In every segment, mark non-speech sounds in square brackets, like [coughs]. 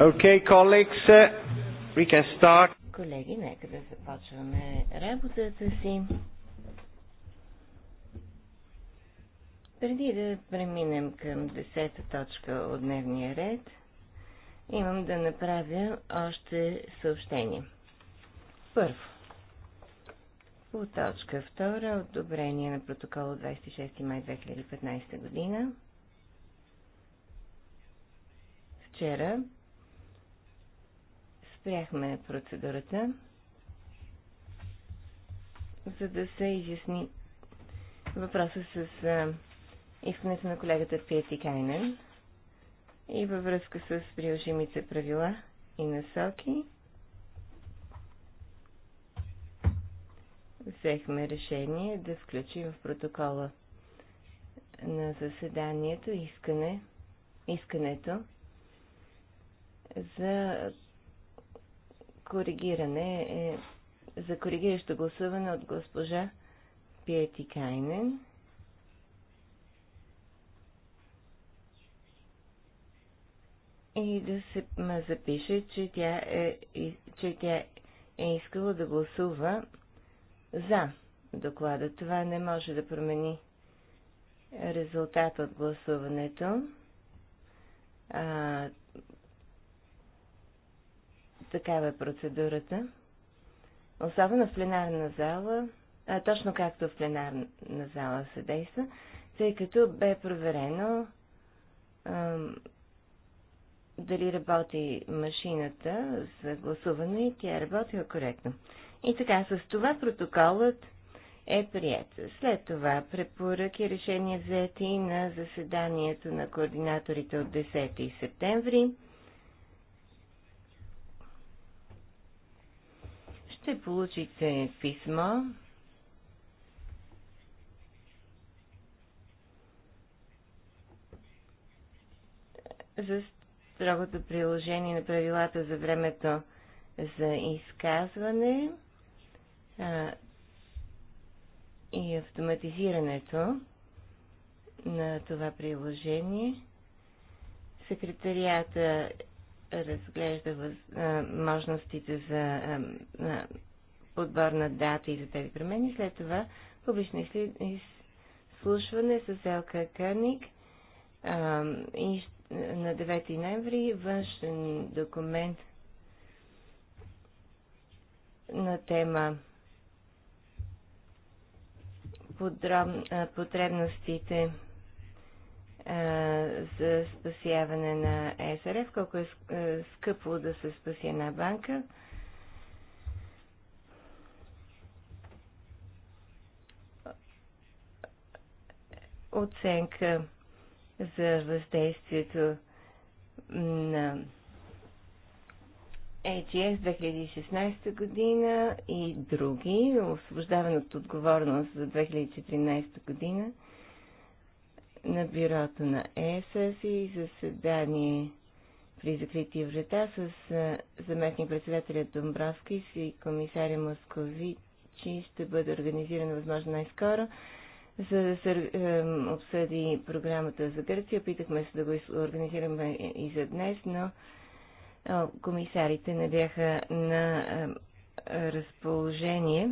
Okay, colleagues, uh, we can start. Колеги, нека да започваме работата си. Преди да преминем към десета точка от дневния ред, имам да направя още съобщение. Първо, по точка втора, одобрение на протокол от 26 май 2015 година. Вчера Спряхме процедурата, за да се изясни въпроса с искането на колегата Пети Кайнен и във връзка с приложимите правила и насоки. Взехме решение да включим в протокола на заседанието искане, искането за коригиране е, за коригиращо гласуване от госпожа Пиети Кайнен. И да се запише, че тя е, че тя е искала да гласува за доклада. Това не може да промени резултата от гласуването. А, Такава е процедурата. Особено в пленарна зала, а, точно както в пленарна зала се действа, тъй като бе проверено а, дали работи машината за гласуване и тя е работила коректно. И така, с това протоколът е прият. След това препоръки решения взети на заседанието на координаторите от 10 септември. ще получите писмо за строгото приложение на правилата за времето за изказване а, и автоматизирането на това приложение. Секретарията разглежда възможностите за подбор на дата и за тези промени. След това публично изслушване с Елка Кърник и на 9 ноември външен документ на тема потребностите за спасяване на СРФ, колко е, е скъпо да се спаси една банка. Оценка за въздействието на AGS 2016 година и други, освобождаване от отговорност за 2014 година – на бюрото на ЕСС и заседание при закрити врата с заместник председателя Домбровски и комисаря Московичи ще бъде организирано възможно най-скоро, за да се обсъди програмата за Гърция. Питахме се да го организираме и за днес, но комисарите не бяха на разположение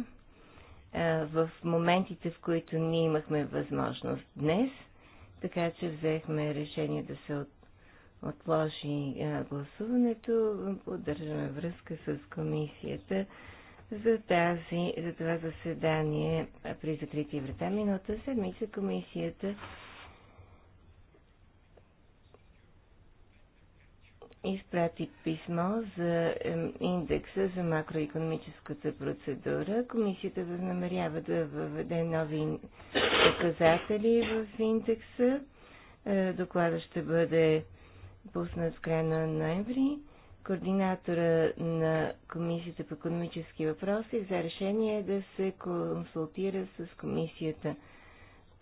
в моментите, в които ние имахме възможност днес – така че взехме решение да се отложи гласуването. Поддържаме връзка с комисията за, тази, за това заседание при закрити врата. Миналата седмица комисията изпрати писмо за индекса за макроекономическата процедура. Комисията възнамерява да въведе нови показатели в индекса. Е, доклада ще бъде пуснат в края на ноември. Координатора на Комисията по економически въпроси за решение да се консултира с Комисията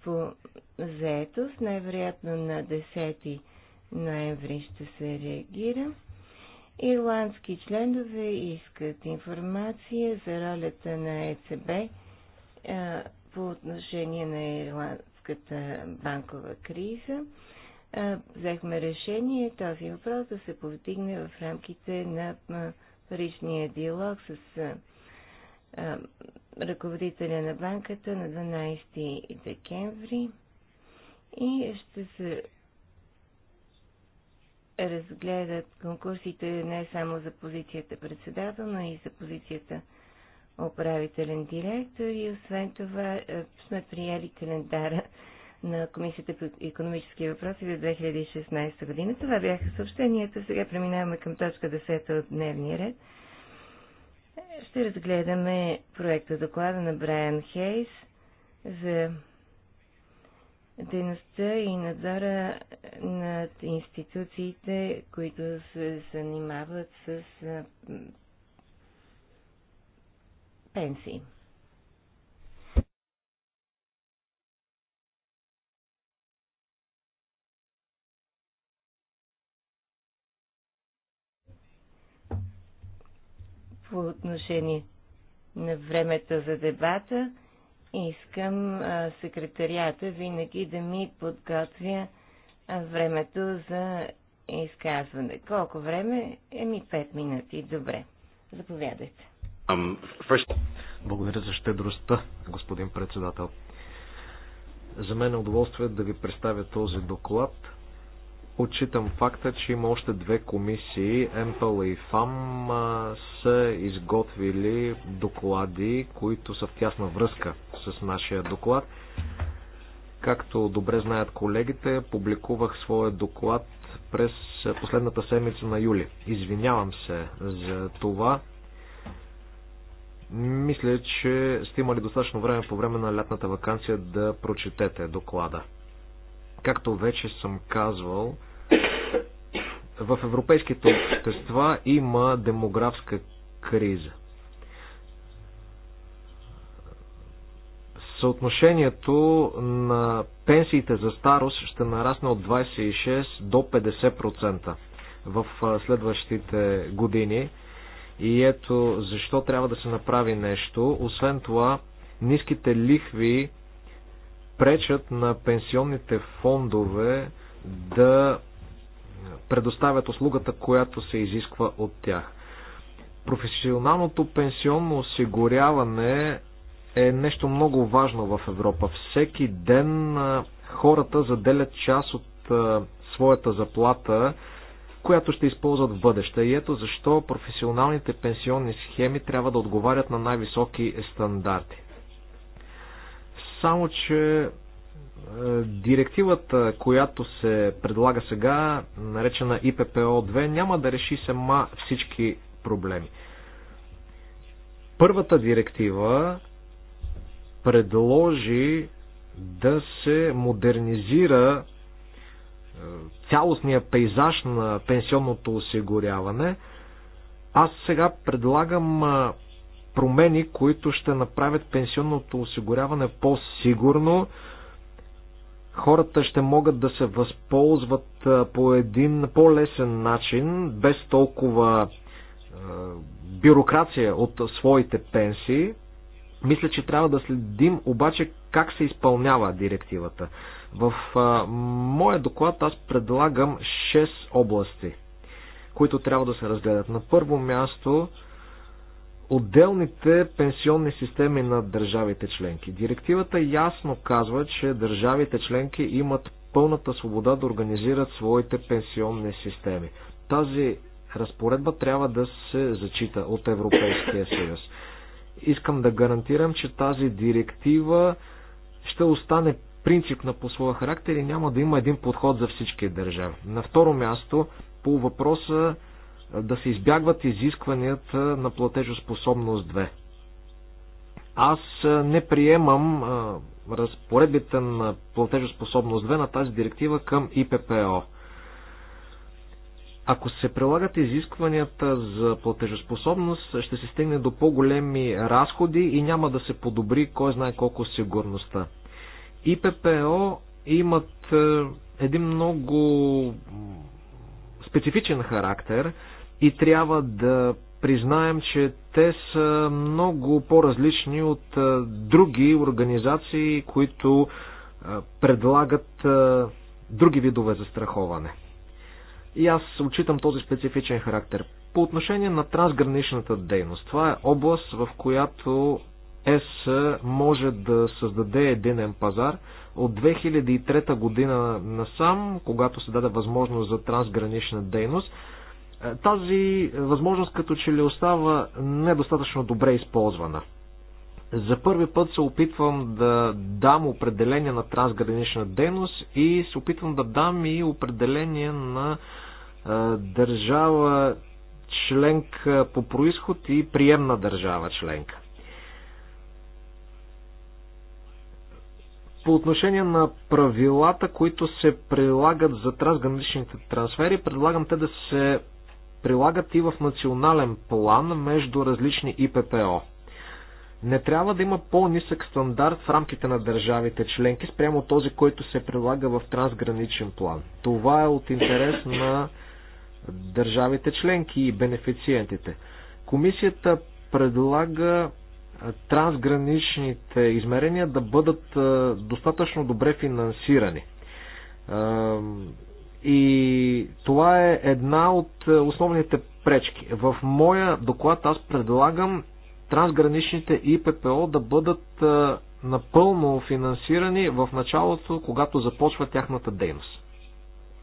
по заетост, най-вероятно на 10 ноември ще се реагира. Ирландски членове искат информация за ролята на ЕЦБ по отношение на ирландската банкова криза. Взехме решение този въпрос да се повдигне в рамките на паричния диалог с ръководителя на банката на 12 декември и ще се разгледат конкурсите не само за позицията председател, но и за позицията управителен директор и освен това е, сме приели календара на Комисията по економически въпроси за 2016 година. Това бяха съобщенията. Сега преминаваме към точка 10 от дневния ред. Ще разгледаме проекта доклада на Брайан Хейс за дейността и надзора над институциите, които се занимават с пенсии. По отношение на времето за дебата, Искам а, секретарията винаги да ми подготвя а, времето за изказване. Колко време? Еми 5 минути. Добре. Заповядайте. Um, first... Благодаря за щедростта, господин председател. За мен е удоволствие да ви представя този доклад – Отчитам факта, че има още две комисии, МПЛ и ФАМ, са изготвили доклади, които са в тясна връзка с нашия доклад. Както добре знаят колегите, публикувах своя доклад през последната седмица на юли. Извинявам се за това. Мисля, че сте имали достатъчно време по време на лятната вакансия да прочетете доклада. Както вече съм казвал, в европейските общества има демографска криза. Съотношението на пенсиите за старост ще нарасне от 26 до 50% в следващите години. И ето защо трябва да се направи нещо. Освен това, ниските лихви пречат на пенсионните фондове да предоставят услугата, която се изисква от тях. Професионалното пенсионно осигуряване е нещо много важно в Европа. Всеки ден хората заделят част от своята заплата, която ще използват в бъдеще. И ето защо професионалните пенсионни схеми трябва да отговарят на най-високи стандарти. Само, че е, директивата, която се предлага сега, наречена ИППО-2, няма да реши сама всички проблеми. Първата директива предложи да се модернизира е, цялостния пейзаж на пенсионното осигуряване. Аз сега предлагам е, промени, които ще направят пенсионното осигуряване по-сигурно. Хората ще могат да се възползват по един по-лесен начин, без толкова бюрокрация от своите пенсии. Мисля, че трябва да следим обаче как се изпълнява директивата. В моя доклад аз предлагам 6 области, които трябва да се разгледат. На първо място отделните пенсионни системи на държавите членки. Директивата ясно казва, че държавите членки имат пълната свобода да организират своите пенсионни системи. Тази разпоредба трябва да се зачита от Европейския съюз. Искам да гарантирам, че тази директива ще остане принципна по своя характер и няма да има един подход за всички държави. На второ място, по въпроса да се избягват изискванията на платежоспособност 2. Аз не приемам разпоредбите на платежоспособност 2 на тази директива към ИППО. Ако се прилагат изискванията за платежоспособност, ще се стигне до по-големи разходи и няма да се подобри кой знае колко сигурността. ИППО имат един много специфичен характер и трябва да признаем, че те са много по-различни от други организации, които предлагат други видове застраховане. И аз отчитам този специфичен характер. По отношение на трансграничната дейност, това е област, в която ЕС може да създаде единен пазар. От 2003 година насам, когато се даде възможност за трансгранична дейност, е, тази възможност като че ли остава недостатъчно добре използвана. За първи път се опитвам да дам определение на трансгранична дейност и се опитвам да дам и определение на е, държава членка по происход и приемна държава членка. По отношение на правилата, които се прилагат за трансграничните трансфери, предлагам те да се прилагат и в национален план между различни ИППО. Не трябва да има по-нисък стандарт в рамките на държавите членки спрямо този, който се прилага в трансграничен план. Това е от интерес на държавите членки и бенефициентите. Комисията предлага трансграничните измерения да бъдат достатъчно добре финансирани. И това е една от е, основните пречки. В моя доклад аз предлагам трансграничните ИППО да бъдат е, напълно финансирани в началото, когато започва тяхната дейност.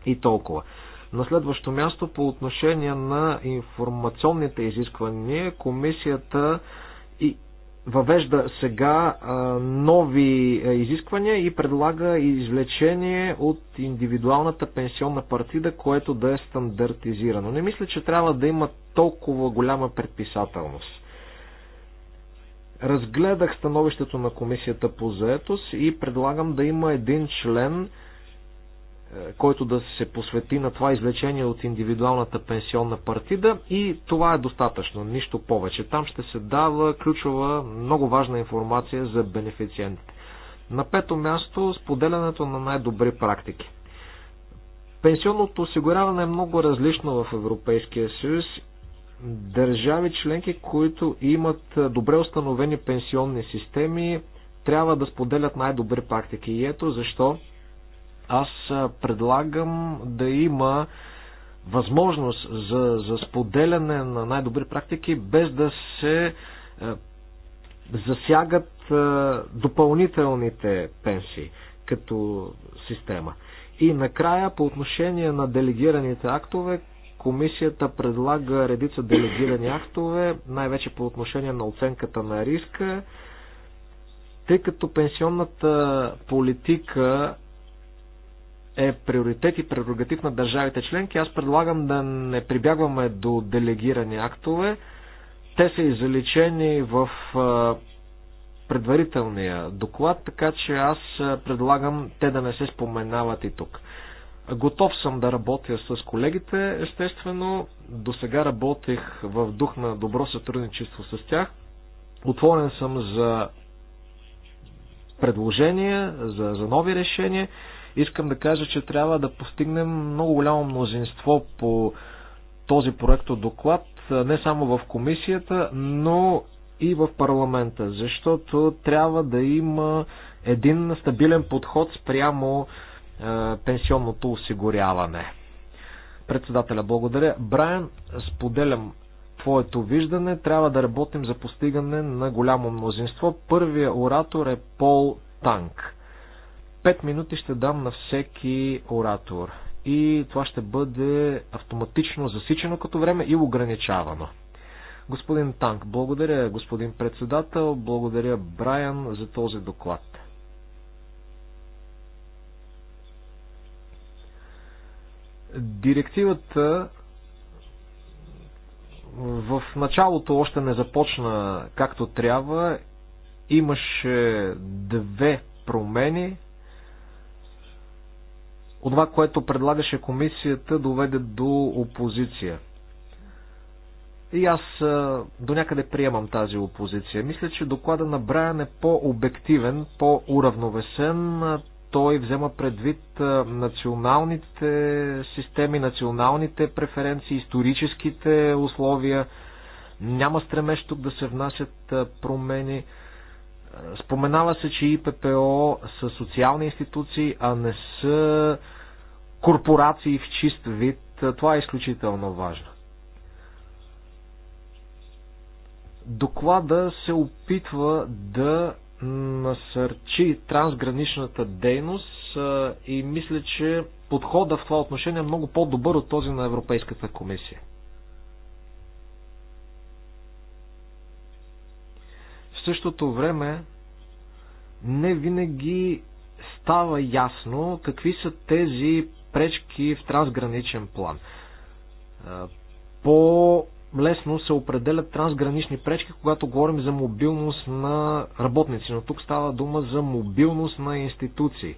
И толкова. На следващо място, по отношение на информационните изисквания, комисията и въвежда сега нови изисквания и предлага извлечение от индивидуалната пенсионна партида, което да е стандартизирано. Не мисля, че трябва да има толкова голяма предписателност. Разгледах становището на комисията по заетост и предлагам да има един член, който да се посвети на това извлечение от индивидуалната пенсионна партида и това е достатъчно, нищо повече. Там ще се дава ключова, много важна информация за бенефициентите. На пето място споделянето на най-добри практики. Пенсионното осигуряване е много различно в Европейския съюз. Държави членки, които имат добре установени пенсионни системи, трябва да споделят най-добри практики. И ето защо аз предлагам да има възможност за, за споделяне на най-добри практики, без да се засягат допълнителните пенсии като система. И накрая, по отношение на делегираните актове, комисията предлага редица делегирани актове, най-вече по отношение на оценката на риска, тъй като пенсионната политика е приоритет и прерогатив на държавите членки, аз предлагам да не прибягваме до делегирани актове. Те са изличени в предварителния доклад, така че аз предлагам те да не се споменават и тук. Готов съм да работя с колегите, естествено. До сега работех в дух на добро сътрудничество с тях. Отворен съм за предложения, за, за нови решения. Искам да кажа, че трябва да постигнем много голямо мнозинство по този проект от доклад, не само в комисията, но и в парламента, защото трябва да има един стабилен подход спрямо е, пенсионното осигуряване. Председателя, благодаря. Брайан, споделям твоето виждане. Трябва да работим за постигане на голямо мнозинство. Първият оратор е Пол Танк. Пет минути ще дам на всеки оратор. И това ще бъде автоматично засичено като време и ограничавано. Господин Танк, благодаря господин председател, благодаря Брайан за този доклад. Директивата в началото още не започна както трябва. Имаше две промени това, което предлагаше комисията, доведе до опозиция. И аз до някъде приемам тази опозиция. Мисля, че доклада на Брайан е по-обективен, по-уравновесен. Той взема предвид националните системи, националните преференции, историческите условия. Няма стремеж тук да се внасят промени. Споменава се, че ИППО са социални институции, а не са корпорации в чист вид. Това е изключително важно. Доклада се опитва да насърчи трансграничната дейност и мисля, че подхода в това отношение е много по-добър от този на Европейската комисия. В същото време не винаги става ясно какви са тези пречки в трансграничен план. По-лесно се определят трансгранични пречки, когато говорим за мобилност на работници, но тук става дума за мобилност на институции.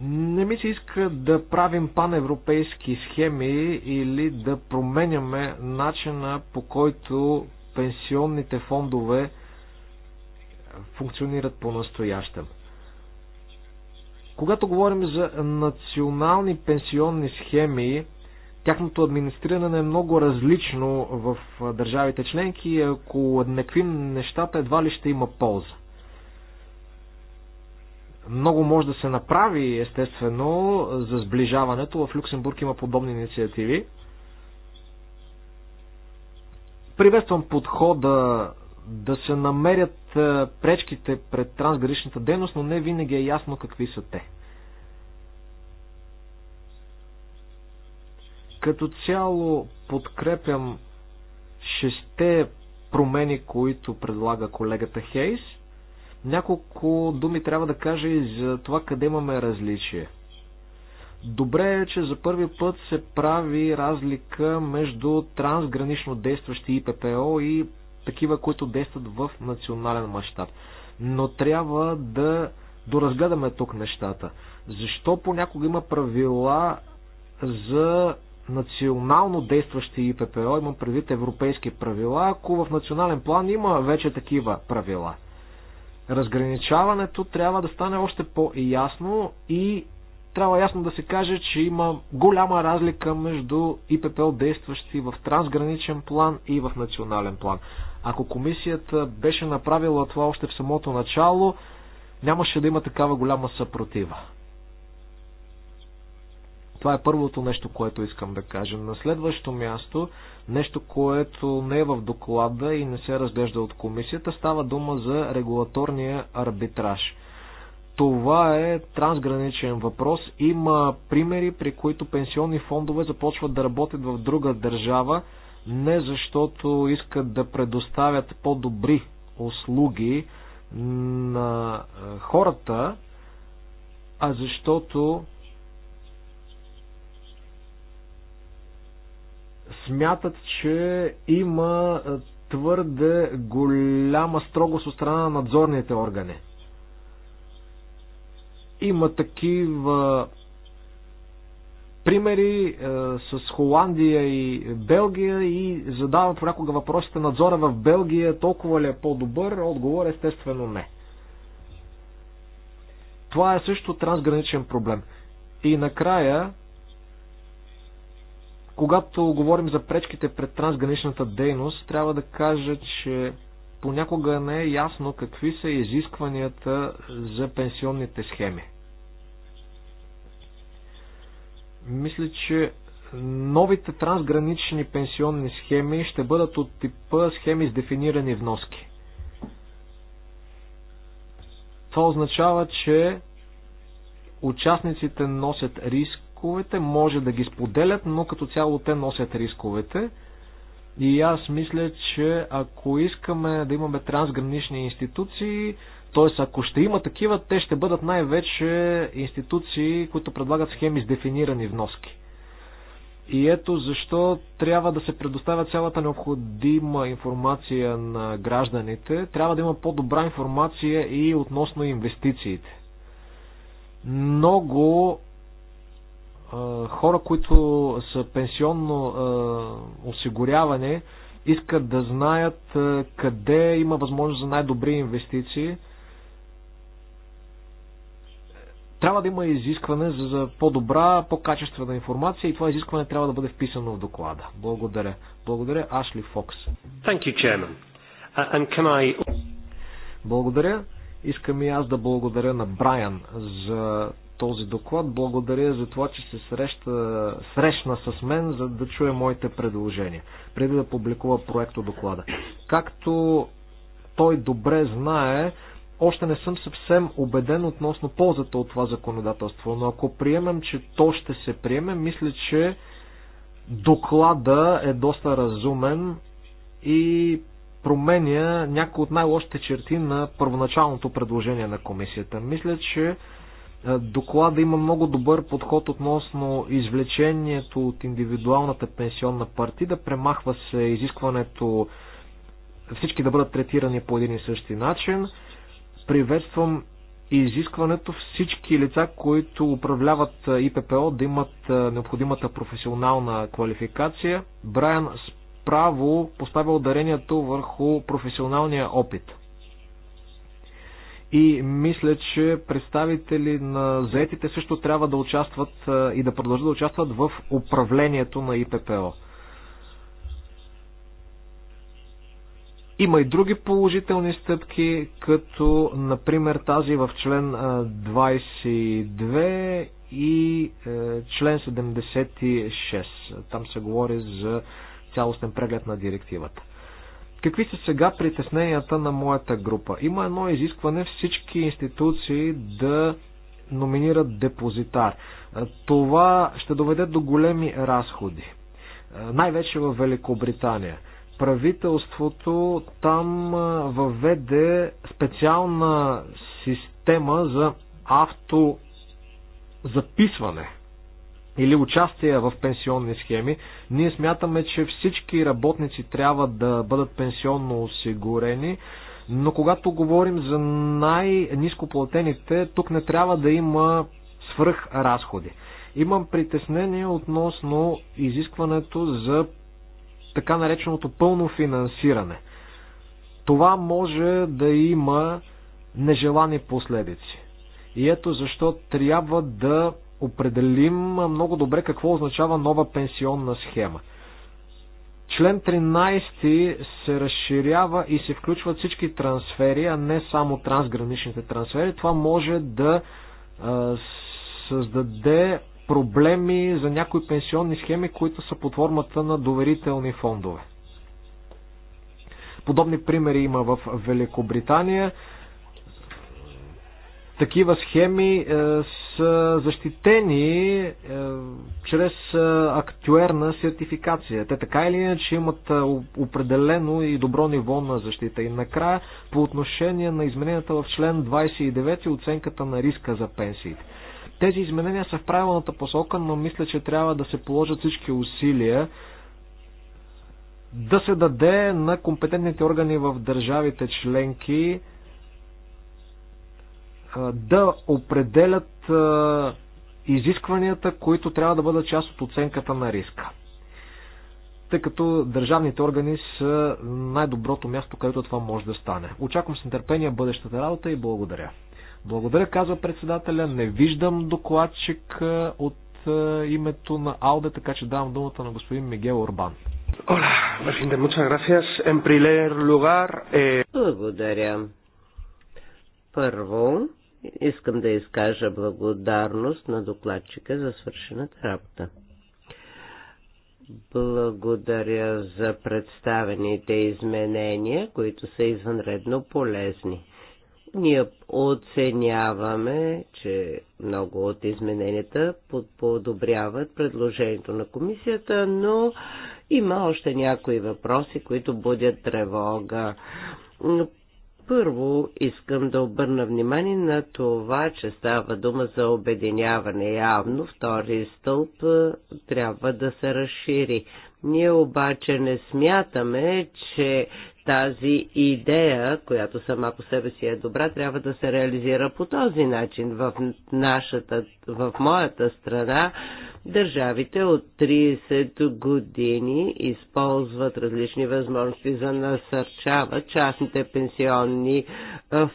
Не ми се иска да правим паневропейски схеми или да променяме начина по който пенсионните фондове функционират по-настоящем. Когато говорим за национални пенсионни схеми, тяхното администриране е много различно в държавите членки и ако еднаквим нещата, едва ли ще има полза. Много може да се направи, естествено, за сближаването. В Люксембург има подобни инициативи. Приветствам подхода да се намерят е, пречките пред трансграничната дейност, но не винаги е ясно какви са те. Като цяло подкрепям шесте промени, които предлага колегата Хейс. Няколко думи трябва да кажа и за това къде имаме различие. Добре е, че за първи път се прави разлика между трансгранично действащи ИППО и такива, които действат в национален мащаб. Но трябва да доразгледаме тук нещата. Защо понякога има правила за национално действащи ИППО, имам предвид европейски правила, ако в национален план има вече такива правила. Разграничаването трябва да стане още по-ясно и трябва ясно да се каже, че има голяма разлика между ИППО действащи в трансграничен план и в национален план. Ако комисията беше направила това още в самото начало, нямаше да има такава голяма съпротива. Това е първото нещо, което искам да кажа. На следващо място, нещо, което не е в доклада и не се разглежда от комисията, става дума за регулаторния арбитраж. Това е трансграничен въпрос. Има примери, при които пенсионни фондове започват да работят в друга държава, не защото искат да предоставят по-добри услуги на е, хората, а защото смятат, че има е, твърде голяма строгост от страна на надзорните органи. Има такива примери е, с Холандия и Белгия и задава понякога въпросите надзора в Белгия толкова ли е по-добър? Отговор естествено не. Това е също трансграничен проблем. И накрая, когато говорим за пречките пред трансграничната дейност, трябва да кажа, че понякога не е ясно какви са изискванията за пенсионните схеми. Мисля, че новите трансгранични пенсионни схеми ще бъдат от типа схеми с дефинирани вноски. Това означава, че участниците носят рисковете, може да ги споделят, но като цяло те носят рисковете. И аз мисля, че ако искаме да имаме трансгранични институции, Тоест, ако ще има такива, те ще бъдат най-вече институции, които предлагат схеми с дефинирани вноски. И ето защо трябва да се предоставя цялата необходима информация на гражданите. Трябва да има по-добра информация и относно инвестициите. Много е, хора, които са пенсионно е, осигуряване, искат да знаят е, къде има възможност за най-добри инвестиции – Трябва да има изискване за по-добра, по-качествена информация и това изискване трябва да бъде вписано в доклада. Благодаря. Благодаря, Ашли Фокс. Thank you, Chairman. Uh, and can I... Благодаря. Искам и аз да благодаря на Брайан за този доклад. Благодаря за това, че се среща, срещна с мен, за да чуе моите предложения, преди да публикува проекто доклада. Както той добре знае, още не съм съвсем убеден относно ползата от това законодателство, но ако приемем, че то ще се приеме, мисля, че доклада е доста разумен и променя някои от най-лошите черти на първоначалното предложение на комисията. Мисля, че е, доклада има много добър подход относно извлечението от индивидуалната пенсионна партида. Премахва се изискването всички да бъдат третирани по един и същи начин. Приветствам изискването всички лица, които управляват ИППО, да имат необходимата професионална квалификация. Брайан справо поставя ударението върху професионалния опит. И мисля, че представители на заетите също трябва да участват и да продължат да участват в управлението на ИППО. Има и други положителни стъпки, като например тази в член 22 и е, член 76. Там се говори за цялостен преглед на директивата. Какви са сега притесненията на моята група? Има едно изискване всички институции да номинират депозитар. Е, това ще доведе до големи разходи. Е, най-вече в Великобритания – правителството там въведе специална система за автозаписване или участие в пенсионни схеми. Ние смятаме, че всички работници трябва да бъдат пенсионно осигурени, но когато говорим за най низкоплатените тук не трябва да има свръх разходи. Имам притеснение относно изискването за така нареченото пълно финансиране. Това може да има нежелани последици. И ето защо трябва да определим много добре какво означава нова пенсионна схема. Член 13 се разширява и се включват всички трансфери, а не само трансграничните трансфери. Това може да създаде проблеми за някои пенсионни схеми, които са под формата на доверителни фондове. Подобни примери има в Великобритания. Такива схеми е, са защитени е, чрез е, актуерна сертификация. Те така или иначе имат е, определено и добро ниво на защита. И накрая, по отношение на измененията в член 29 и оценката на риска за пенсиите. Тези изменения са в правилната посока, но мисля, че трябва да се положат всички усилия да се даде на компетентните органи в държавите членки да определят изискванията, които трябва да бъдат част от оценката на риска. Тъй като държавните органи са най-доброто място, където това може да стане. Очаквам с нетърпение бъдещата работа и благодаря. Благодаря, казва председателя. Не виждам докладчик от името на Алде, така че давам думата на господин Мигел Орбан. Hola, presidente, muchas gracias. En primer lugar, eh, Благодаря. Първо, искам да изкажа благодарност на докладчика за свършената работа. Благодаря за представените изменения, които са извънредно полезни. Ние оценяваме, че много от измененията подобряват предложението на комисията, но има още някои въпроси, които будят тревога. Първо искам да обърна внимание на това, че става дума за обединяване явно. Втори стълб е, трябва да се разшири. Ние обаче не смятаме, че тази идея, която сама по себе си е добра, трябва да се реализира по този начин. В, нашата, в моята страна държавите от 30 години използват различни възможности за насърчава частните пенсионни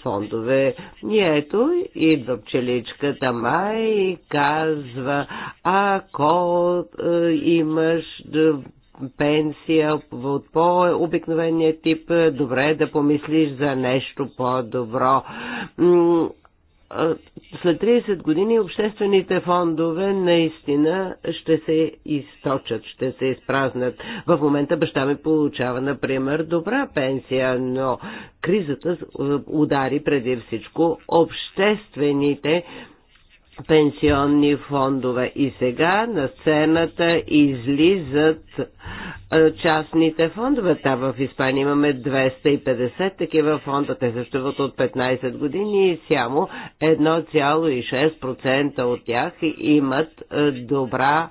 фондове. И ето, идва пчеличката май и казва, ако имаш пенсия от по-обикновения тип, добре е да помислиш за нещо по-добро след 30 години обществените фондове наистина ще се източат, ще се изпразнат. В момента баща ми получава, например, добра пенсия, но кризата е, удари преди всичко обществените пенсионни фондове. И сега на сцената излизат е, частните фондове. Та в Испания имаме 250 такива фонда. Те съществуват от 15 години и само 1,6% от тях имат е, добра,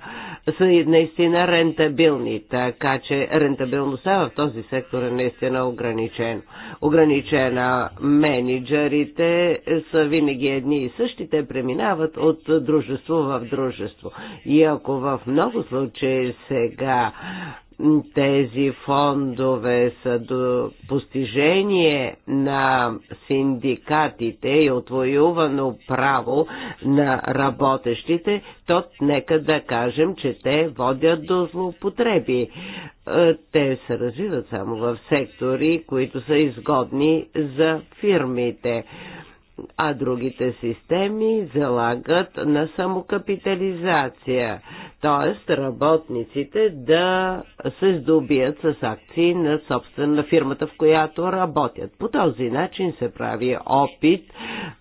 са наистина рентабилни. Така че рентабилността в този сектор е наистина ограничена. Ограничена менеджерите са винаги едни и същи. Те преминават от дружество в дружество. И ако в много случаи сега тези фондове са до постижение на синдикатите и отвоювано право на работещите, то нека да кажем, че те водят до злоупотреби. Е, те се развиват само в сектори, които са изгодни за фирмите а другите системи залагат на самокапитализация, т.е. работниците да се здобият с акции на собствена фирмата, в която работят. По този начин се прави опит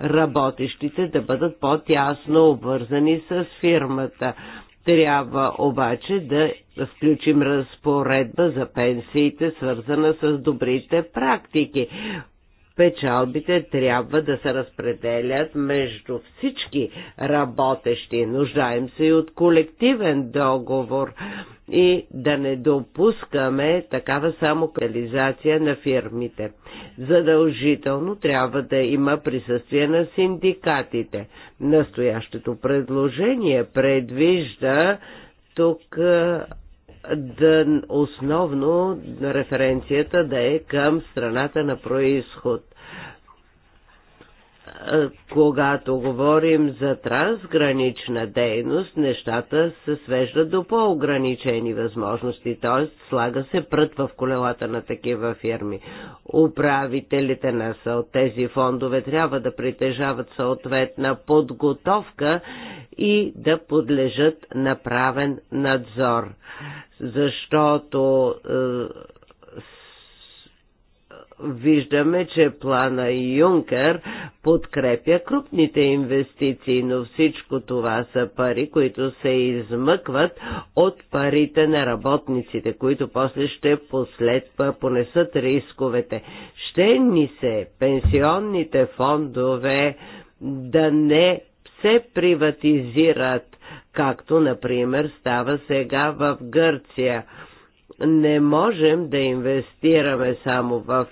работещите да бъдат по-тясно обвързани с фирмата. Трябва обаче да включим разпоредба за пенсиите, свързана с добрите практики печалбите трябва да се разпределят между всички работещи. Нуждаем се и от колективен договор и да не допускаме такава само кализация на фирмите. Задължително трябва да има присъствие на синдикатите. Настоящето предложение предвижда тук да, основно референцията да е към страната на происход – когато говорим за трансгранична дейност, нещата се свеждат до по-ограничени възможности, т.е. слага се прът в колелата на такива фирми. Управителите на тези фондове трябва да притежават съответна подготовка и да подлежат на правен надзор, защото е, виждаме, че плана Юнкер подкрепя крупните инвестиции, но всичко това са пари, които се измъкват от парите на работниците, които после ще последва понесат рисковете. Ще ни се пенсионните фондове да не се приватизират, както, например, става сега в Гърция не можем да инвестираме само в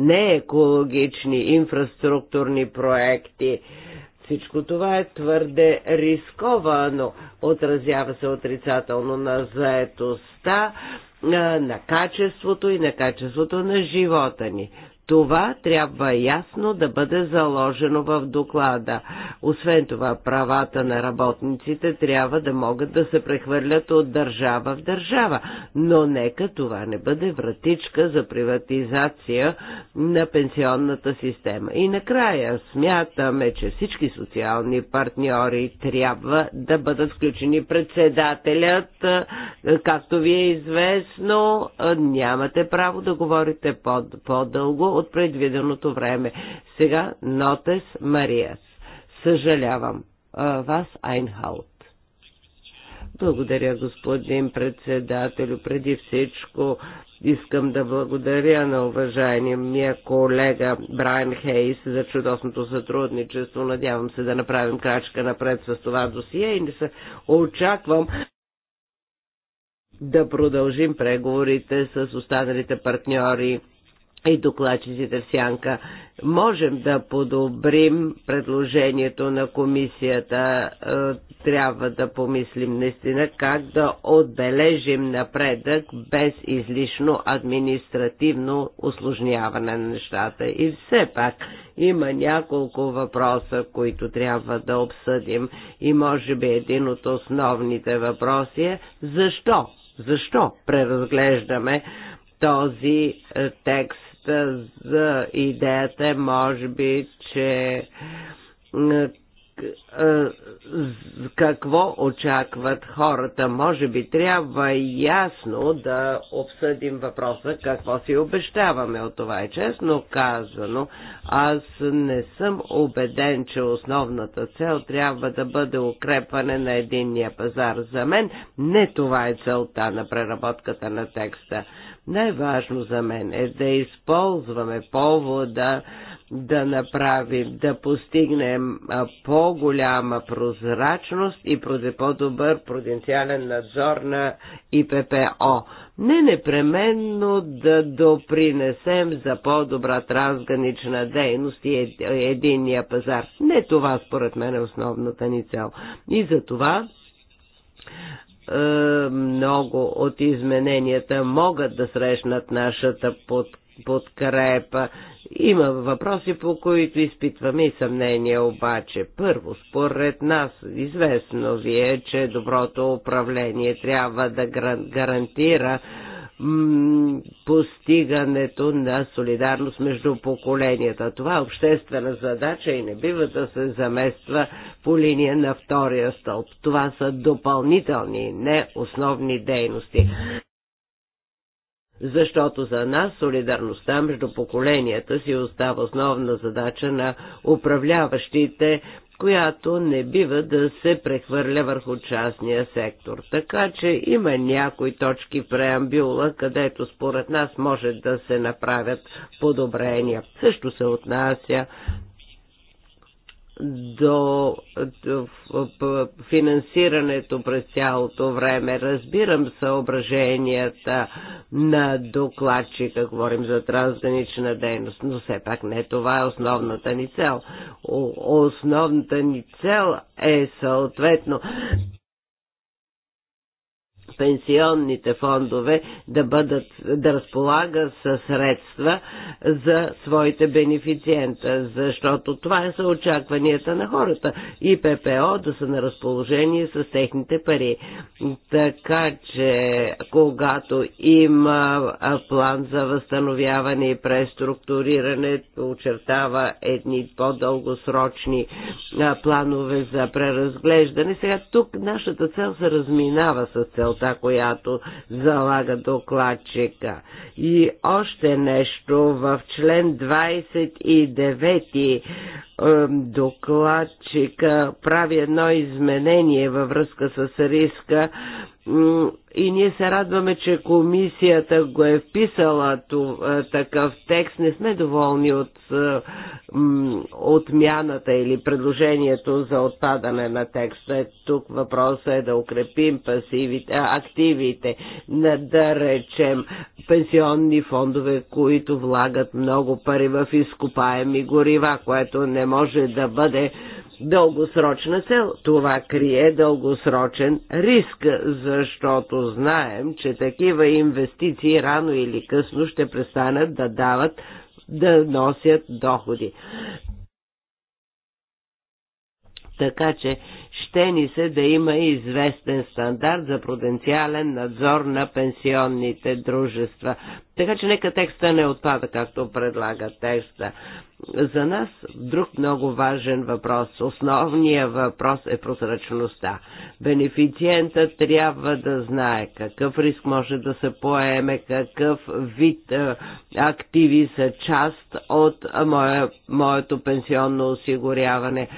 неекологични инфраструктурни проекти. Всичко това е твърде рисковано, отразява се отрицателно на заетостта, на качеството и на качеството на живота ни. Това трябва ясно да бъде заложено в доклада. Освен това, правата на работниците трябва да могат да се прехвърлят от държава в държава, но нека това не бъде вратичка за приватизация на пенсионната система. И накрая смятаме, че всички социални партньори трябва да бъдат включени. Председателят, както ви е известно, нямате право да говорите по-дълго от предвиденото време. Сега Нотес Мариас. Съжалявам. Вас Айнхаут. Благодаря, господин председател, Преди всичко искам да благодаря на уважаемия колега Брайан Хейс за чудесното сътрудничество. Надявам се да направим крачка напред с това досие и не се очаквам да продължим преговорите с останалите партньори и докладчиците в сянка. Можем да подобрим предложението на комисията. Е, трябва да помислим наистина как да отбележим напредък без излишно административно осложняване на нещата. И все пак има няколко въпроса, които трябва да обсъдим. И може би един от основните въпроси е защо? Защо преразглеждаме този е, текст за идеята, може би, че какво очакват хората. Може би трябва ясно да обсъдим въпроса какво си обещаваме от това. Е честно казано, аз не съм убеден, че основната цел трябва да бъде укрепване на единния пазар. За мен не това е целта на преработката на текста. Най-важно за мен е да използваме повода да направим, да постигнем по-голяма прозрачност и по-добър проденциален надзор на ИППО. Не непременно да допринесем за по-добра трансгранична дейност и единния пазар. Не това според мен е основната ни цел. И за това е, много от измененията могат да срещнат нашата подкрепа подкрепа. Има въпроси, по които изпитваме и съмнения обаче. Първо, според нас, известно ви е, че доброто управление трябва да гарантира постигането на солидарност между поколенията. Това е обществена задача и не бива да се замества по линия на втория стълб. Това са допълнителни, не основни дейности защото за нас солидарността между поколенията си остава основна задача на управляващите която не бива да се прехвърля върху частния сектор. Така че има някои точки в преамбюла, където според нас може да се направят подобрения. Също се отнася до финансирането през цялото време. Разбирам съображенията на докладчика, говорим за трансгранична дейност, но все пак не това е основната ни цел. Основната ни цел е съответно пенсионните фондове да, бъдат, да разполага със средства за своите бенефициента, защото това е са очакванията на хората и ППО да са на разположение с техните пари. Така че, когато има план за възстановяване и преструктуриране, очертава едни по-дългосрочни планове за преразглеждане. Сега тук нашата цел се разминава с целта посока, която залага докладчика. И още нещо в член 29 докладчика прави едно изменение във връзка с риска и ние се радваме, че комисията го е вписала е, такъв текст. Не сме доволни от е, отмяната или предложението за отпадане на текста. Тук въпросът е да укрепим пасивите, активите, да речем пенсионни фондове, които влагат много пари в изкопаеми горива, което не може да бъде дългосрочна цел. Това крие дългосрочен риск, защото знаем, че такива инвестиции рано или късно ще престанат да дават, да носят доходи. Така че ще ни се да има известен стандарт за пруденциален надзор на пенсионните дружества. Така че нека текста не отпада, както предлага текста. За нас друг много важен въпрос. Основният въпрос е прозрачността. Бенефициента трябва да знае какъв риск може да се поеме, какъв вид е, активи са част от мое, моето пенсионно осигуряване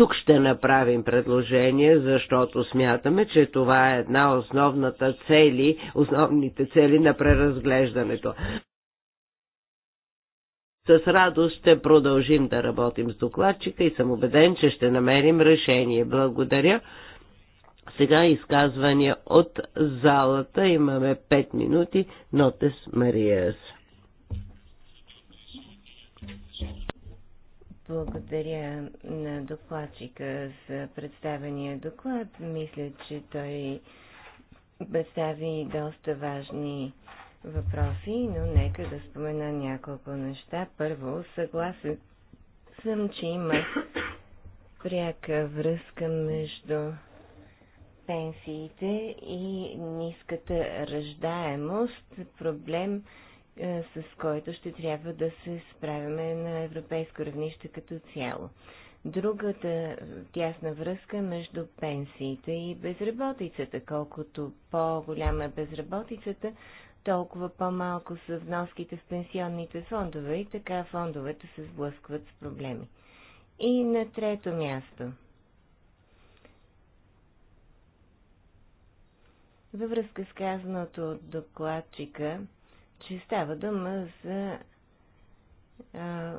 тук ще направим предложение, защото смятаме, че това е една основната цели, основните цели на преразглеждането. С радост ще продължим да работим с докладчика и съм убеден, че ще намерим решение. Благодаря. Сега изказвания от залата. Имаме 5 минути. Нотес Мариас. Благодаря на докладчика за представения доклад. Мисля, че той представи доста важни въпроси, но нека да спомена няколко неща. Първо, съгласен съм, че има пряка връзка между пенсиите и ниската ръждаемост, проблем, е, с който ще трябва да се справяме на европейско равнище като цяло. Другата тясна връзка е между пенсиите и безработицата. Колкото по-голяма е безработицата, толкова по-малко са вноските в пенсионните фондове и така фондовете се сблъскват с проблеми. И на трето място. Във връзка с казаното от докладчика, че става дума за а,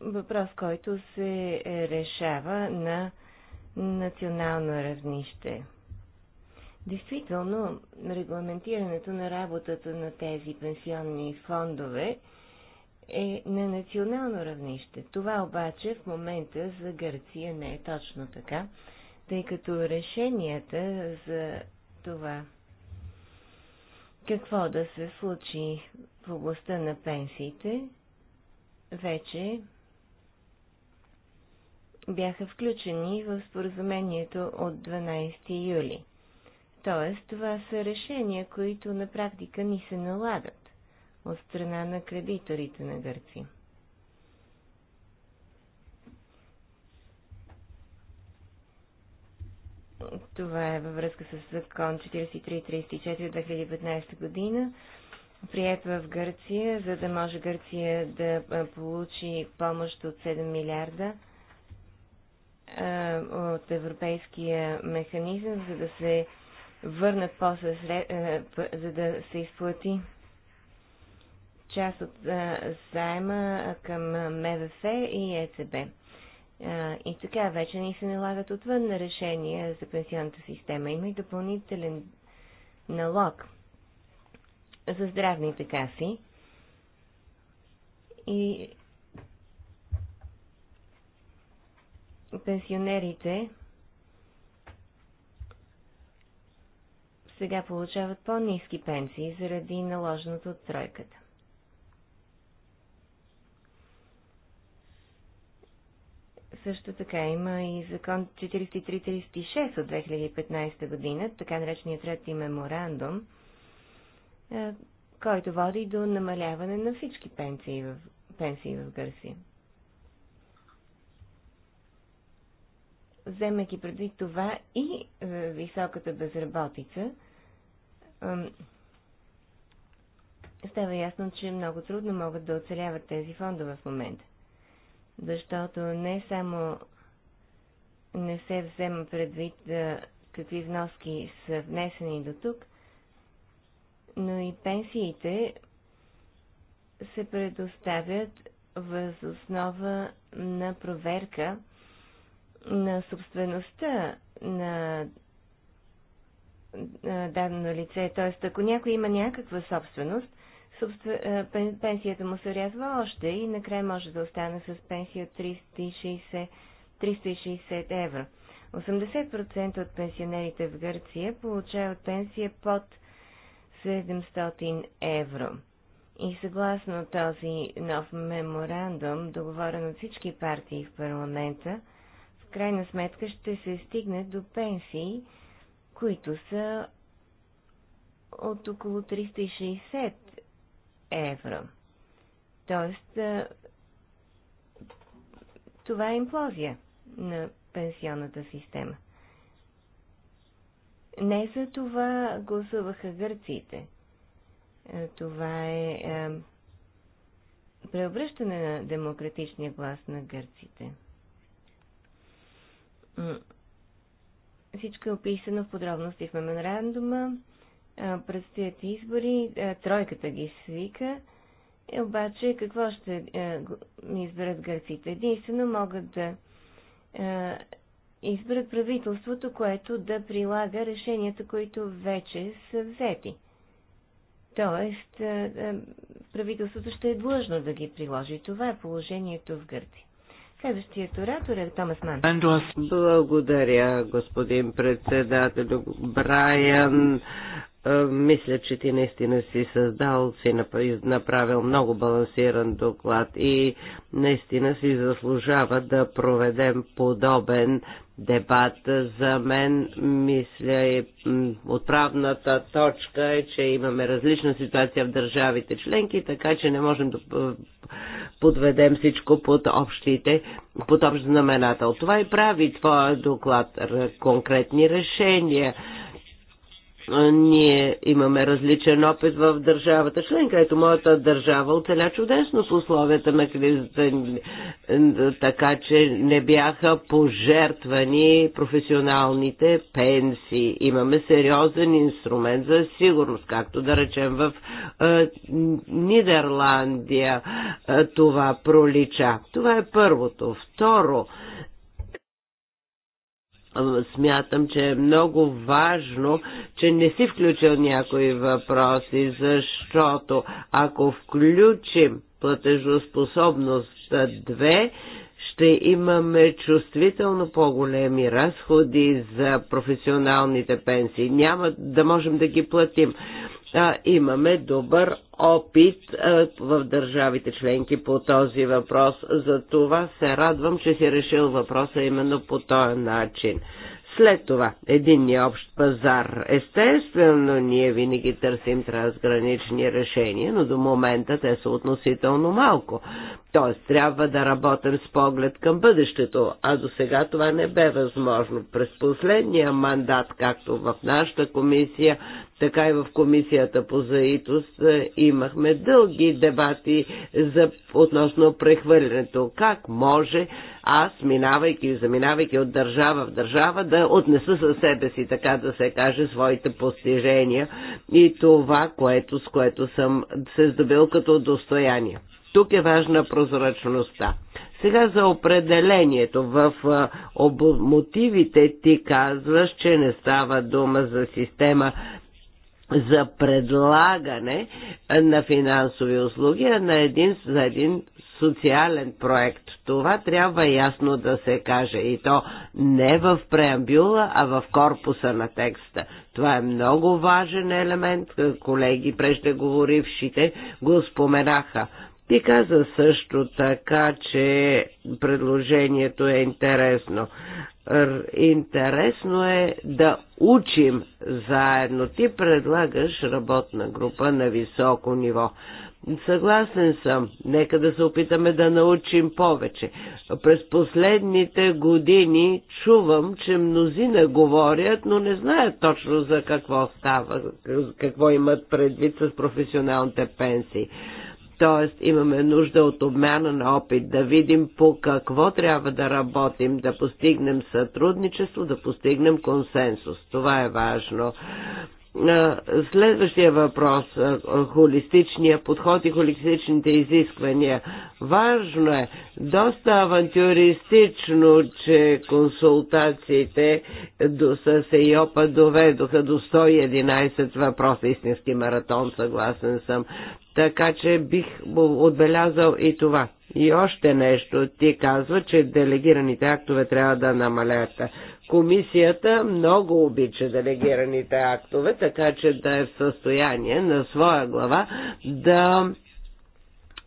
въпрос, който се решава на национално равнище. Действително, регламентирането на работата на тези пенсионни фондове е на национално равнище. Това обаче в момента за Гърция не е точно така, тъй като решенията за това какво да се случи в областта на пенсиите, вече бяха включени в споразумението от 12 юли. Тоест, това са решения, които на практика ни се налагат от страна на кредиторите на Гърция. Това е във връзка с закон 4334 от 2015 година, прият в Гърция, за да може Гърция да получи помощ от 7 милиарда от европейския механизъм, за да се върнат после, за да се изплати част от заема към МВФ и ЕЦБ. И така вече ни се налагат отвън на решение за пенсионната система. Има и допълнителен налог за здравните каси. И пенсионерите сега получават по-низки пенсии заради наложеното от тройката. Също така има и закон 4336 от 2015 година, така наречения трети меморандум, е, който води до намаляване на всички пенсии в, пенсии в Гърсия. Вземайки предвид това и е, високата безработица, е, става ясно, че много трудно могат да оцеляват тези фондове в момента защото не само не се взема предвид какви вноски са внесени до тук, но и пенсиите се предоставят въз основа на проверка на собствеността на дадено лице. Т.е. ако някой има някаква собственост, е, пенсията му се рязва още и накрая може да остане с пенсия 360, 360 евро. 80% от пенсионерите в Гърция получават пенсия под 700 евро. И съгласно този нов меморандум, договорен от всички партии в парламента, в крайна сметка ще се стигне до пенсии, които са от около 360 евро. Тоест, това е имплозия на пенсионната система. Не за това гласуваха гърците. Това е преобръщане на демократичния глас на гърците. Всичко е описано в подробности в меморандума предстоят избори, тройката ги свика, е, обаче какво ще ми изберат гърците? Единствено могат да изберат правителството, което да прилага решенията, които вече са взети. Тоест, правителството ще е длъжно да ги приложи. Това е положението в гърци. Следващият оратор е Томас Ман. Благодаря, господин председател. Брайан е, мисля, че ти наистина си създал, си направил много балансиран доклад и наистина си заслужава да проведем подобен дебат. За мен, мисля, и е, отправната точка е, че имаме различна ситуация в държавите членки, така че не можем да подведем всичко под общите, под общ знаменател. Това и прави твоя доклад, конкретни решения ние имаме различен опит в държавата членка. Ето моята държава оцеля чудесно с условията на кризата, така че не бяха пожертвани професионалните пенсии. Имаме сериозен инструмент за сигурност, както да речем в Нидерландия това пролича. Това е първото. Второ, смятам, че е много важно, че не си включил някои въпроси, защото ако включим платежоспособност 2, ще имаме чувствително по-големи разходи за професионалните пенсии. Няма да можем да ги платим а, имаме добър опит а, в държавите членки по този въпрос. За това се радвам, че си решил въпроса именно по този начин. След това, единния общ пазар. Естествено, ние винаги търсим трансгранични решения, но до момента те са относително малко. Тоест, трябва да работим с поглед към бъдещето, а до сега това не бе възможно. През последния мандат, както в нашата комисия, така и в комисията по заитост, е, имахме дълги дебати за, относно прехвърлянето. Как може аз, минавайки, и заминавайки от държава в държава, да отнеса със себе си, така да се каже, своите постижения и това, което, с което съм се здобил като достояние. Тук е важна прозрачността. Сега за определението. В мотивите ти казваш, че не става дума за система за предлагане на финансови услуги, а на един, за един социален проект. Това трябва ясно да се каже и то не в преамбюла, а в корпуса на текста. Това е много важен елемент, колеги преждеговорившите го споменаха. Ти каза също така, че предложението е интересно. Интересно е да учим заедно. Ти предлагаш работна група на високо ниво. Съгласен съм. Нека да се опитаме да научим повече. През последните години чувам, че мнозина говорят, но не знаят точно за какво става, какво имат предвид с професионалните пенсии. Тоест имаме нужда от обмяна на опит, да видим по какво трябва да работим, да постигнем сътрудничество, да постигнем консенсус. Това е важно. Следващия въпрос холистичния подход и холистичните изисквания. Важно е, доста авантюристично, че консултациите до ЕОПа доведоха до 111 въпроса. Истински маратон, съгласен съм. Така че бих отбелязал и това. И още нещо, ти казва, че делегираните актове трябва да намалят. Комисията много обича делегираните актове, така че да е в състояние на своя глава да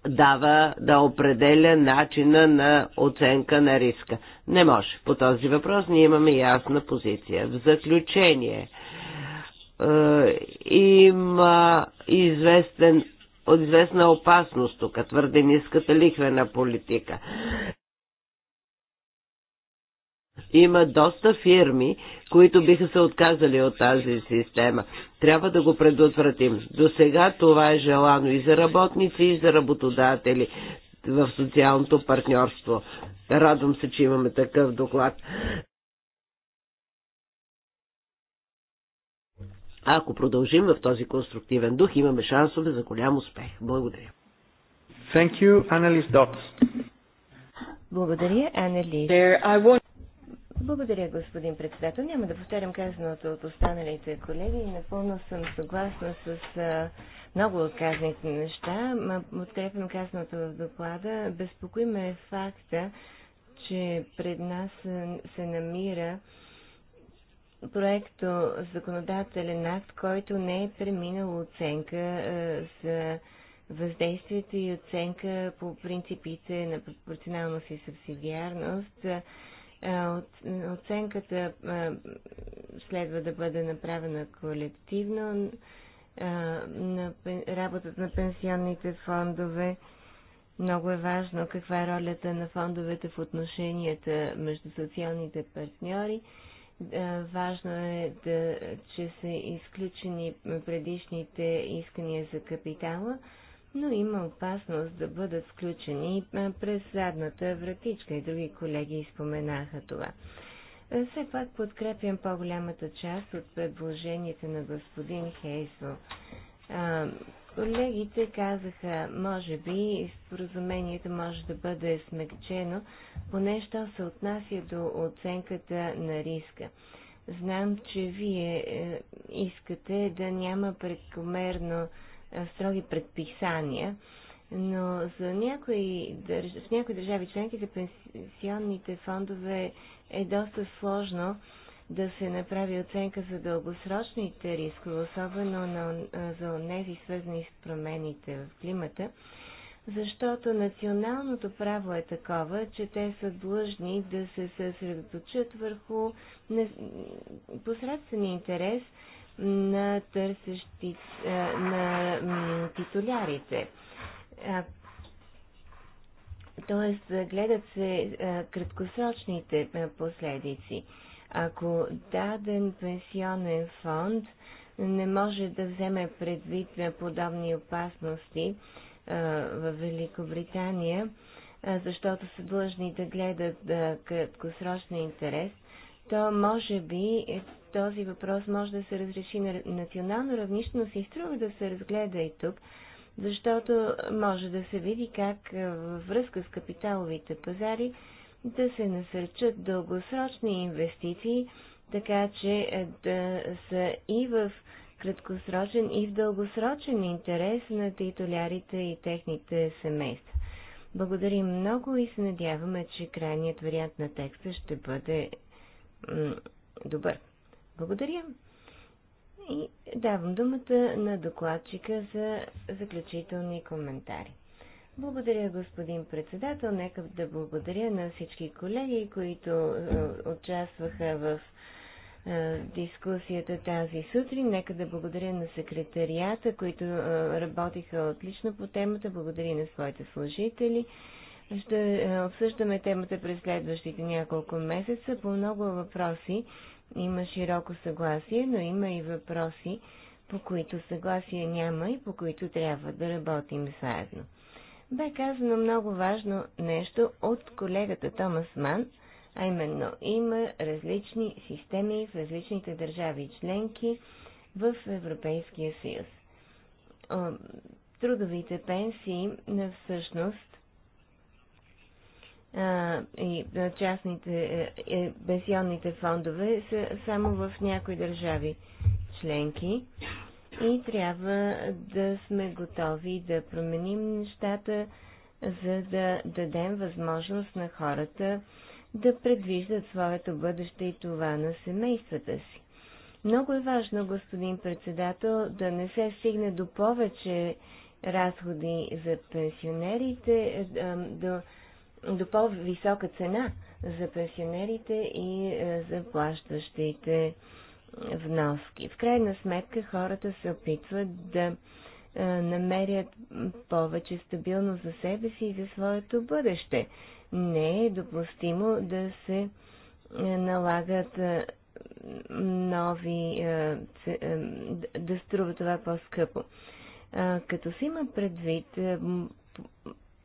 дава, да определя начина на оценка на риска. Не може. По този въпрос ние имаме ясна позиция. В заключение, е, има известен от известна опасност тук, твърде ниската лихвена политика. Има доста фирми, които биха се отказали от тази система. Трябва да го предотвратим. До сега това е желано и за работници, и за работодатели в социалното партньорство. Радвам се, че имаме такъв доклад. Ако продължим в този конструктивен дух, имаме шансове за голям успех. Благодаря. Thank you, Annelies Dots. Благодаря, Анелис. Благодаря, господин председател. Няма да повтарям казаното от останалите колеги. Напълно съм съгласна с а, много от казаните неща. Подкрепям казаното в доклада. Безпокоим е факта, че пред нас се намира проекто законодателен акт, който не е преминал оценка е, за въздействието и оценка по принципите на пропорционалност и субсидиарност. Е, от, оценката е, следва да бъде направена колективно на работата на пенсионните фондове. Много е важно каква е ролята на фондовете в отношенията между социалните партньори е, важно е, да, че са изключени предишните искания за капитала, но има опасност да бъдат включени е, през задната вратичка и други колеги споменаха това. Е, все пак подкрепям по-голямата част от предложенията на господин Хейсо. Колегите казаха, може би споразумението може да бъде смягчено, поне що се отнася до оценката на риска. Знам, че вие е, искате да няма прекомерно е, строги предписания, но за някои, в някои държави членки за пенсионните фондове е доста сложно да се направи оценка за дългосрочните рискове, особено на, за тези свързани с промените в климата, защото националното право е такова, че те са длъжни да се съсредоточат върху посредствения интерес на търсещи, на титулярите. Тоест, гледат се краткосрочните последици. Ако даден пенсионен фонд не може да вземе предвид на подобни опасности в Великобритания, защото са длъжни да гледат краткосрочен интерес, то може би е, този въпрос може да се разреши на национално равнище, но се струва да се разгледа и тук, защото може да се види как във връзка с капиталовите пазари да се насърчат дългосрочни инвестиции, така че е, да са и в краткосрочен и в дългосрочен интерес на титулярите и техните семейства. Благодарим много и се надяваме, че крайният вариант на текста ще бъде добър. Благодаря. И давам думата на докладчика за заключителни коментари. Благодаря, господин председател. Нека да благодаря на всички колеги, които е, участваха в е, дискусията тази сутрин. Нека да благодаря на секретарията, които е, работиха отлично по темата. Благодаря на своите служители. Ще обсъждаме темата през следващите няколко месеца. По много въпроси има широко съгласие, но има и въпроси, по които съгласие няма и по които трябва да работим заедно бе казано много важно нещо от колегата Томас Ман, а именно има различни системи в различните държави и членки в Европейския съюз. Трудовите пенсии всъщност и частните е, е, пенсионните фондове са само в някои държави членки и трябва да сме готови да променим нещата, за да дадем възможност на хората да предвиждат своето бъдеще и това на семействата си. Много е важно, господин председател, да не се стигне до повече разходи за пенсионерите, до, до по-висока цена за пенсионерите и за плащащите вноски. В крайна сметка хората се опитват да намерят повече стабилност за себе си и за своето бъдеще. Не е допустимо да се налагат нови, да струва това по-скъпо. Като се има предвид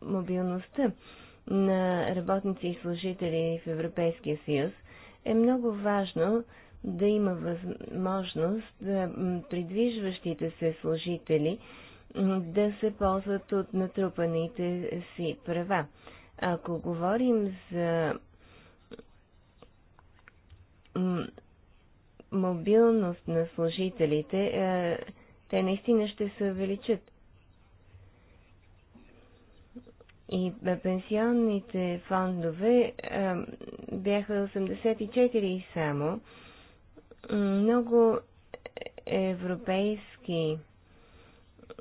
мобилността на работници и служители в Европейския съюз, е много важно да има възможност да придвижващите се служители да се ползват от натрупаните си права. Ако говорим за мобилност на служителите, е, те наистина ще се увеличат. И пенсионните фондове е, бяха 84 само много европейски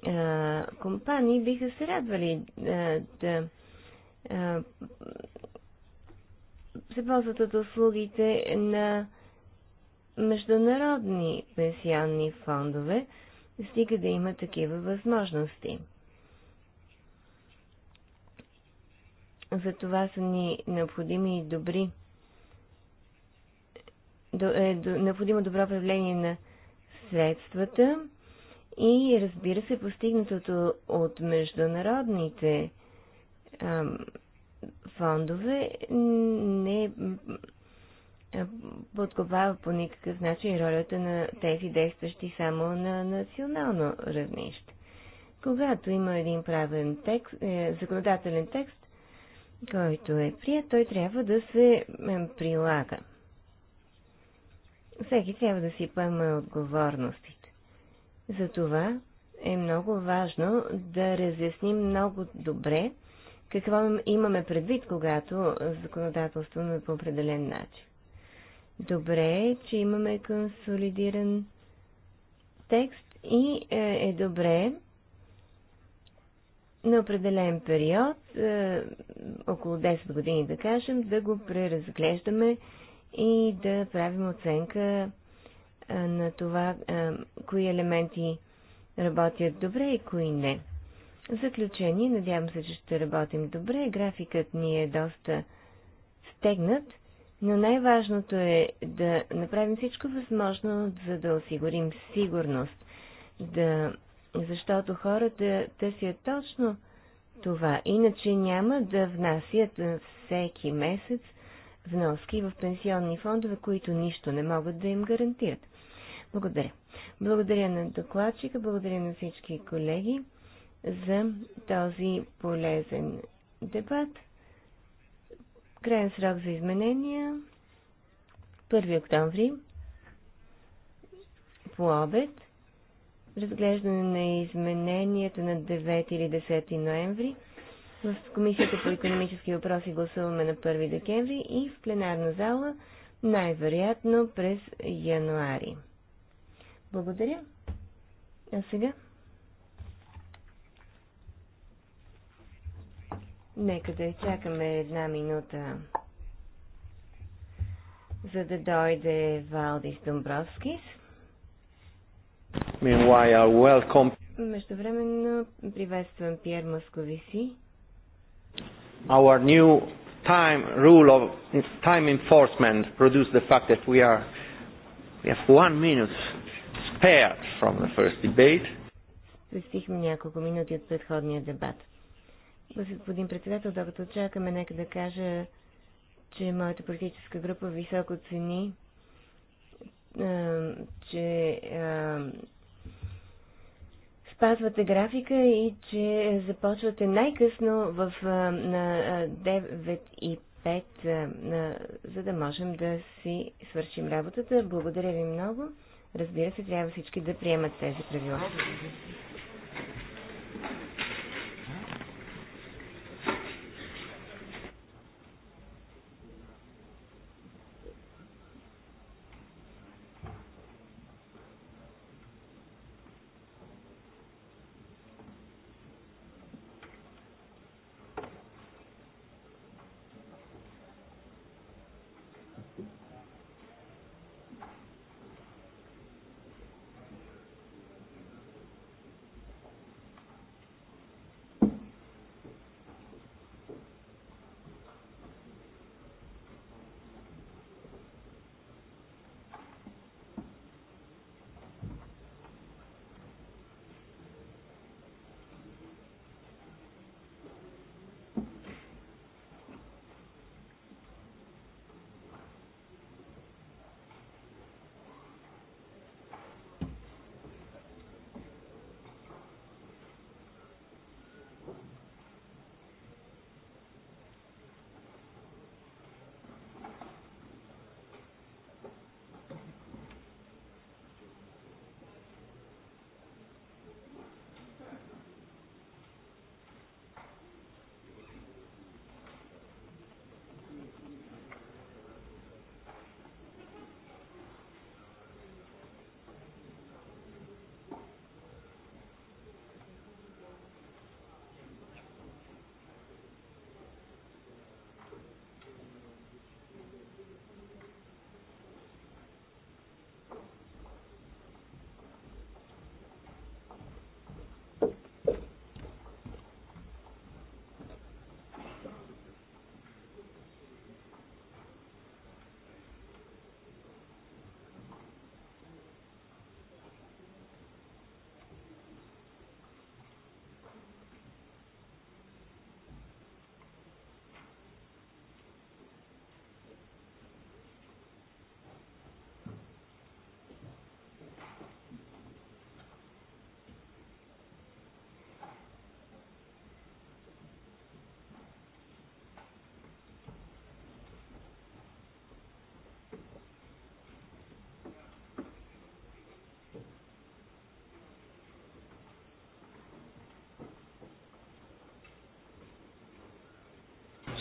а, компании биха се радвали а, да а, се ползват от услугите на международни пенсионни фондове, стига да има такива възможности. За това са ни необходими и добри е необходимо добро управление на средствата и разбира се постигнатото от международните фондове не подкопава по никакъв начин ролята на тези действащи само на национално равнище. Когато има един правен текст, е, законодателен текст, който е прият, той трябва да се прилага. Всеки трябва да си поема отговорностите. Затова е много важно да разясним много добре какво имаме предвид, когато законодателстваме по определен начин. Добре е, че имаме консолидиран текст и е, е добре на определен период, е, около 10 години да кажем, да го преразглеждаме и да правим оценка на това, кои елементи работят добре и кои не. В заключение, надявам се, че ще работим добре. Графикът ни е доста стегнат, но най-важното е да направим всичко възможно, за да осигурим сигурност, да... защото хората търсят точно това. Иначе няма да внасят всеки месец вноски в пенсионни фондове, които нищо не могат да им гарантират. Благодаря. Благодаря на докладчика, благодаря на всички колеги за този полезен дебат. Крайен срок за изменения 1 октомври по обед. Разглеждане на измененията на 9 или 10 ноември. В Комисията по економически въпроси гласуваме на 1 декември и в пленарна зала най-вероятно през януари. Благодаря. А сега? Нека да чакаме една минута, за да дойде Валдис Домбровскис. Meanwhile, welcome. Междувременно приветствам Пьер Московиси our new time rule of time enforcement produce the fact that we are we have one minute spared from the first debate. Пристихме няколко минути от предходния дебат. Господин председател, докато чакаме, нека да кажа, че моята политическа група високо цени, че спазвате графика и че започвате най-късно в на 9 и 5, за да можем да си свършим работата. Благодаря ви много. Разбира се, трябва всички да приемат тези правила.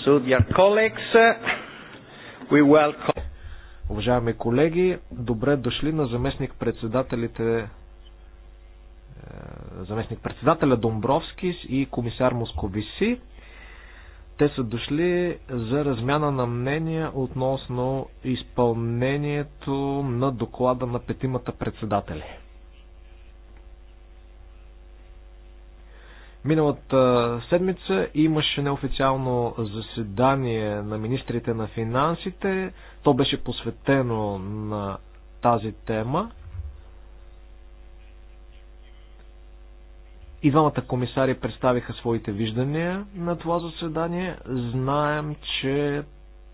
So, dear colleagues, we welcome... Уважаеми колеги, добре дошли на заместник председателите е, заместник председателя Домбровски и комисар Московиси. Те са дошли за размяна на мнения относно изпълнението на доклада на петимата председатели. Миналата седмица имаше неофициално заседание на министрите на финансите. То беше посветено на тази тема. И двамата комисари представиха своите виждания на това заседание. Знаем, че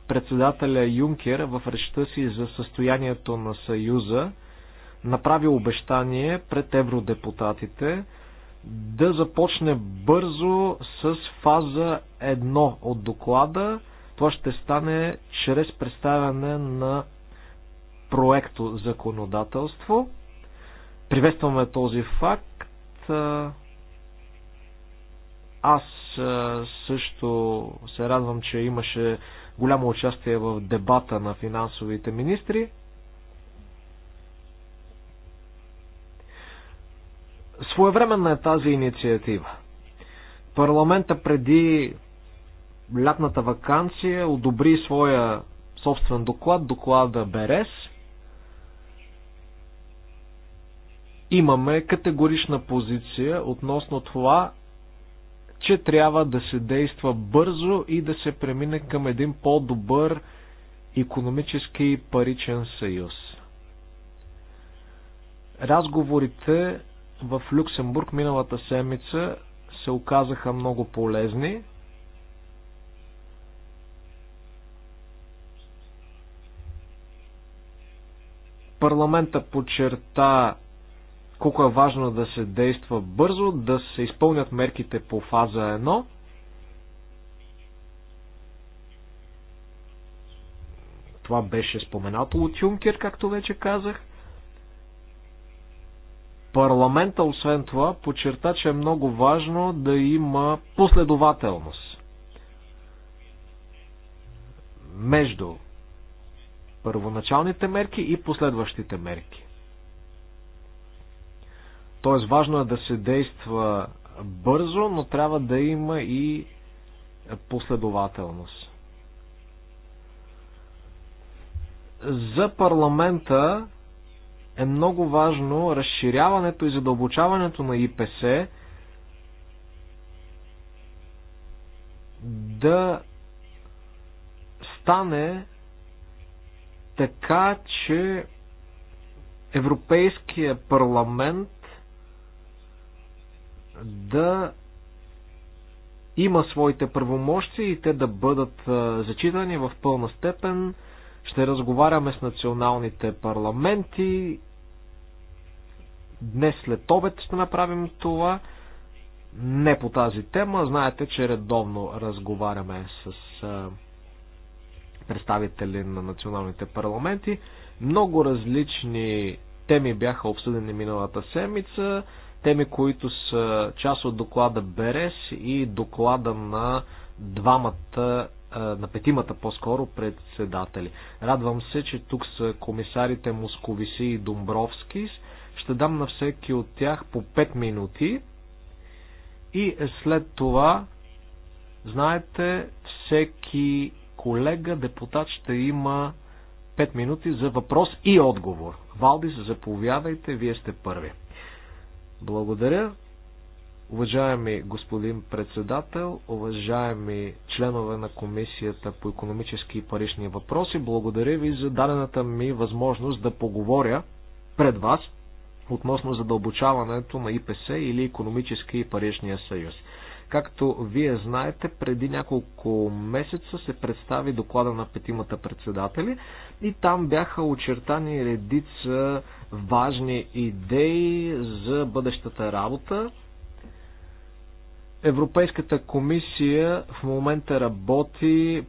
председателя Юнкер в речта си за състоянието на Съюза направи обещание пред евродепутатите – да започне бързо с фаза 1 от доклада. Това ще стане чрез представяне на проекто законодателство. Приветстваме този факт. Аз също се радвам, че имаше голямо участие в дебата на финансовите министри. Своевременна е тази инициатива. Парламента преди лятната вакансия одобри своя собствен доклад, доклада Берес. Имаме категорична позиция относно това, че трябва да се действа бързо и да се премине към един по-добър економически паричен съюз. Разговорите в Люксембург миналата седмица се оказаха много полезни. Парламента подчерта колко е важно да се действа бързо, да се изпълнят мерките по фаза 1. Това беше споменато от Юнкер, както вече казах. Парламента, освен това, подчерта, че е много важно да има последователност между първоначалните мерки и последващите мерки. Тоест, важно е да се действа бързо, но трябва да има и последователност. За парламента е много важно разширяването и задълбочаването на ИПС да стане така, че Европейския парламент да има своите правомощи и те да бъдат зачитани в пълна степен. Ще разговаряме с националните парламенти Днес след обед ще направим това. Не по тази тема. Знаете, че редовно разговаряме с представители на националните парламенти. Много различни теми бяха обсъдени миналата седмица. Теми, които са част от доклада Берес и доклада на двамата на петимата по-скоро председатели. Радвам се, че тук са комисарите Московиси и Домбровскис. Ще дам на всеки от тях по 5 минути и след това, знаете, всеки колега, депутат ще има 5 минути за въпрос и отговор. Валдис, заповядайте, вие сте първи. Благодаря. Уважаеми господин председател, уважаеми членове на Комисията по економически и парични въпроси, благодаря ви за дадената ми възможност да поговоря пред вас относно задълбочаването на ИПС или економически и паричния съюз. Както вие знаете, преди няколко месеца се представи доклада на петимата председатели и там бяха очертани редица важни идеи за бъдещата работа. Европейската комисия в момента работи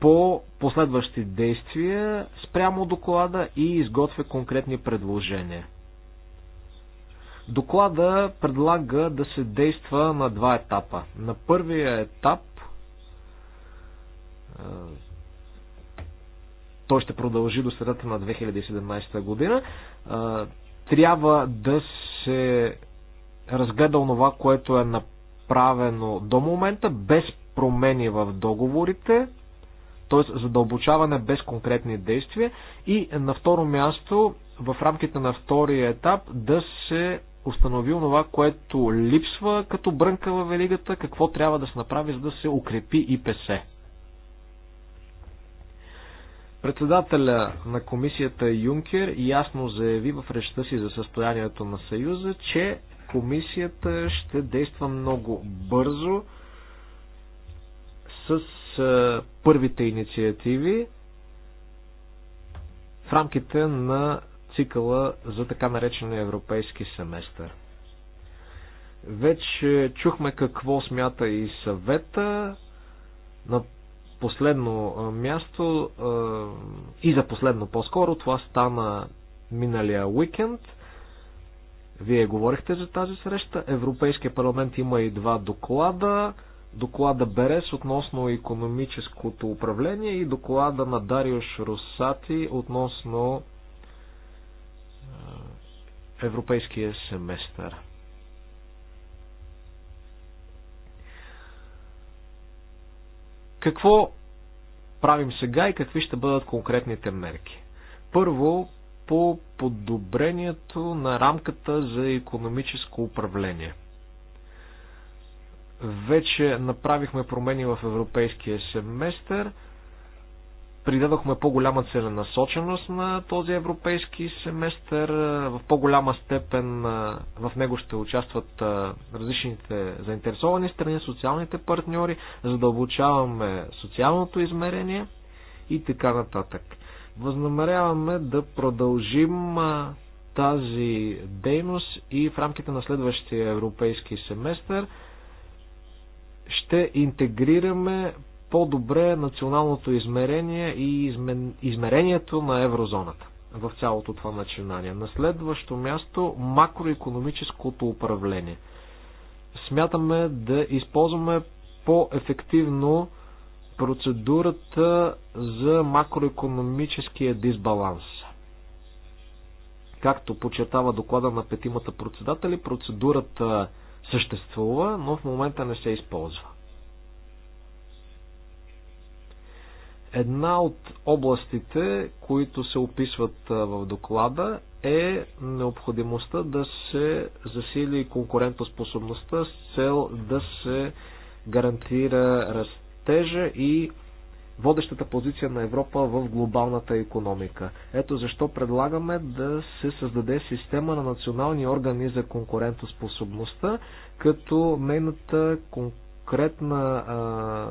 по последващи действия спрямо доклада и изготвя конкретни предложения. Доклада предлага да се действа на два етапа. На първия етап той ще продължи до средата на 2017 година. Трябва да се разгледа онова, което е направено до момента, без промени в договорите, т.е. задълбочаване без конкретни действия и на второ място в рамките на втория етап да се Установи това, което липсва като брънка във велигата, какво трябва да се направи, за да се укрепи ИПС. Председателя на комисията Юнкер ясно заяви в речта си за състоянието на Съюза, че комисията ще действа много бързо с първите инициативи в рамките на цикъла за така наречения европейски семестър. Вече чухме какво смята и съвета. На последно място и за последно по-скоро това стана миналия уикенд. Вие говорихте за тази среща. Европейския парламент има и два доклада. Доклада Берес относно економическото управление и доклада на Дариош Русати относно европейския семестър. Какво правим сега и какви ще бъдат конкретните мерки? Първо, по подобрението на рамката за економическо управление. Вече направихме промени в европейския семестър – придадохме по-голяма целенасоченост на този европейски семестър. В по-голяма степен в него ще участват различните заинтересовани страни, социалните партньори, задълбочаваме социалното измерение и така нататък. Възнамеряваме да продължим тази дейност и в рамките на следващия европейски семестър ще интегрираме по-добре националното измерение и измен... измерението на еврозоната в цялото това начинание. На следващо място макроекономическото управление. Смятаме да използваме по-ефективно процедурата за макроекономическия дисбаланс. Както подчертава доклада на петимата председатели, процедурата съществува, но в момента не се използва. Една от областите, които се описват в доклада е необходимостта да се засили конкурентоспособността с цел да се гарантира растежа и водещата позиция на Европа в глобалната економика. Ето защо предлагаме да се създаде система на национални органи за конкурентоспособността, като нейната конкурентоспособност конкретна а,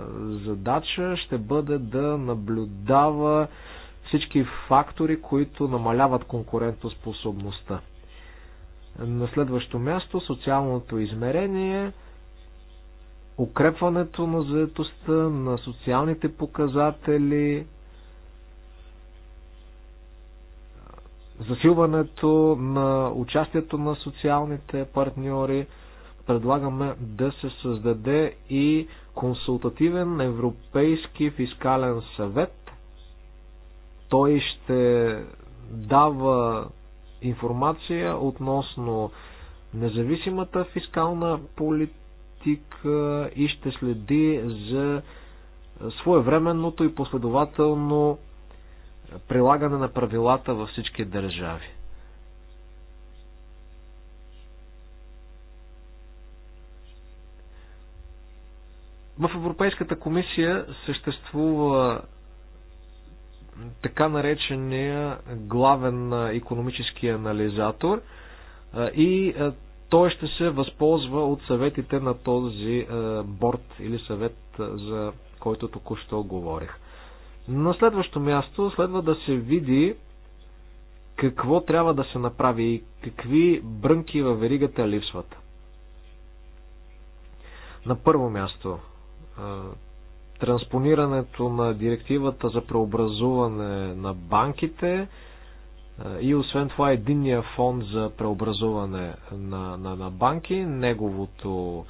задача ще бъде да наблюдава всички фактори, които намаляват конкурентоспособността. На следващо място социалното измерение, укрепването на заетостта, на социалните показатели, засилването на участието на социалните партньори – предлагаме да се създаде и консултативен европейски фискален съвет. Той ще дава информация относно независимата фискална политика и ще следи за своевременното и последователно прилагане на правилата във всички държави. В Европейската комисия съществува така наречения главен економически анализатор и той ще се възползва от съветите на този борт или съвет, за който току-що говорих. На следващо място следва да се види какво трябва да се направи и какви брънки във веригата липсват. На първо място, транспонирането на директивата за преобразуване на банките и освен това единния фонд за преобразуване на, на, на банки, неговото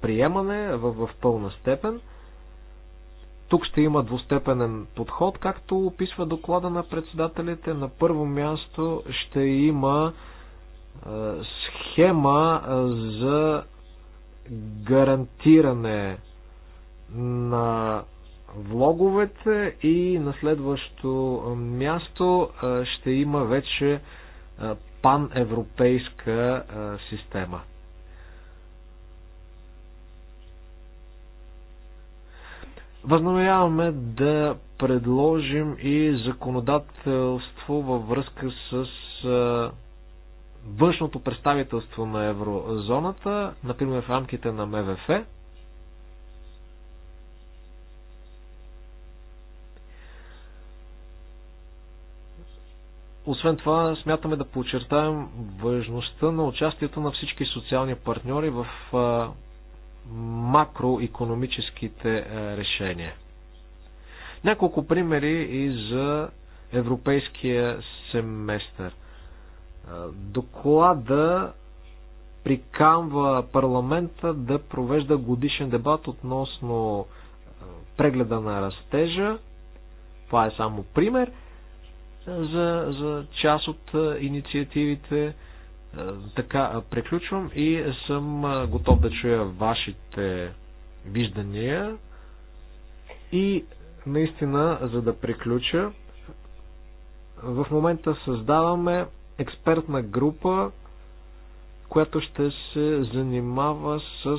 приемане в, в пълна степен. Тук ще има двустепенен подход, както описва доклада на председателите. На първо място ще има схема за гарантиране на влоговете и на следващо място ще има вече паневропейска система. Възнамеряваме да предложим и законодателство във връзка с външното представителство на еврозоната, например в рамките на МВФ. Освен това, смятаме да подчертаем важността на участието на всички социални партньори в макроекономическите решения. Няколко примери и за европейския семестър. Доклада прикамва парламента да провежда годишен дебат относно прегледа на растежа. Това е само пример – за, за част от инициативите. Така, приключвам и съм готов да чуя вашите виждания. И наистина, за да приключа, в момента създаваме експертна група, която ще се занимава с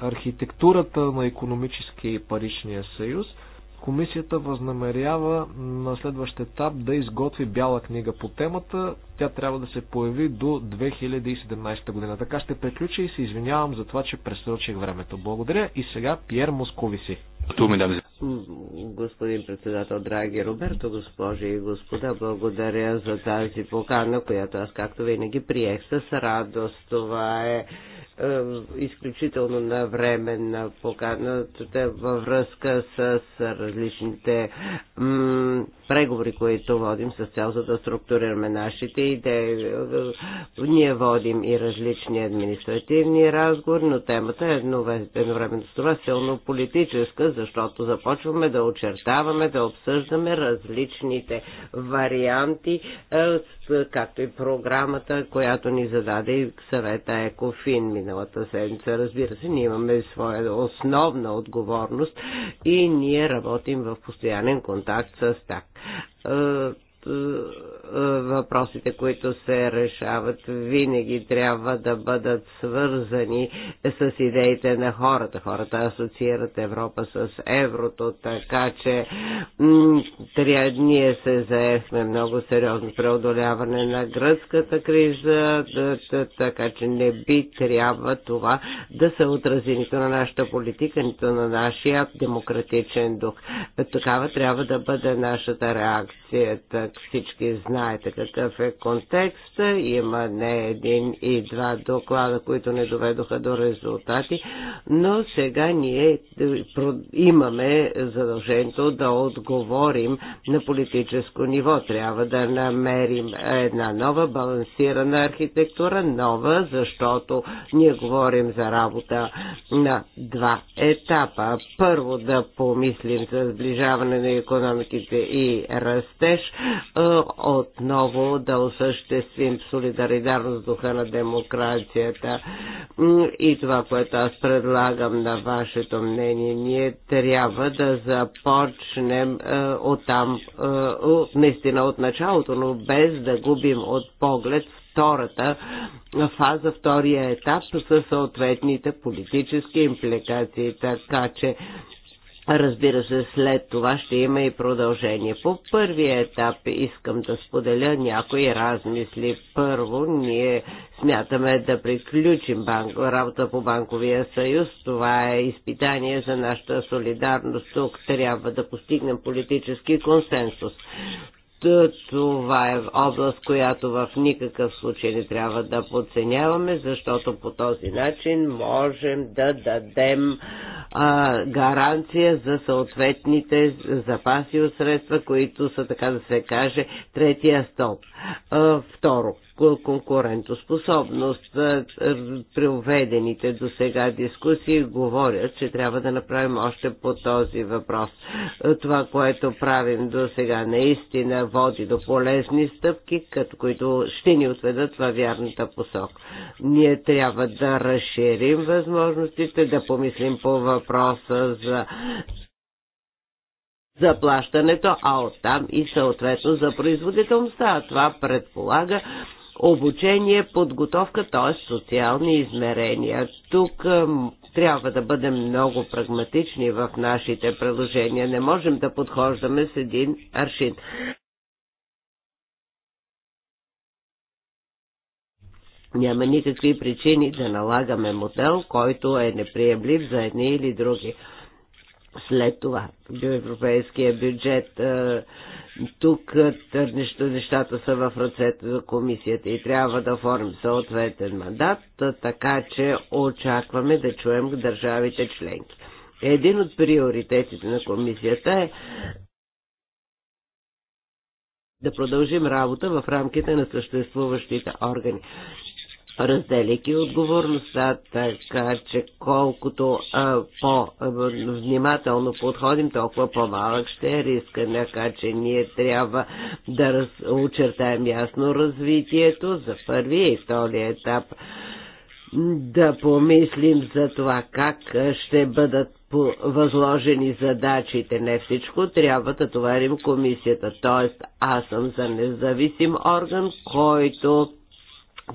архитектурата на економическия и паричния съюз – Комисията възнамерява на следващ етап да изготви бяла книга по темата. Тя трябва да се появи до 2017 година. Така ще приключи и се извинявам за това, че пресрочих времето. Благодаря и сега Пьер Московиси. Господин председател, драги Роберто, госпожи и господа, благодаря за тази покана, която аз както винаги приех с радост. Това е изключително навременна покана във връзка с различните преговори, които водим с цел за да структурираме нашите идеи. Ние водим и различни административни разговори, но темата е едновременно с това силно политическа, защото започваме да очертаваме, да обсъждаме различните варианти, както и програмата, която ни зададе и съвета Екофин миналата седмица. Разбира се, ние имаме своя основна отговорност и ние работим в постоянен контакт с ТАК е, е, въпросите, които се решават, винаги трябва да бъдат свързани с идеите на хората. Хората асоциират Европа с еврото, така че трябва, ние се заехме много сериозно преодоляване на гръцката криза, така че не би трябва това да се отрази нито на нашата политика, нито на нашия демократичен дух. Такава трябва да бъде нашата реакция комисията. Всички знаете какъв е контекста. Има не един и два доклада, които не доведоха до резултати, но сега ние имаме задължението да отговорим на политическо ниво. Трябва да намерим една нова балансирана архитектура, нова, защото ние говорим за работа на два етапа. Първо да помислим за сближаване на економиките и раз растеж, отново да осъществим солидаридарност, духа на демокрацията. И това, което аз предлагам на вашето мнение, ние трябва да започнем от там, наистина от началото, но без да губим от поглед втората фаза, втория етап със съответните политически импликации. Така че Разбира се, след това ще има и продължение. По първия етап искам да споделя някои размисли. Първо, ние смятаме да приключим банк, работа по Банковия съюз. Това е изпитание за нашата солидарност. Тук трябва да постигнем политически консенсус това е област, която в никакъв случай не трябва да подценяваме, защото по този начин можем да дадем а, гаранция за съответните запаси от средства, които са, така да се каже, третия стоп. А, второ, конкурентоспособност. Е, е, Проведените до сега дискусии говорят, че трябва да направим още по този въпрос. Е, това, което правим до сега, наистина води до полезни стъпки, като които ще ни отведат във вярната посока. Ние трябва да разширим възможностите, да помислим по въпроса за заплащането, а оттам и съответно за производителността. Това предполага обучение, подготовка, т.е. социални измерения. Тук трябва да бъдем много прагматични в нашите предложения. Не можем да подхождаме с един аршин. Няма никакви причини да налагаме модел, който е неприемлив за едни или други след това европейския бюджет. Тук неща, нещата са в ръцете на комисията и трябва да оформим съответен мандат, така че очакваме да чуем държавите членки. Един от приоритетите на комисията е да продължим работа в рамките на съществуващите органи разделяйки отговорността, така че колкото по-внимателно подходим, толкова по-малък ще е риска, така че ние трябва да раз, очертаем ясно развитието за първия и втория етап да помислим за това как ще бъдат възложени задачите. Не всичко трябва да товарим комисията. Тоест, аз съм за независим орган, който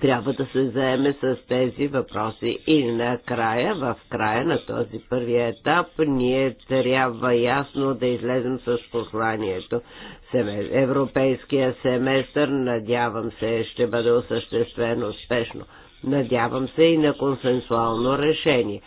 трябва да се заеме с тези въпроси. И накрая, в края на този първи етап, ние трябва ясно да излезем с посланието. Европейския семестър, надявам се, ще бъде осъществен успешно. Надявам се и на консенсуално решение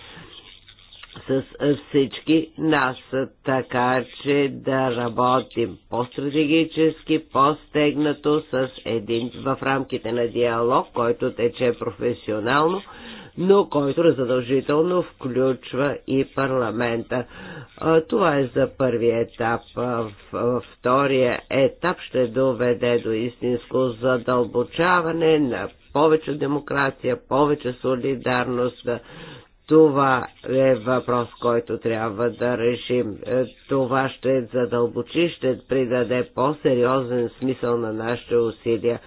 с всички нас, така че да работим по-стратегически, по-стегнато с един в рамките на диалог, който тече професионално, но който задължително включва и парламента. Това е за първия етап. Втория етап ще доведе до истинско задълбочаване на повече демокрация, повече солидарност, това е въпрос, който трябва да решим. Е, това ще задълбочи, ще придаде по-сериозен смисъл на нашите усилия.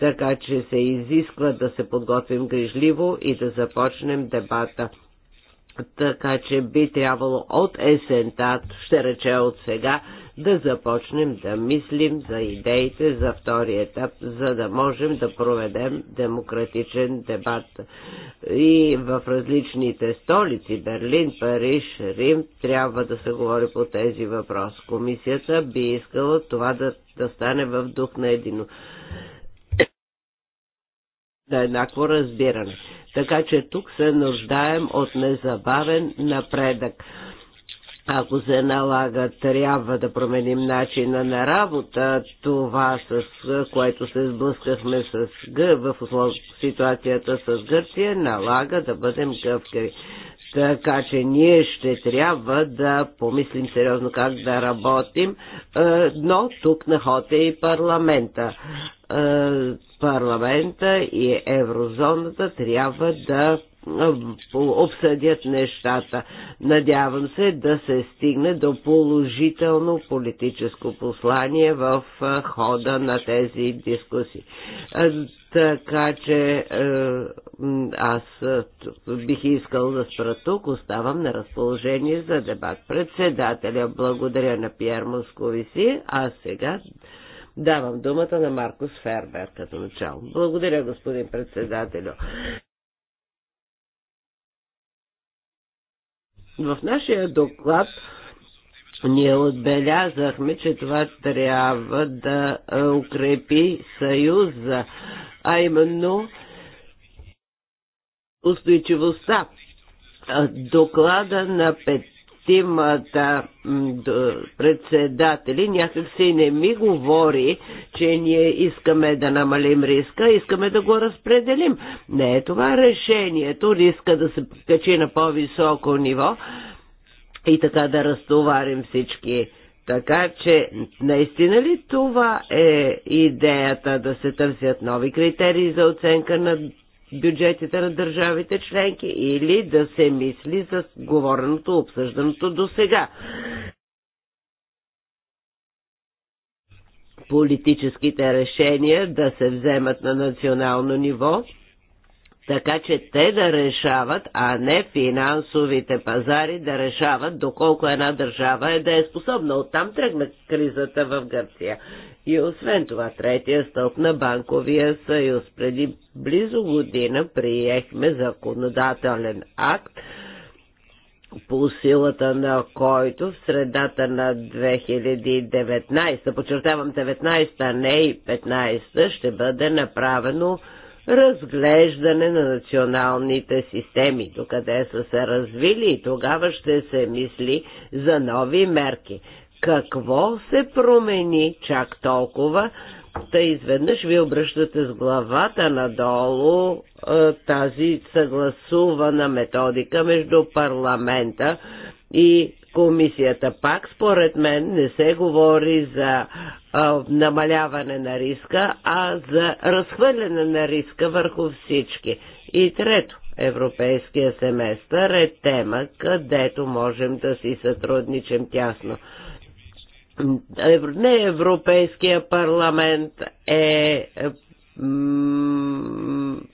Така че се изисква да се подготвим грижливо и да започнем дебата. Така че би трябвало от есента, ще рече от сега, да започнем да мислим за идеите за втори етап, за да можем да проведем демократичен дебат. И в различните столици, Берлин, Париж, Рим, трябва да се говори по тези въпроси. Комисията би искала това да, да стане в дух на едино на еднакво разбиране. Така че тук се нуждаем от незабавен напредък ако се налага, трябва да променим начина на работа. Това, с което се сблъскахме с Г, в ситуацията с Гърция, налага да бъдем гъвкави. Така че ние ще трябва да помислим сериозно как да работим, е, но тук на ход е и парламента. Е, парламента и еврозоната трябва да обсъдят нещата. Надявам се да се стигне до положително политическо послание в хода на тези дискусии. Така че аз бих искал да спра тук, оставам на разположение за дебат. Председателя, благодаря на Пьер Московиси, а сега давам думата на Маркус Фербер като начало. Благодаря, господин председателю. В нашия доклад ние отбелязахме, че това трябва да укрепи съюза, а именно устойчивостта. Доклада на пет шестимата председатели някакси не ми говори, че ние искаме да намалим риска, искаме да го разпределим. Не е това решението, риска да се качи на по-високо ниво и така да разтоварим всички. Така че, наистина ли това е идеята да се търсят нови критерии за оценка на бюджетите на държавите членки или да се мисли за говореното, обсъжданото до сега. Политическите решения да се вземат на национално ниво така че те да решават, а не финансовите пазари да решават доколко една държава е да е способна. Оттам тръгна кризата в Гърция. И освен това, третия стълб на Банковия съюз. Преди близо година приехме законодателен акт, по силата на който в средата на 2019, подчертавам 19, не и 15, ще бъде направено разглеждане на националните системи, докъде са се развили и тогава ще се мисли за нови мерки. Какво се промени чак толкова, Та изведнъж ви обръщате с главата надолу е, тази съгласувана методика между парламента и комисията. Пак според мен не се говори за а, намаляване на риска, а за разхвърляне на риска върху всички. И трето, Европейския семестър е тема, където можем да си сътрудничим тясно. Не Европейския парламент е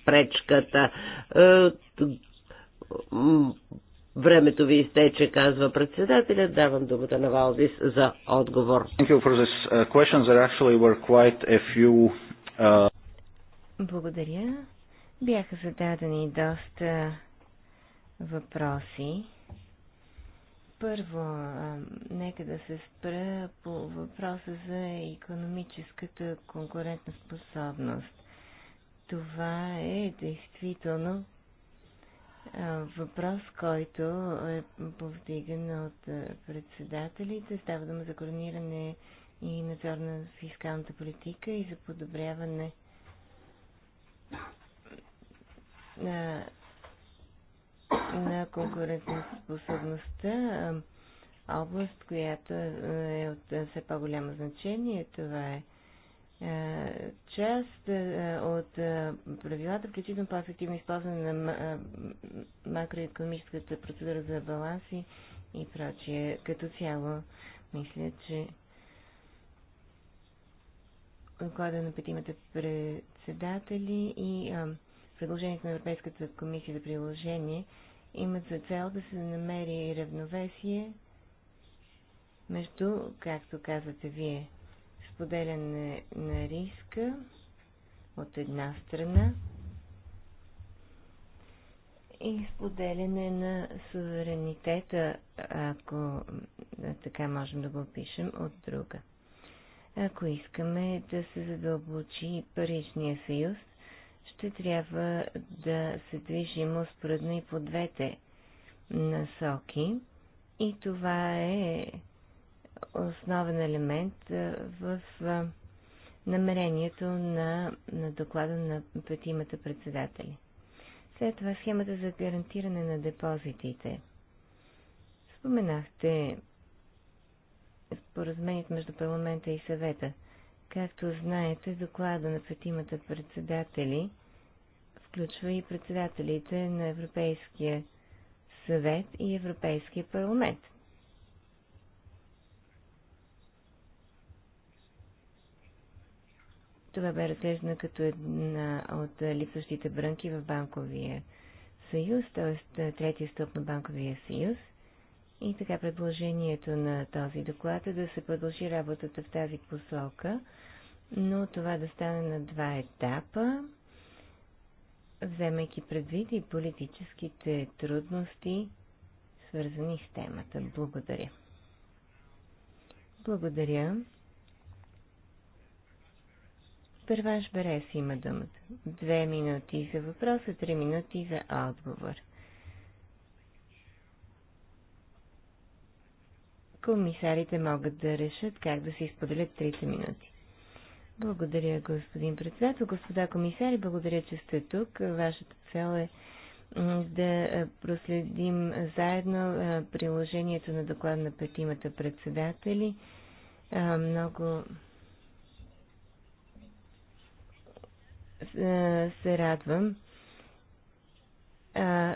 пречката е, Времето ви изтече, казва председателя. Давам думата на Валдис за отговор. Uh, uh, Благодаря. Бяха зададени доста въпроси. Първо, нека да се спра по въпроса за економическата конкурентоспособност. Това е действително въпрос, който е повдиган от председателите. Става дума за корониране и надзор на фискалната политика и за подобряване на, на конкурентоспособността, област, която е от все по-голямо значение. Това е е, част е, от е, правилата, включително по-ефективно използване на макроекономическата процедура за баланси и прочие. Като цяло, мисля, че доклада на петимата председатели и предложението на Европейската комисия за приложение имат за цел да се намери равновесие между, както казвате вие, споделяне на риска от една страна и споделяне на суверенитета, ако така можем да го опишем, от друга. Ако искаме да се задълбочи паричния съюз, ще трябва да се движим успоредно и по двете насоки. И това е основен елемент в намерението на, на доклада на петимата председатели. След това схемата за гарантиране на депозитите. Споменахте споразумението между парламента и съвета. Както знаете, доклада на петимата председатели включва и председателите на Европейския съвет и Европейския парламент. Това бе разглеждано като една от липсващите брънки в банковия съюз, т.е. третия стъп на банковия съюз. И така предложението на този доклад е да се продължи работата в тази посока, но това да стане на два етапа, вземайки предвид и политическите трудности, свързани с темата. Благодаря. Благодаря. Първаш Берес има думата. Две минути за въпроса, три минути за отговор. Комисарите могат да решат как да се изподелят трите минути. Благодаря, господин председател. Господа комисари, благодаря, че сте тук. Вашата цел е да проследим заедно приложението на доклад на петимата председатели. Много Е, се радвам.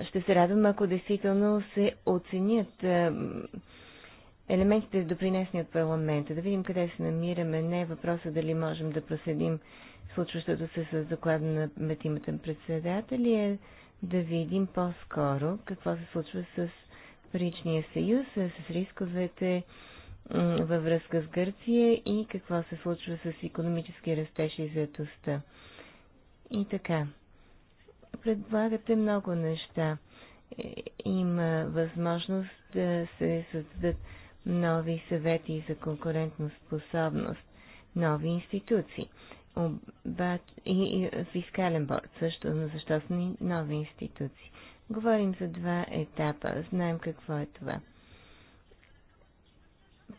Ще се радвам, ако действително се оценят е, елементите, допринесени от парламента. Да видим къде се намираме. Не е въпроса дали можем да проследим случващото се с доклада на метимата председател и е да видим по-скоро какво се случва с паричния съюз, е, с рисковете във връзка с Гърция и какво се случва с економически растеж и заетостта. И така, предлагате много неща. Е, има възможност да се създадат нови съвети за конкурентна способност, нови институции, обаче и, и фискален борт също, но защо са ни нови институции? Говорим за два етапа. Знаем какво е това.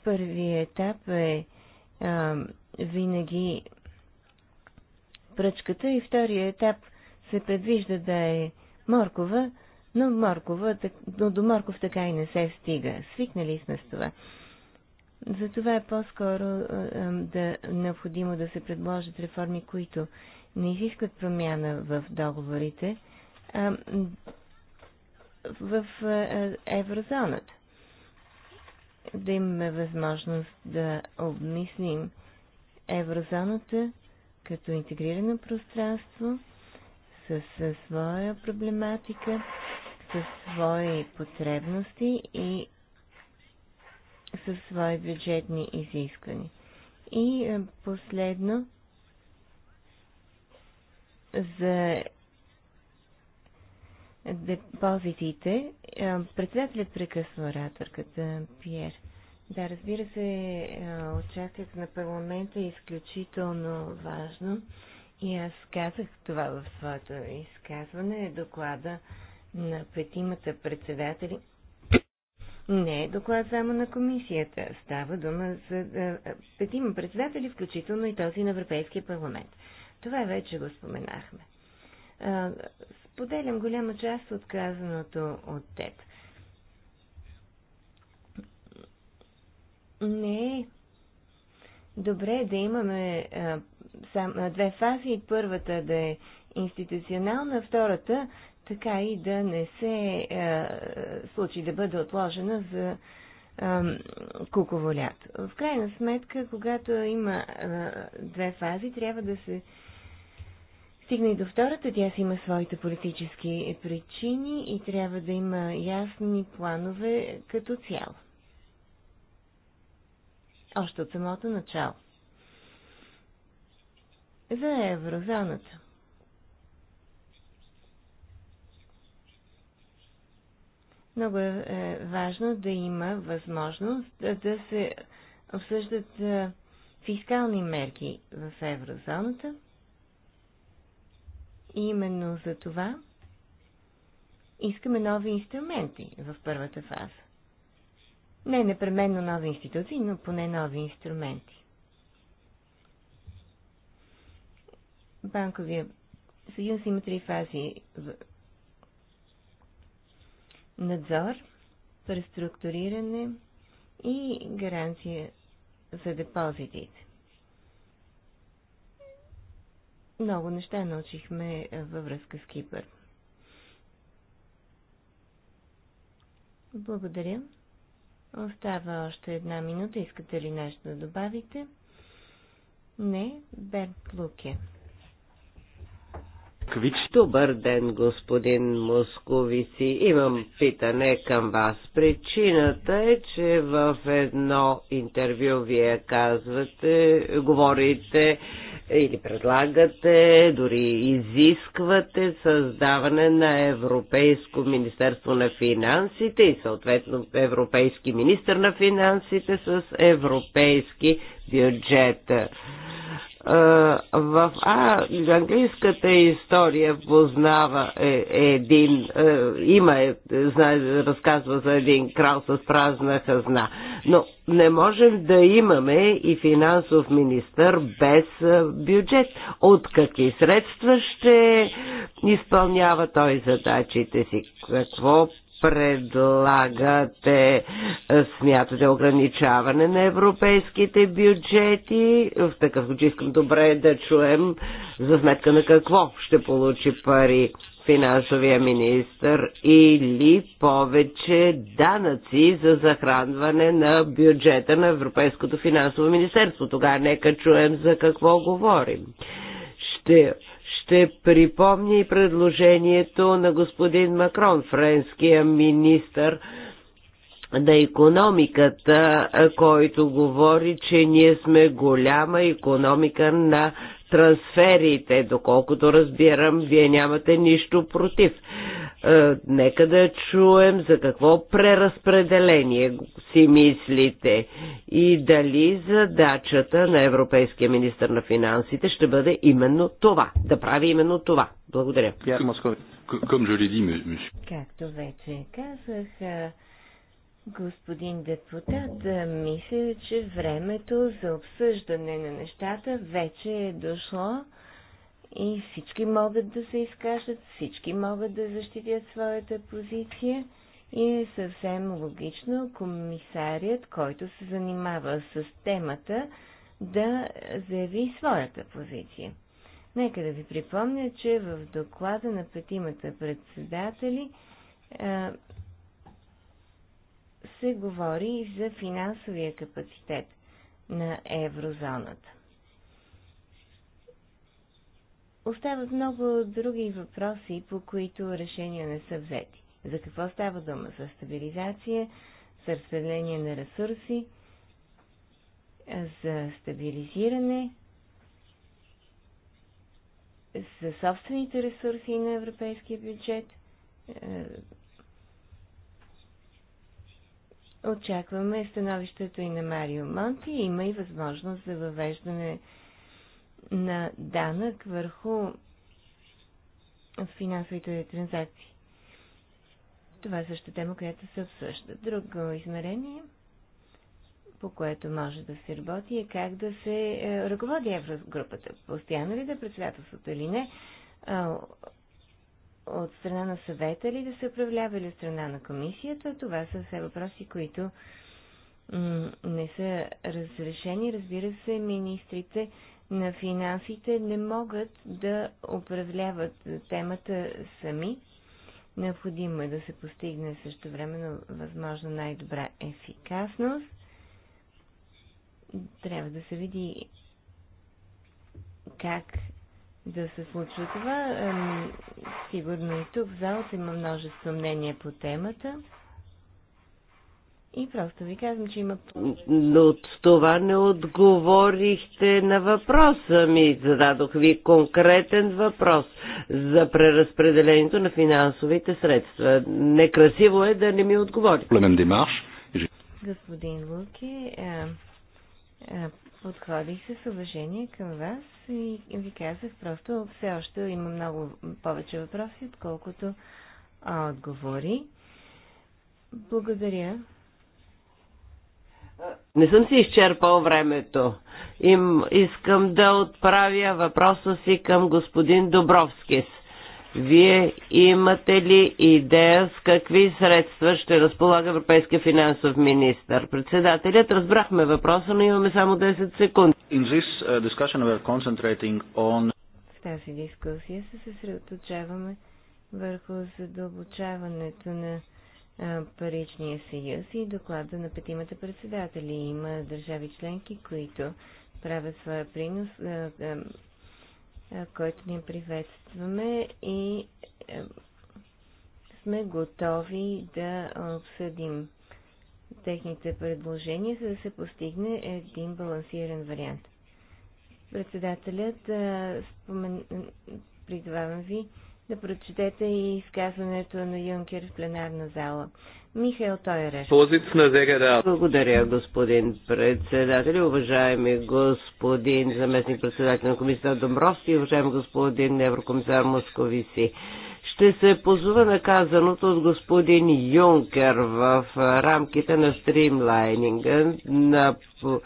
Първият етап е а, винаги пръчката и втория етап се предвижда да е моркова, но, моркова, но до морков така и не се стига. Свикнали сме с това. Затова е по-скоро да, необходимо да се предложат реформи, които не изискват промяна в договорите а, в еврозоната. Да имаме възможност да обмислим еврозоната като интегрирано пространство с, с своя проблематика, със свои потребности и със свои бюджетни изисквания. И е, последно, за депозитите, е, председателят прекъсва ораторката Пьер. Да, разбира се, е, участието на парламента е изключително важно. И аз казах това в своето изказване. Доклада на петимата председатели не е доклад само на комисията. Става дума за е, петима председатели, включително и този на Европейския парламент. Това вече го споменахме. Е, споделям голяма част от казаното от теб. не е добре да имаме а, сам, а, две фази. Първата да е институционална, втората така и да не се а, случи да бъде отложена за а, куково лято. В крайна сметка, когато има а, две фази, трябва да се стигне и до втората. Тя си има своите политически причини и трябва да има ясни планове като цяло още от самото начало. За еврозоната. Много е, е важно да има възможност да се обсъждат е, фискални мерки в еврозоната. И именно за това искаме нови инструменти в първата фаза. Не непременно нови институции, но поне нови инструменти. Банковия съюз има три фази. Надзор, преструктуриране и гаранция за депозитите. Много неща научихме във връзка с Кипър. Благодаря. Остава още една минута. Искате ли нещо да добавите? Не, Берт Луке. Квич. Добър ден, господин Московици. Имам питане към вас. Причината е, че в едно интервю вие казвате, говорите или предлагате, дори изисквате създаване на Европейско Министерство на финансите и съответно Европейски министр на финансите с европейски бюджет в а, английската история познава е, е един, е, има, е, знае, разказва за един крал с празна хазна. Но не можем да имаме и финансов министър без е, бюджет. От какви средства ще изпълнява той задачите си? Какво предлагате, е, смятате ограничаване на европейските бюджети. В такъв случай искам добре да чуем за сметка на какво ще получи пари финансовия министр или повече данъци за захранване на бюджета на Европейското финансово министерство. Тогава нека чуем за какво говорим. Ще ще припомня и предложението на господин Макрон, френския министр на економиката, който говори, че ние сме голяма економика на трансферите, доколкото разбирам, вие нямате нищо против. Е, нека да чуем за какво преразпределение си мислите и дали задачата на Европейския министр на финансите ще бъде именно това, да прави именно това. Благодаря. Както вече казах, Господин депутат, мисля, че времето за обсъждане на нещата вече е дошло и всички могат да се изкажат, всички могат да защитят своята позиция и е съвсем логично комисарият, който се занимава с темата, да заяви своята позиция. Нека да ви припомня, че в доклада на петимата председатели се говори и за финансовия капацитет на еврозоната. Остават много други въпроси, по които решения не са взети. За какво става дума? За стабилизация, за разпределение на ресурси, за стабилизиране, за собствените ресурси на европейския бюджет, е, Очакваме становището и на Марио Монти. Има и възможност за въвеждане на данък върху финансовите транзакции. Това е също тема, която се обсъжда. Друго измерение, по което може да се работи, е как да се е, ръководи еврогрупата. Постоянно ли да е председателството или не, от страна на съвета ли да се управлява или от страна на комисията, това са все въпроси, които не са разрешени. Разбира се, министрите на финансите не могат да управляват темата сами. Необходимо е да се постигне също времено възможно най-добра ефикасност. Трябва да се види как да се случва това. Сигурно и тук в залата има множество мнения по темата. И просто ви казвам, че има... Но от това не отговорихте на въпроса ми. Зададох ви конкретен въпрос за преразпределението на финансовите средства. Некрасиво е да не ми отговорите. Господин Луки, е, е, подходих с уважение към вас и ви казах просто, все още има много повече въпроси, отколкото отговори. Благодаря. Не съм си изчерпал времето. Им искам да отправя въпроса си към господин Добровскис. Вие имате ли идея с какви средства ще разполага Европейския финансов министр? Председателят, разбрахме въпроса, но имаме само 10 секунди. Uh, on... В тази дискусия се съсредоточаваме върху задълбочаването на паричния съюз и доклада на петимата председатели. Има държави членки, които правят своя принос който ни приветстваме и сме готови да обсъдим техните предложения, за да се постигне един балансиран вариант. Председателят, спомен... призвавам ви да прочетете и изказването на Юнкер в пленарна зала. Михаил Тойреш. Благодаря, господин председател, уважаеми господин заместник председател на комисията Домровски, уважаеми господин еврокомисар Московиси. Ще се позова на казаното от господин Юнкер в рамките на стримлайнинга на по,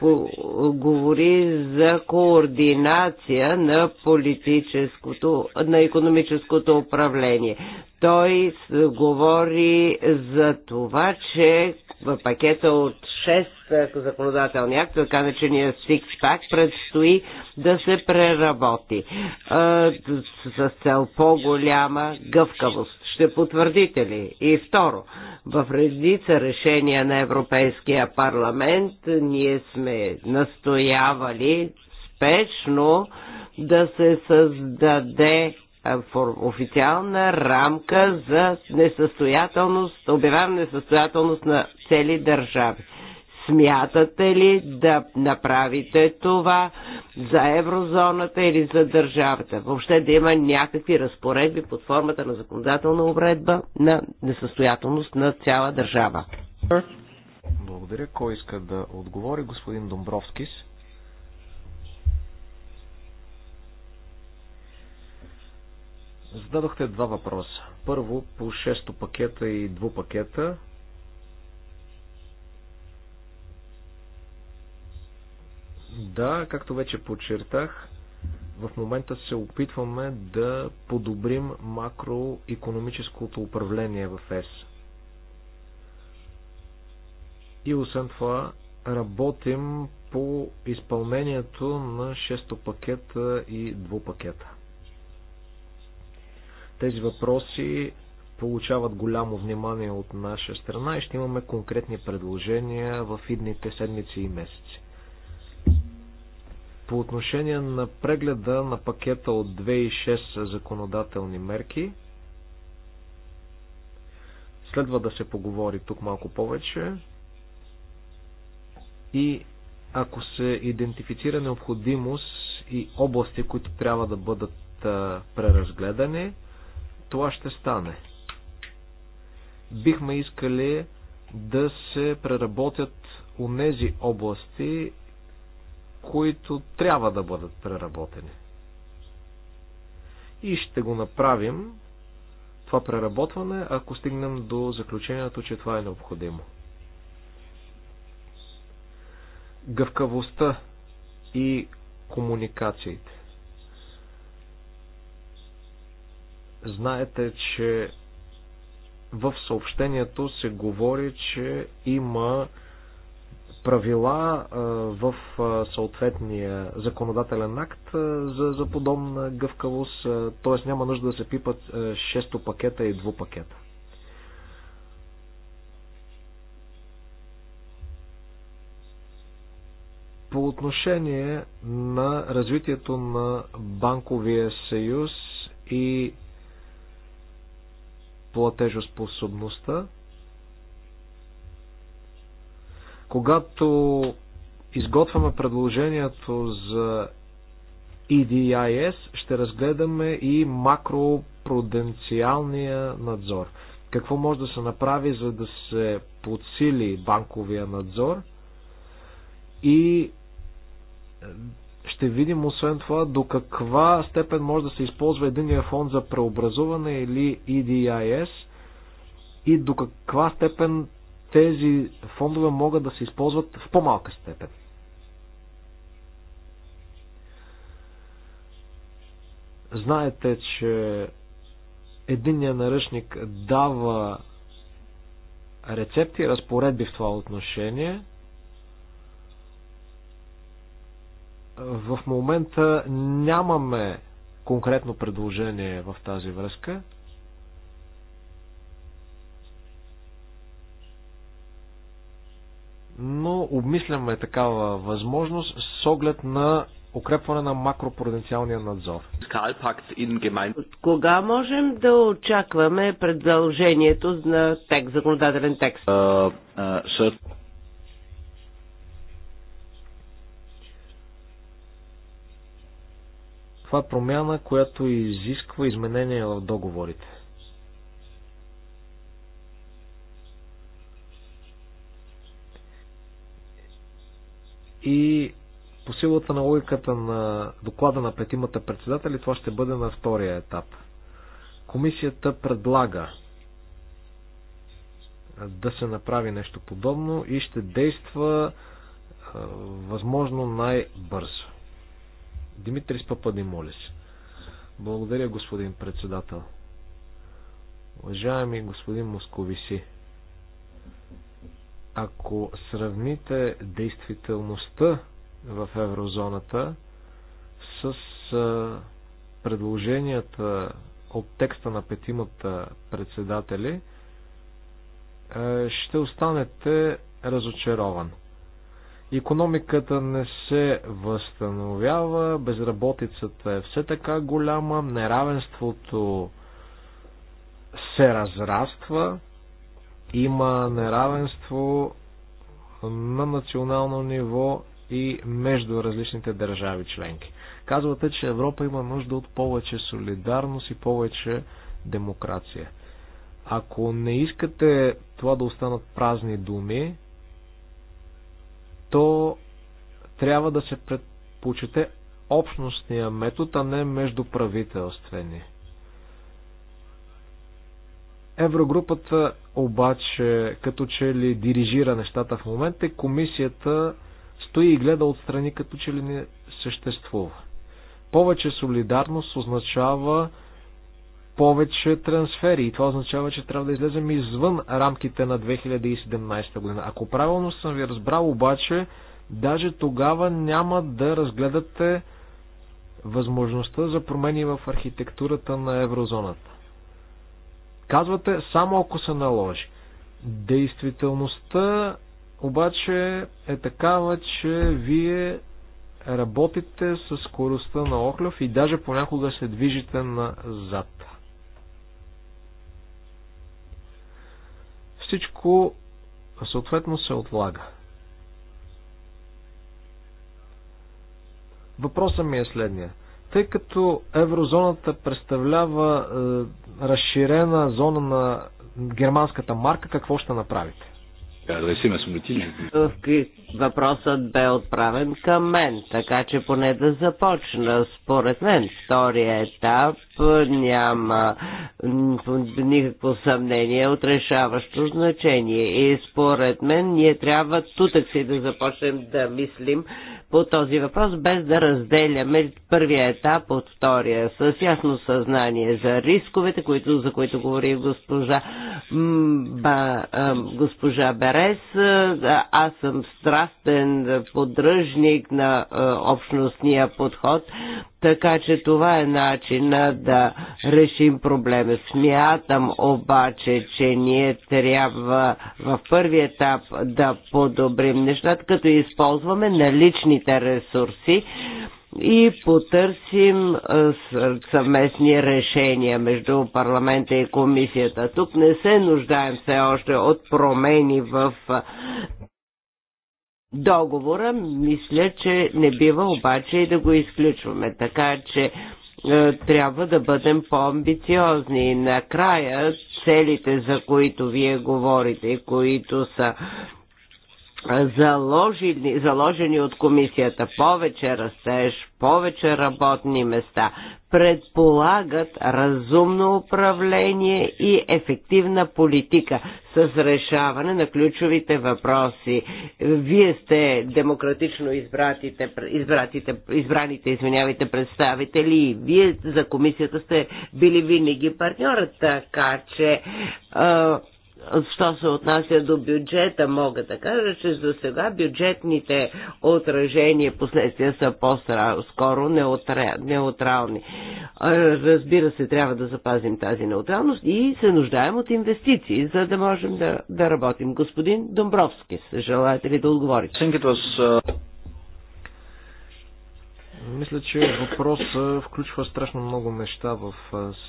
по, говори за координация на политическото, на економическото управление. Той говори за това, че пакета от 6 е, законодателни акта, така начиния Six Pack, предстои да се преработи с цел по-голяма гъвкавост. Ще потвърдите ли? И второ, в редица решения на Европейския парламент ние сме настоявали спешно да се създаде официална рамка за несъстоятелност, обявяване несъстоятелност на цели държави. Смятате ли да направите това за еврозоната или за държавата? Въобще да има някакви разпоредби под формата на законодателна обредба на несъстоятелност на цяла държава. Благодаря. Кой иска да отговори? Господин Домбровскис. Зададохте два въпроса. Първо по 6 пакета и 2 пакета. Да, както вече подчертах, в момента се опитваме да подобрим макроекономическото управление в ЕС. И освен това, работим по изпълнението на 6 пакета и 2 пакета. Тези въпроси получават голямо внимание от наша страна и ще имаме конкретни предложения в идните седмици и месеци. По отношение на прегледа на пакета от 2,6 законодателни мерки, следва да се поговори тук малко повече и ако се идентифицира необходимост и области, които трябва да бъдат преразгледани, това ще стане. Бихме искали да се преработят онези области, които трябва да бъдат преработени. И ще го направим това преработване, ако стигнем до заключението, че това е необходимо. Гъвкавостта и комуникациите. Знаете, че в съобщението се говори, че има правила в съответния законодателен акт за, за подобна гъвкавост, т.е. няма нужда да се пипат 6 пакета и 2 пакета. По отношение на развитието на банковия съюз и платежоспособността. Когато изготвяме предложението за EDIS, ще разгледаме и макропруденциалния надзор. Какво може да се направи, за да се подсили банковия надзор и ще видим освен това до каква степен може да се използва единия фонд за преобразуване или EDIS и до каква степен тези фондове могат да се използват в по-малка степен. Знаете, че единния наръчник дава рецепти, разпоредби в това отношение – В момента нямаме конкретно предложение в тази връзка. Но обмисляме такава възможност с оглед на укрепване на макропруденциалния надзор. Кога можем да очакваме предложението на текст, законодателен текст? Uh, uh, Това е промяна, която изисква изменения в договорите. И по силата на логиката на доклада на петимата председатели, това ще бъде на втория етап. Комисията предлага да се направи нещо подобно и ще действа възможно най-бързо. Димитрис Молис. Благодаря, господин председател. Уважаеми господин Московиси, ако сравните действителността в еврозоната с предложенията от текста на петимата председатели, ще останете разочарован. Економиката не се възстановява, безработицата е все така голяма, неравенството се разраства, има неравенство на национално ниво и между различните държави членки. Казвате, че Европа има нужда от повече солидарност и повече демокрация. Ако не искате това да останат празни думи, то трябва да се предпочете общностния метод, а не междуправителствени. Еврогрупата обаче като че ли дирижира нещата в момента и комисията стои и гледа отстрани като че ли не съществува. Повече солидарност означава повече трансфери и това означава, че трябва да излезем извън рамките на 2017 година. Ако правилно съм ви разбрал обаче, даже тогава няма да разгледате възможността за промени в архитектурата на еврозоната. Казвате само ако се наложи. Действителността обаче е такава, че вие работите с скоростта на Охлев и даже понякога се движите назад. Всичко съответно се отлага. Въпросът ми е следния. Тъй като еврозоната представлява е, разширена зона на германската марка, какво ще направите? Въпросът бе отправен към мен, така че поне да започна. Според мен, втория етап няма никакво съмнение от решаващо значение. И според мен ние трябва тутък си да започнем да мислим по този въпрос, без да разделяме първия етап от втория, с ясно съзнание за рисковете, които, за които говори госпожа, ба, госпожа Берес. Аз съм страстен поддръжник на общностния подход, така че това е начина да решим проблема. Смятам обаче, че ние трябва в първи етап да подобрим нещата, като използваме наличните ресурси и потърсим съвместни решения между парламента и комисията. Тук не се нуждаем все още от промени в договора. Мисля, че не бива обаче и да го изключваме. Така че е, трябва да бъдем по-амбициозни. накрая целите, за които вие говорите, които са заложени, заложени от комисията повече растеж, повече работни места, предполагат разумно управление и ефективна политика с решаване на ключовите въпроси. Вие сте демократично избратите, избратите, избраните извинявайте, представители и вие за комисията сте били винаги партньора, така че Що се отнася до бюджета, мога да кажа, че за сега бюджетните отражения последствия са по-скоро неутрални. Разбира се, трябва да запазим тази неутралност и се нуждаем от инвестиции, за да можем да, да работим. Господин Домбровски, желаете ли да отговорите? Мисля, че въпросът включва страшно много неща в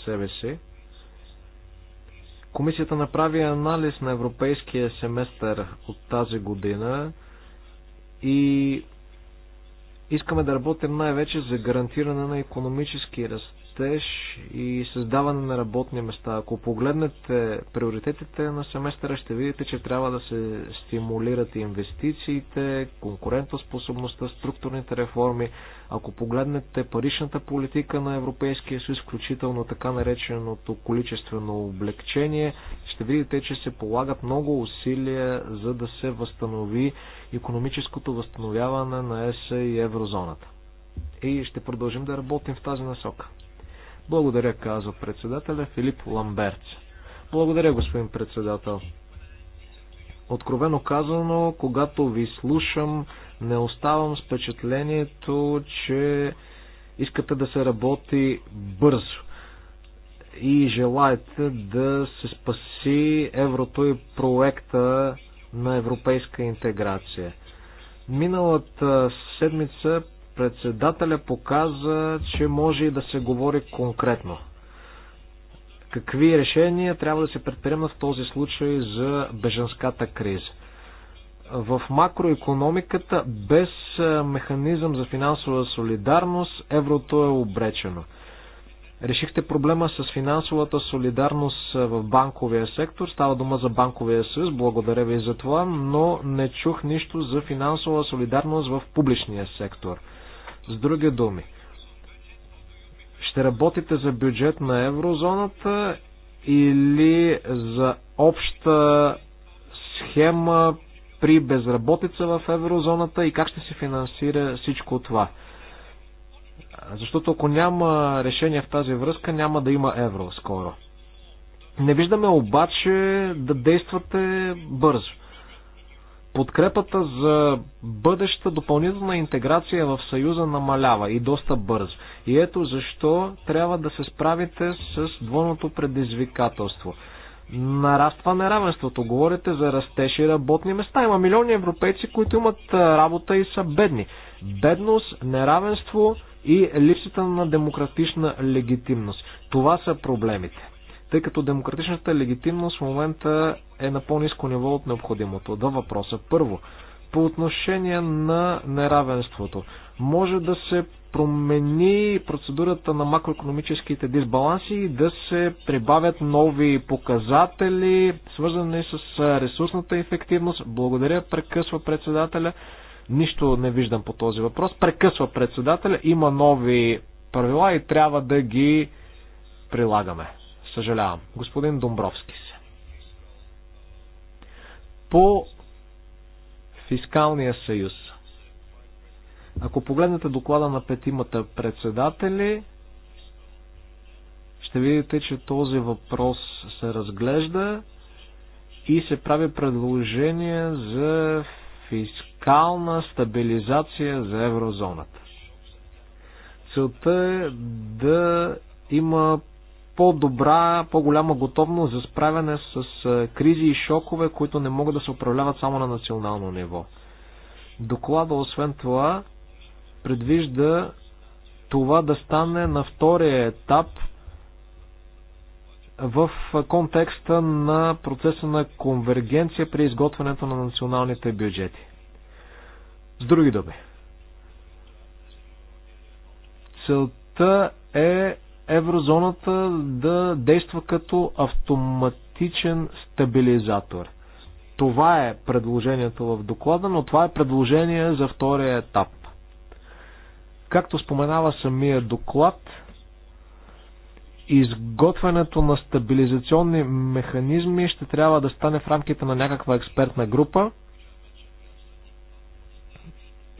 себе си. Комисията направи анализ на европейския семестър от тази година и искаме да работим най-вече за гарантиране на економически растеж растеж и създаване на работни места. Ако погледнете приоритетите на семестъра, ще видите, че трябва да се стимулират инвестициите, конкурентоспособността, структурните реформи. Ако погледнете паричната политика на Европейския съюз, включително така нареченото количествено облегчение, ще видите, че се полагат много усилия за да се възстанови економическото възстановяване на ЕС и еврозоната и ще продължим да работим в тази насока. Благодаря, казва председателя Филип Ламберц. Благодаря, господин председател. Откровено казано, когато ви слушам, не оставам с впечатлението, че искате да се работи бързо и желаете да се спаси еврото и проекта на европейска интеграция. Миналата седмица председателя показа, че може и да се говори конкретно. Какви решения трябва да се предприемат в този случай за беженската криза? В макроекономиката без механизъм за финансова солидарност еврото е обречено. Решихте проблема с финансовата солидарност в банковия сектор. Става дума за банковия съюз. Благодаря ви за това, но не чух нищо за финансова солидарност в публичния сектор. С други думи, ще работите за бюджет на еврозоната или за обща схема при безработица в еврозоната и как ще се финансира всичко това? Защото ако няма решение в тази връзка, няма да има евро скоро. Не виждаме обаче да действате бързо подкрепата за бъдеща допълнителна интеграция в Съюза намалява и доста бързо. И ето защо трябва да се справите с двойното предизвикателство. Нараства неравенството. Говорите за растеж и работни места. Има милиони европейци, които имат работа и са бедни. Бедност, неравенство и липсата на демократична легитимност. Това са проблемите тъй като демократичната легитимност в момента е на по-низко ниво от необходимото. Два въпроса. Първо, по отношение на неравенството. Може да се промени процедурата на макроекономическите дисбаланси и да се прибавят нови показатели, свързани с ресурсната ефективност. Благодаря, прекъсва председателя. Нищо не виждам по този въпрос. Прекъсва председателя. Има нови правила и трябва да ги прилагаме. Съжалявам. Господин Домбровски се. По фискалния съюз. Ако погледнете доклада на петимата председатели, ще видите, че този въпрос се разглежда и се прави предложение за фискална стабилизация за еврозоната. Целта е да има по-добра, по-голяма готовност за справяне с е, кризи и шокове, които не могат да се управляват само на национално ниво. Доклада, освен това, предвижда това да стане на втория етап в контекста на процеса на конвергенция при изготвянето на националните бюджети. С други думи, целта е еврозоната да действа като автоматичен стабилизатор. Това е предложението в доклада, но това е предложение за втория етап. Както споменава самия доклад, изготвянето на стабилизационни механизми ще трябва да стане в рамките на някаква експертна група.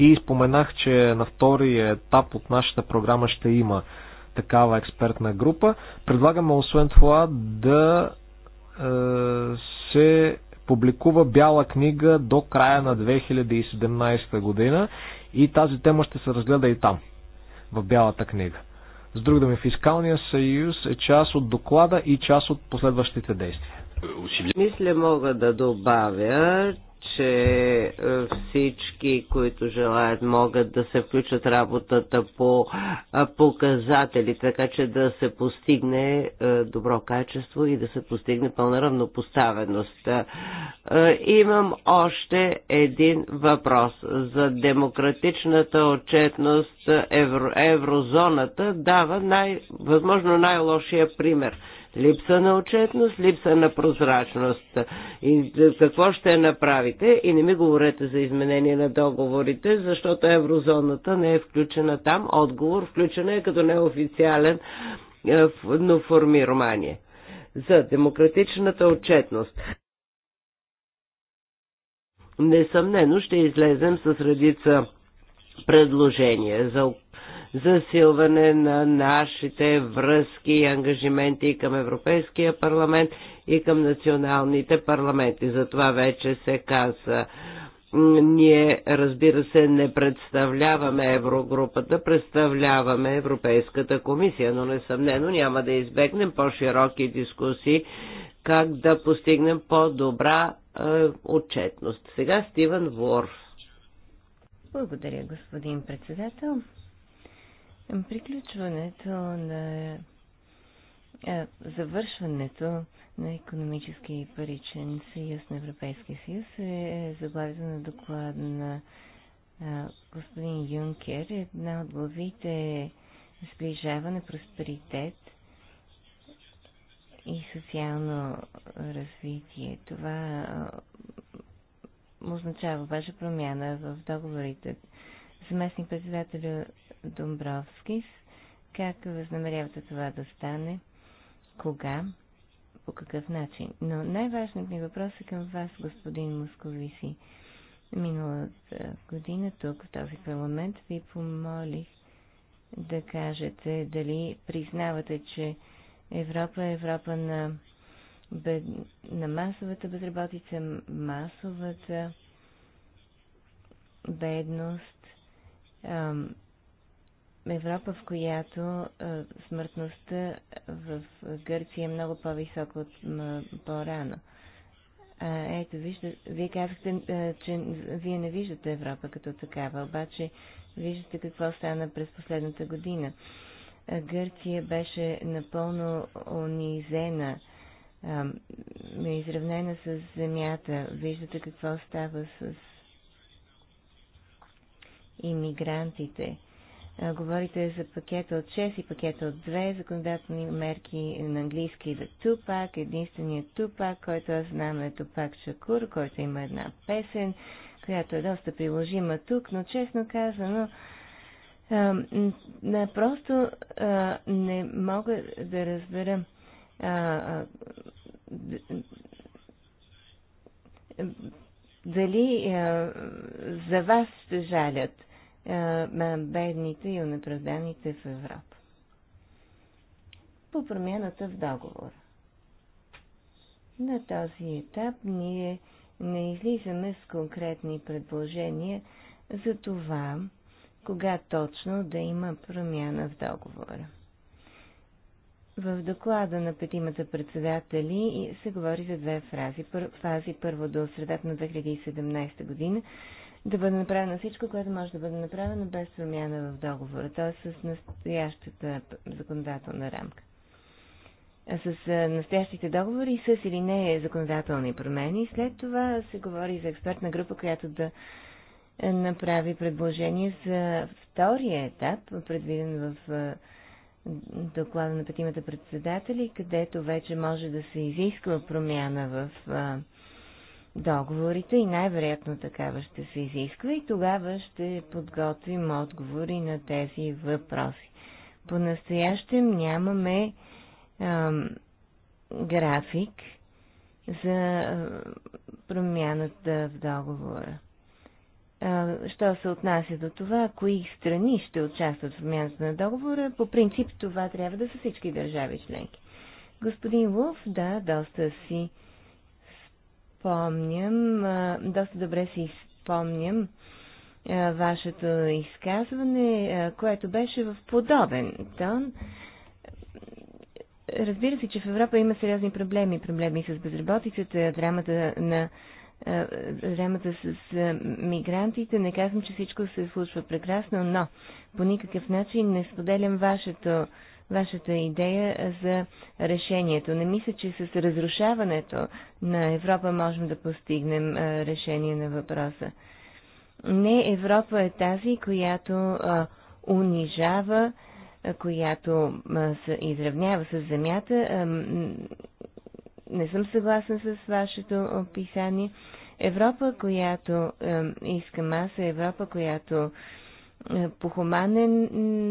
И споменах, че на втория етап от нашата програма ще има такава експертна група. Предлагаме освен това да е, се публикува бяла книга до края на 2017 година и тази тема ще се разгледа и там, в бялата книга. С друг думи, фискалния съюз е част от доклада и част от последващите действия. Мисля, мога да добавя, че е, всички, които желаят, могат да се включат работата по е, показатели, така че да се постигне е, добро качество и да се постигне пълна равнопоставеност. Имам още един въпрос за демократичната отчетност. Евро, еврозоната дава най, възможно най-лошия пример – Липса на отчетност, липса на прозрачност. И какво ще направите? И не ми говорете за изменение на договорите, защото еврозоната не е включена там. Отговор включена е като неофициален, е, но формирование. За демократичната отчетност. Несъмнено ще излезем с редица предложения за засилване на нашите връзки и ангажименти към Европейския парламент и към националните парламенти. За това вече се каза. Ние, разбира се, не представляваме Еврогрупата, представляваме Европейската комисия, но несъмнено няма да избегнем по-широки дискусии как да постигнем по-добра е, отчетност. Сега Стивен Ворф. Благодаря, господин председател. Приключването на е, завършването на економически и паричен съюз на Европейския съюз е заглавието на доклада на е, господин Юнкер. Една от главите е сближаване, просперитет и социално развитие. Това е, означава обаче промяна в договорите. Заместник председателя Домбровскис. Как възнамерявате това да стане? Кога? По какъв начин? Но най-важният ми въпрос е към вас, господин Московиси. Миналата година тук, в този парламент, ви помолих да кажете дали признавате, че Европа е Европа на, бед... на масовата безработица, масовата бедност, Европа, в която смъртността в Гърция е много по-висока от по-рано. Ето, вижда, вие казахте, че вие не виждате Европа като такава, обаче виждате какво стана през последната година. Гърция беше напълно унизена, изравнена с земята. Виждате какво става с иммигрантите. Е, говорите за пакета от 6 и пакета от 2, законодателни мерки на английски за Тупак, единственият Тупак, който аз знам е Тупак Шакур, който има една песен, която е доста приложима тук, но честно казано, а, просто а, не мога да разбера а, а, дали а, за вас ще жалят е, бедните и унеправданите в Европа. По промяната в договора. На този етап ние не излизаме с конкретни предложения за това, кога точно да има промяна в договора. В доклада на петимата председатели се говори за две фрази. фази първо до средата на 2017 година да бъде направено всичко, което може да бъде направено без промяна в договора, т.е. с настоящата законодателна рамка. С настоящите договори, с или не законодателни промени. След това се говори за експертна група, която да е, направи предложение за втория етап, предвиден в доклада на петимата председатели, където вече може да се изисква промяна в договорите и най-вероятно такава ще се изисква и тогава ще подготвим отговори на тези въпроси. По-настоящем нямаме ам, график за промяната в договора. А, що се отнася до това, кои страни ще участват в промяната на договора, по принцип това трябва да са всички държави членки. Господин Лов, да, доста си спомням, доста добре си спомням вашето изказване, което беше в подобен тон. Разбира се, че в Европа има сериозни проблеми. Проблеми с безработицата, драмата на времето с мигрантите. Не казвам, че всичко се случва прекрасно, но по никакъв начин не споделям вашето вашата идея за решението. Не мисля, че с разрушаването на Европа можем да постигнем решение на въпроса. Не Европа е тази, която унижава, която се изравнява с земята. Не съм съгласна с вашето описание. Европа, която искам аз, е Европа, която е, по хуманен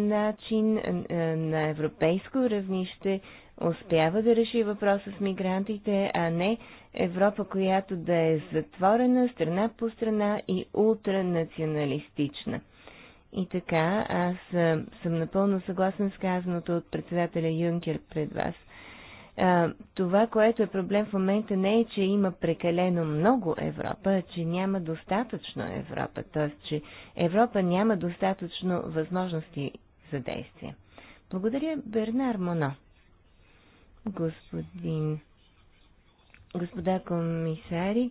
начин е, е, на европейско равнище успява да реши въпроса с мигрантите, а не Европа, която да е затворена страна по страна и ултранационалистична. И така, аз съм напълно съгласен с казаното от председателя Юнкер пред вас – а, това, което е проблем в момента не е, че има прекалено много Европа, а че няма достатъчно Европа, т.е. че Европа няма достатъчно възможности за действие. Благодаря Бернар Моно. Господин, господа комисари,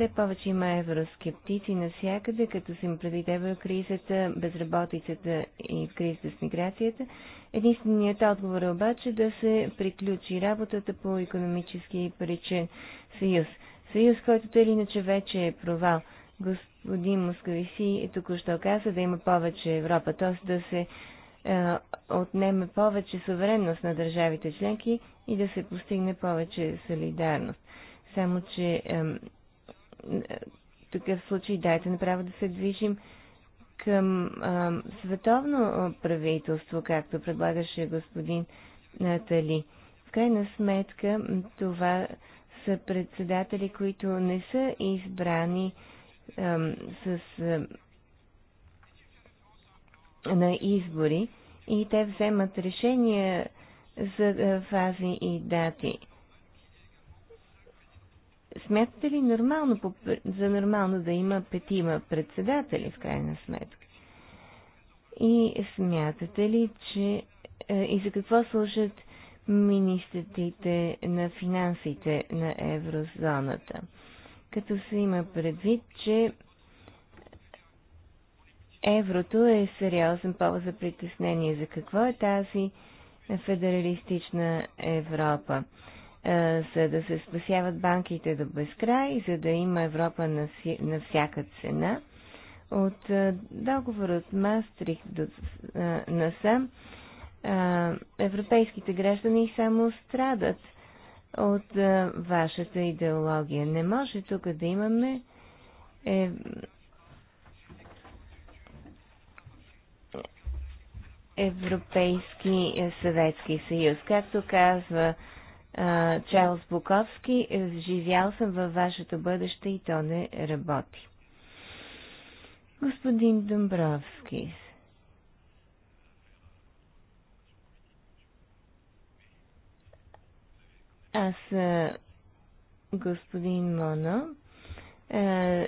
все повече има евроскептици навсякъде, като се им предвид еврокризата, безработицата и кризата с миграцията. Единственият отговор е обаче да се приключи работата по економически и паричен съюз. Съюз, който те или иначе вече е провал. Господин Московиси е току-що каза да има повече Европа, т.е. да се е, отнеме повече суверенност на държавите членки и да се постигне повече солидарност. Само, че е, такъв случай дайте направо да се движим към а, световно правителство, както предлагаше господин Натали. В крайна сметка това са председатели, които не са избрани а, с, а, на избори и те вземат решения за фази и дати. Смятате ли нормално, за нормално да има петима председатели в крайна сметка? И смятате ли, че е, и за какво служат министрите на финансите на еврозоната? Като се има предвид, че еврото е сериозен повод за притеснение. За какво е тази федералистична Европа? Е, за да се спасяват банките до безкрай за да има Европа на, си, на всяка цена. От е, договор от Мастрих до, е, насам европейските граждани само страдат от вашата идеология. Не може тук да имаме е, Европейски съветски съюз. Както казва Чарлз Буковски, живял съм във вашето бъдеще и то не работи. Господин Домбровски. Аз, господин Моно,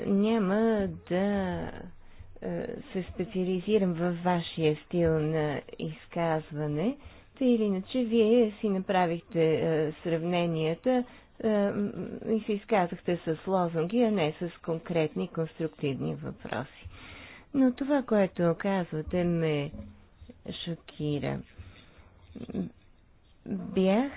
няма да се специализирам във вашия стил на изказване – така или иначе, вие си направихте е, сравненията е, и се изказахте с лозунги, а не с конкретни конструктивни въпроси. Но това, което казвате, ме шокира. Бях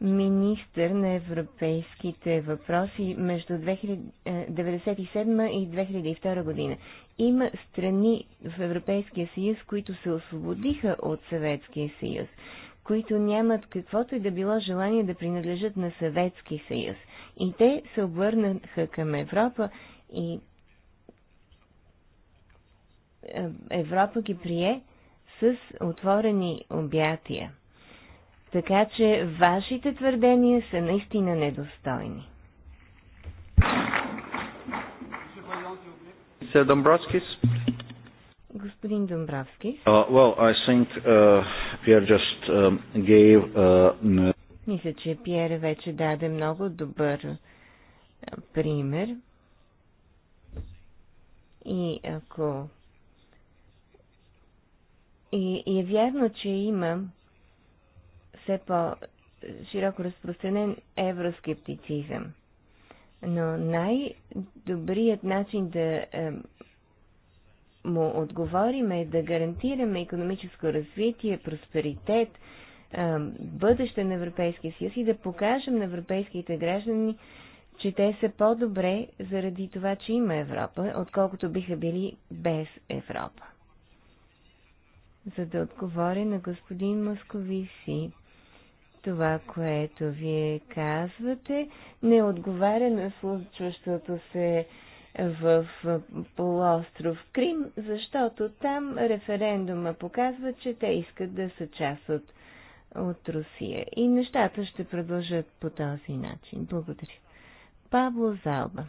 министър на европейските въпроси между 1997 е, и 2002 година има страни в Европейския съюз, които се освободиха от Съветския съюз, които нямат каквото и да било желание да принадлежат на Съветски съюз. И те се обърнаха към Европа и е, Европа ги прие с отворени обятия. Така че вашите твърдения са наистина недостойни. Mr. Dombrovskis? Господин Домбравски. Uh, well, I think uh, Pierre just uh, gave... Uh... Мисля, че Пьер вече даде много добър пример. И ако... И, и е вярно, че има все по-широко разпространен евроскептицизъм – но най-добрият начин да му отговорим е да гарантираме економическо развитие, просперитет, бъдеще на Европейския съюз и да покажем на европейските граждани, че те са по-добре заради това, че има Европа, отколкото биха били без Европа. За да отговоря на господин Московиси, това, което вие казвате, не отговаря на случващото се в полуостров Крим, защото там референдума показва, че те искат да са част от, от Русия. И нещата ще продължат по този начин. Благодаря. Пабло Залба.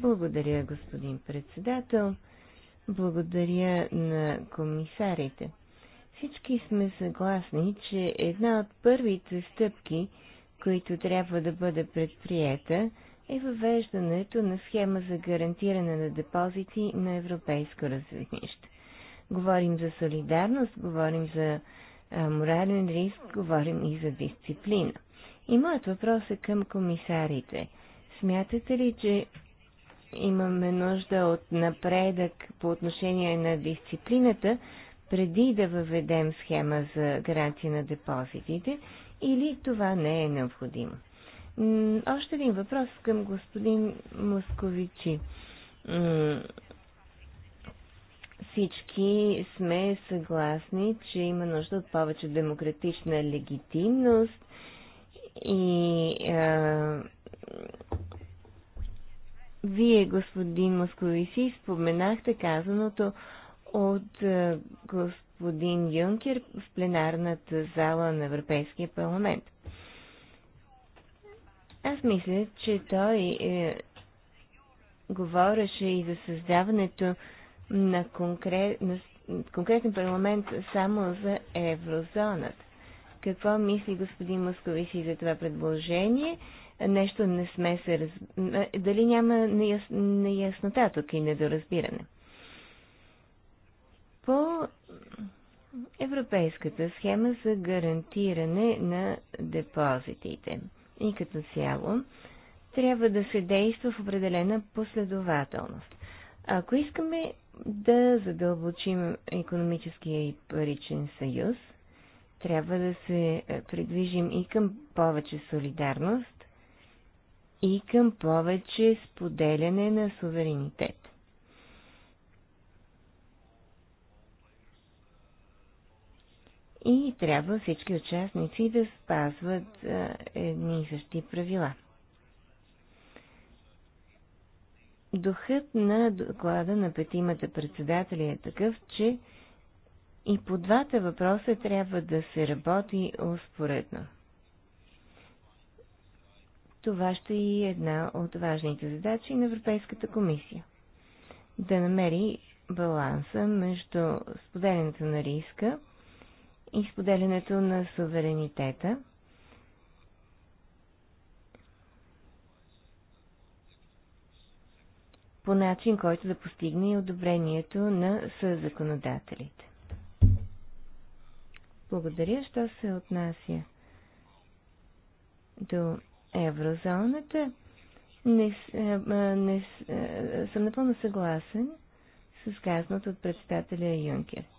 Благодаря, господин председател. Благодаря на комисарите. Всички сме съгласни, че една от първите стъпки, които трябва да бъде предприета, е въвеждането на схема за гарантиране на депозити на европейско развитнище. Говорим за солидарност, говорим за а, морален риск, говорим и за дисциплина. И моят въпрос е към комисарите. Смятате ли, че имаме нужда от напредък по отношение на дисциплината, преди да въведем схема за гаранция на депозитите или това не е необходимо? Още един въпрос към господин Московичи. Всички сме съгласни, че има нужда от повече демократична легитимност и а, вие, господин Московичи, споменахте казаното от е, господин Юнкер в пленарната зала на Европейския парламент. Аз мисля, че той е, говореше и за създаването на, конкрет, на конкретен парламент само за еврозоната. Какво мисли господин Московиси за това предложение? Нещо не сме се раз... Дали няма неяс... неяснота тук и недоразбиране? по Европейската схема за гарантиране на депозитите. И като цяло трябва да се действа в определена последователност. Ако искаме да задълбочим економическия и паричен съюз, трябва да се придвижим и към повече солидарност, и към повече споделяне на суверенитет. и трябва всички участници да спазват едни и същи правила. Духът на доклада на петимата председатели е такъв, че и по двата въпроса трябва да се работи успоредно. Това ще е една от важните задачи на Европейската комисия. Да намери баланса между споделянето на риска и споделянето на суверенитета. по начин, който да постигне и одобрението на съзаконодателите. Благодаря, що се отнася до еврозоната. Не, е, е, не, е, съм напълно съгласен с казаното от председателя Юнкер –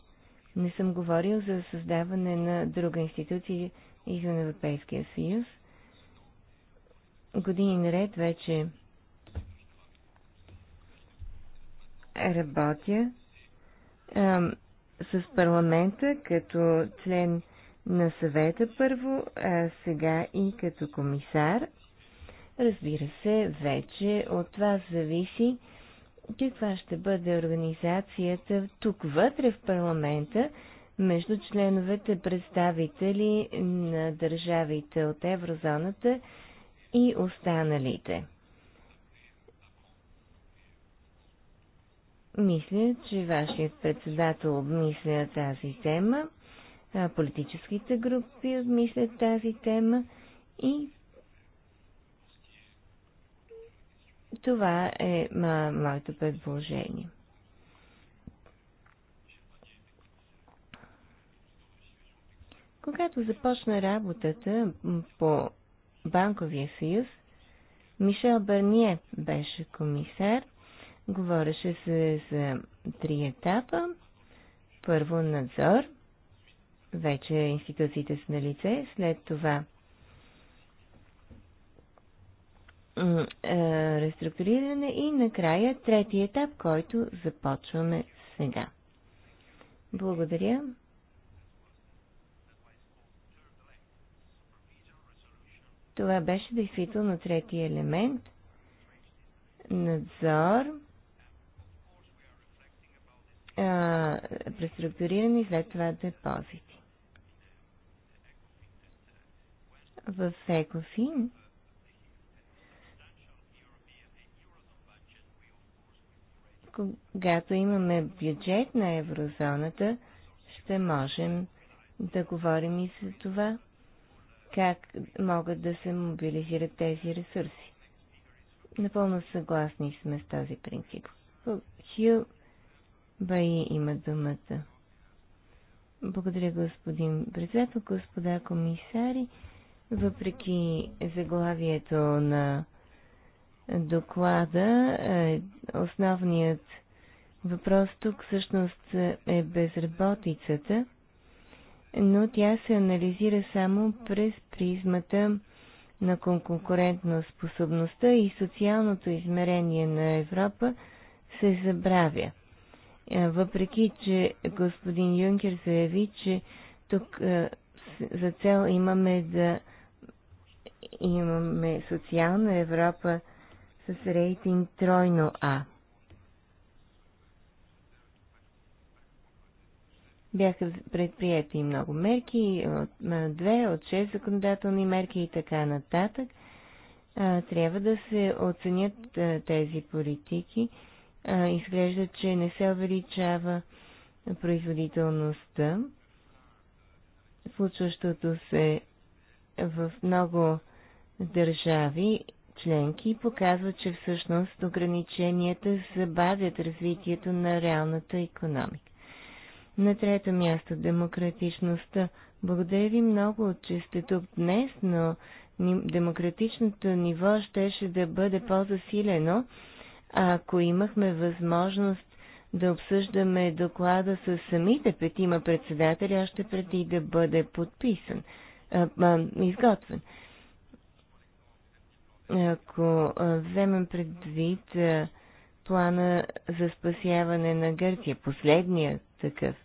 не съм говорил за създаване на друга институция извън Европейския съюз. Години наред вече работя а, с парламента като член на съвета първо, а сега и като комисар. Разбира се, вече от вас зависи каква ще бъде организацията тук вътре в парламента между членовете представители на държавите от еврозоната и останалите. Мисля, че вашият председател обмисля тази тема, политическите групи обмислят тази тема и Това е моето предложение. Когато започна работата по Банковия съюз, Мишел Бърние беше комисар. Говореше се за три етапа. Първо надзор. Вече институциите са на лице. След това Е, реструктуриране и накрая трети етап, който започваме сега. Благодаря. Това беше действително третия елемент. Надзор, преструктуриране и след това депозити. В Екофин когато имаме бюджет на еврозоната, ще можем да говорим и за това, как могат да се мобилизират тези ресурси. Напълно съгласни сме с този принцип. Хю Баи има думата. Благодаря, господин председател, господа комисари. Въпреки заглавието на доклада. Е, основният въпрос тук всъщност е безработицата, но тя се анализира само през призмата на конкурентна способността и социалното измерение на Европа се забравя. Е, въпреки, че господин Юнкер заяви, че тук е, за цел имаме да имаме социална Европа с рейтинг тройно А. Бяха предприяти много мерки, две, от шест законодателни мерки и така нататък. Трябва да се оценят тези политики. Изглежда, че не се увеличава производителността. Случващото се в много държави членки показва, че всъщност ограниченията забавят развитието на реалната економика. На трето място – демократичността. Благодаря ви много, че сте тук днес, но демократичното ниво щеше да бъде по-засилено, ако имахме възможност да обсъждаме доклада с самите петима председатели, още преди да бъде подписан, а, а, изготвен. Ако вземем предвид плана за спасяване на Гърция, последния такъв,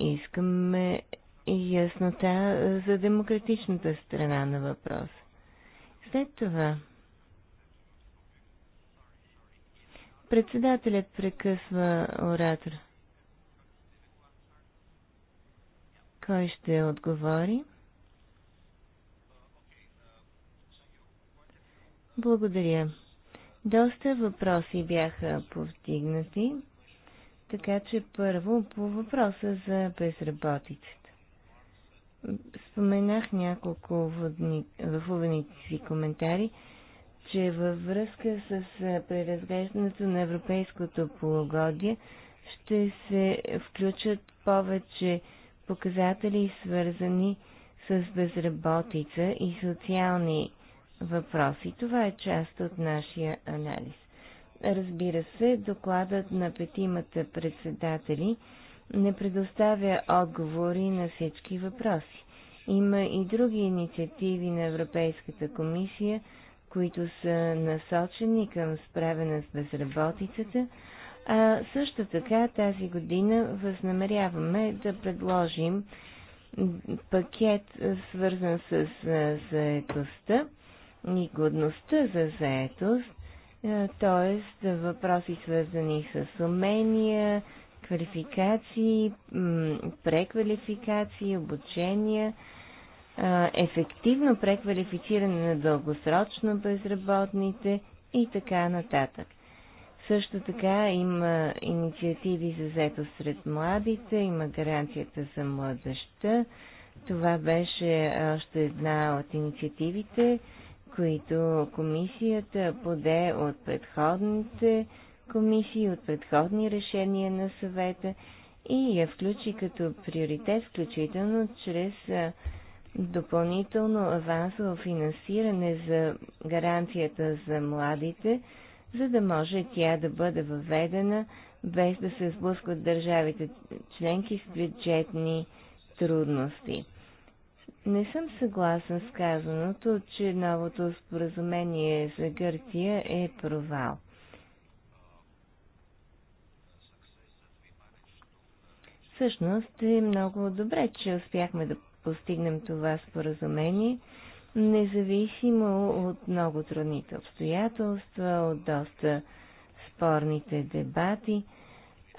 искаме яснота за демократичната страна на въпрос. След това председателят прекъсва оратор. Кой ще отговори? Благодаря. Доста въпроси бяха повдигнати, така че първо по въпроса за безработицата. Споменах няколко в уводните си коментари, че във връзка с преразглеждането на европейското полугодие ще се включат повече показатели, свързани с безработица и социални въпроси. Това е част от нашия анализ. Разбира се, докладът на петимата председатели не предоставя отговори на всички въпроси. Има и други инициативи на Европейската комисия, които са насочени към справяне с безработицата, а също така тази година възнамеряваме да предложим пакет, свързан с заетостта и годността за заетост, т.е. Е, въпроси свързани с умения, квалификации, преквалификации, обучения, е, ефективно преквалифициране на дългосрочно безработните и така нататък. Също така има инициативи за заето сред младите, има гаранцията за младеща. Това беше още една от инициативите, които комисията поде от предходните комисии, от предходни решения на съвета и я включи като приоритет, включително чрез допълнително авансово финансиране за гаранцията за младите, за да може тя да бъде въведена без да се сблъскват държавите членки с бюджетни трудности. Не съм съгласен с казаното, че новото споразумение за Гърция е провал. Всъщност е много добре, че успяхме да постигнем това споразумение, независимо от много трудните обстоятелства, от доста спорните дебати.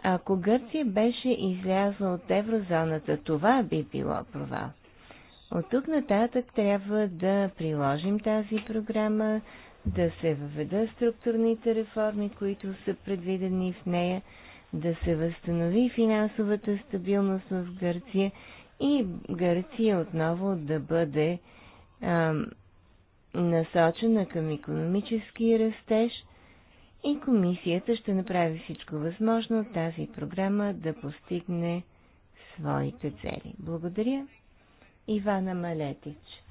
Ако Гърция беше излязла от еврозоната, това би било провал. От тук нататък трябва да приложим тази програма, да се въведат структурните реформи, които са предвидени в нея, да се възстанови финансовата стабилност в Гърция и Гърция отново да бъде а, насочена към економически растеж и комисията ще направи всичко възможно тази програма да постигне своите цели. Благодаря. Ивана Малетич.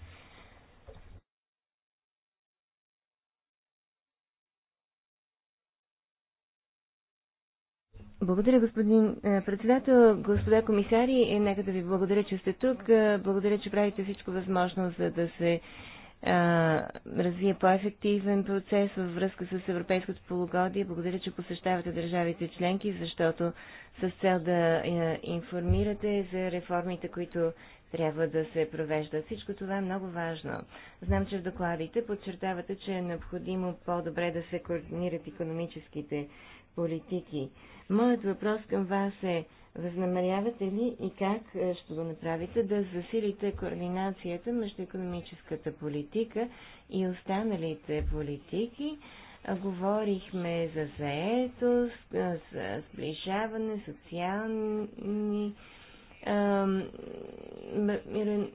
Благодаря, господин е, председател. Господа комисари, е, нека да ви благодаря, че сте тук. Е, благодаря, че правите всичко възможно, за да се развие по-ефективен процес във връзка с европейското полугодие. Благодаря, че посещавате държавите членки, защото с цел да информирате за реформите, които трябва да се провежда. Всичко това е много важно. Знам, че в докладите подчертавате, че е необходимо по-добре да се координират економическите политики. Моят въпрос към вас е, възнамерявате ли и как е, ще го направите да засилите координацията между економическата политика и останалите политики? Говорихме за заетост, за сближаване, социални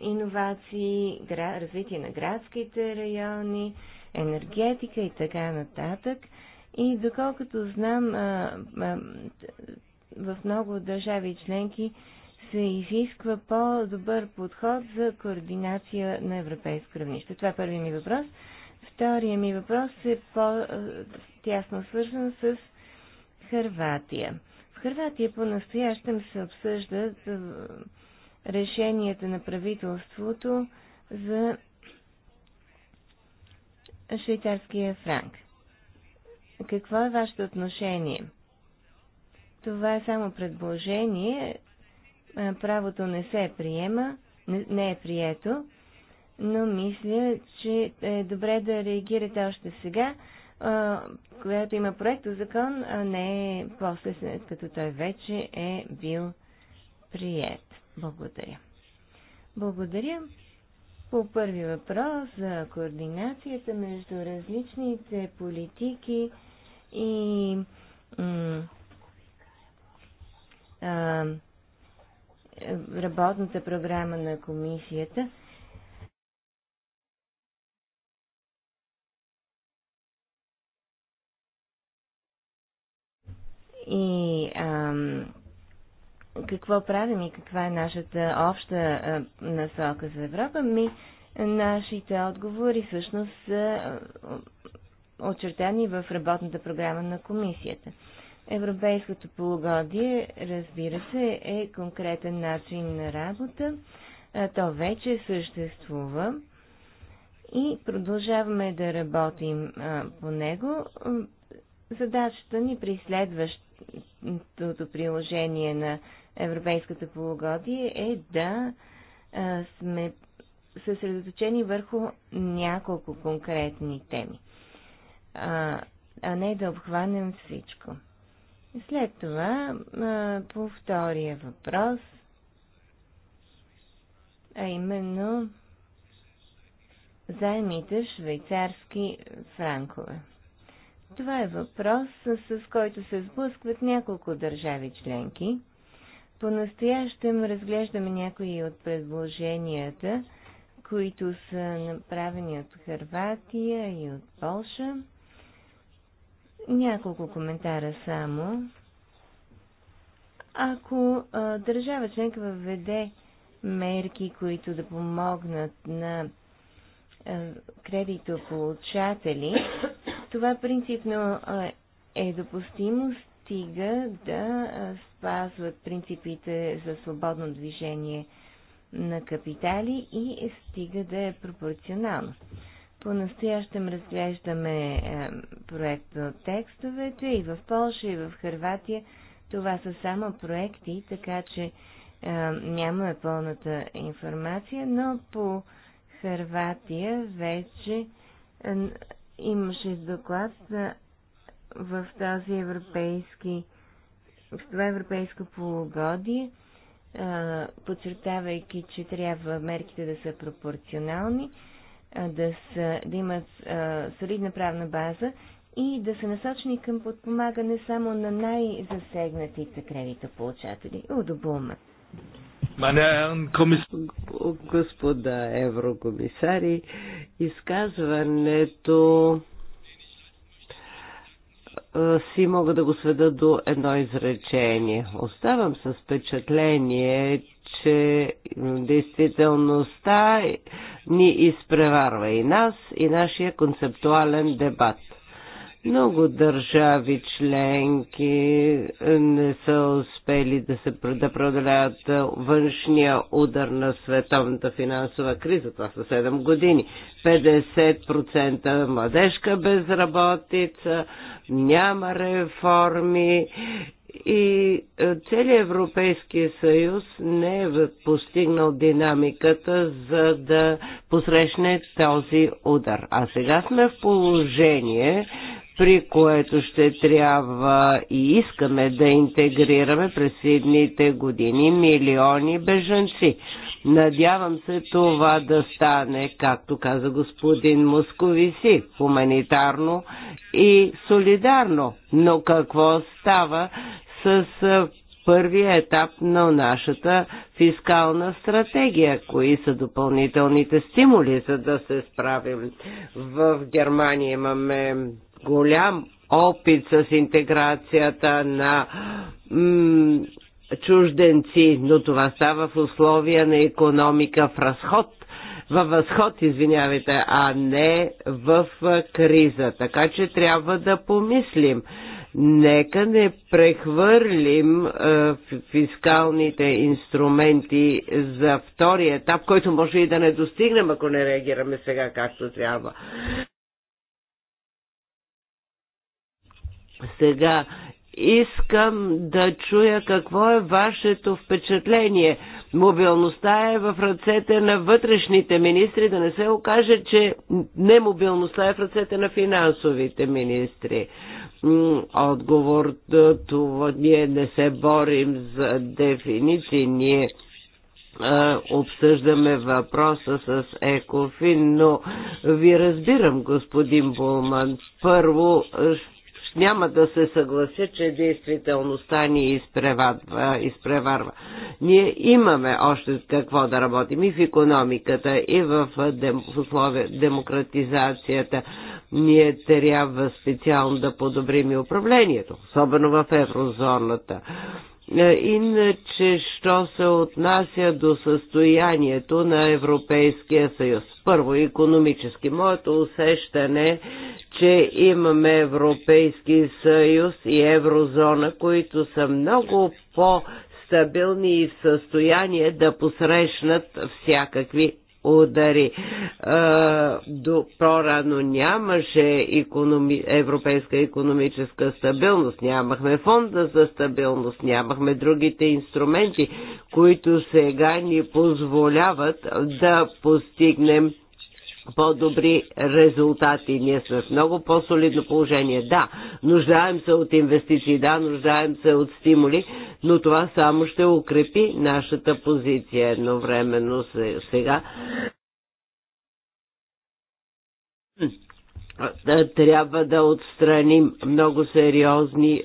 иновации, развитие на градските райони, енергетика и така нататък. И доколкото знам, в много държави и членки се изисква по-добър подход за координация на европейско равнище. Това е първият ми въпрос. Втория ми въпрос е по-тясно свързан с Харватия. В Хрватия по-настоящем се обсъждат решенията на правителството за швейцарския франк. Какво е вашето отношение? Това е само предложение. Правото не се приема, не е прието, но мисля, че е добре да реагирате още сега, която има проекто закон, а не после след като той вече е бил прият. Благодаря. Благодаря. По първи въпрос за координацията между различните политики и работната програма на комисията. и ам, какво правим и каква е нашата обща а, насока за Европа, ми нашите отговори всъщност са очертани в работната програма на комисията. Европейското полугодие, разбира се, е конкретен начин на работа. То вече съществува и продължаваме да работим по него. Задачата ни при следващ прякото приложение на Европейското полугодие е да сме съсредоточени върху няколко конкретни теми, а, а не да обхванем всичко. След това а, по втория въпрос, а именно заемите швейцарски франкове. Това е въпрос, с който се сблъскват няколко държави членки. По-настоящем разглеждаме някои от предложенията, които са направени от Харватия и от Полша. Няколко коментара само. Ако а, държава членка въведе мерки, които да помогнат на кредитополучатели, това принципно е допустимо, стига да спазват принципите за свободно движение на капитали и стига да е пропорционално. По-настоящем разглеждаме проект от текстовете и в Польша, и в Харватия. Това са само проекти, така че нямаме пълната информация, но по Харватия вече имаше доклад в тази европейски, в това европейско полугодие, подчертавайки, че трябва мерките да са пропорционални, да, са, да имат солидна правна база и да са насочени към подпомагане само на най-засегнатите кредитополучатели. Удобулма. Господа еврокомисари, Изказването си мога да го сведа до едно изречение. Оставам с впечатление, че действителността ни изпреварва и нас, и нашия концептуален дебат. Много държави членки е, не са успели да се да преодоляват е, външния удар на световната финансова криза. Това са 7 години. 50% младежка безработица, няма реформи, и е, целият Европейския съюз не е постигнал динамиката, за да посрещне този удар. А сега сме в положение, при което ще трябва и искаме да интегрираме през едните години милиони бежанци Надявам се това да стане, както каза господин Московиси, хуманитарно и солидарно. Но какво става с първия етап на нашата фискална стратегия, кои са допълнителните стимули, за да се справим. В Германия имаме голям опит с интеграцията на чужденци, но това става в условия на економика в разход във възход, извинявайте, а не в криза. Така че трябва да помислим. Нека не прехвърлим е, фискалните инструменти за втория етап, който може и да не достигнем, ако не реагираме сега както трябва. Сега Искам да чуя какво е вашето впечатление. Мобилността е в ръцете на вътрешните министри, да не се окаже, че не мобилността е в ръцете на финансовите министри. Отговор това ние не се борим за дефиниции, ние обсъждаме въпроса с Екофин, но ви разбирам, господин Булман. Първо няма да се съглася, че действителността ни изпреварва. изпреварва. Ние имаме още какво да работим и в економиката, и в, в условия демократизацията. Ние трябва специално да подобрим и управлението, особено в еврозоната. Е, иначе, що се отнася до състоянието на Европейския съюз? Първо, економически. Моето усещане, че имаме Европейски съюз и еврозона, които са много по стабилни и в състояние да посрещнат всякакви удари. Е, до прорано нямаше економи... европейска економическа стабилност, нямахме фонда за стабилност, нямахме другите инструменти, които сега ни позволяват да постигнем по-добри резултати. Ние сме в много по-солидно положение. Да, нуждаем се от инвестиции, да, нуждаем се от стимули, но това само ще укрепи нашата позиция едновременно сега трябва да отстраним много сериозни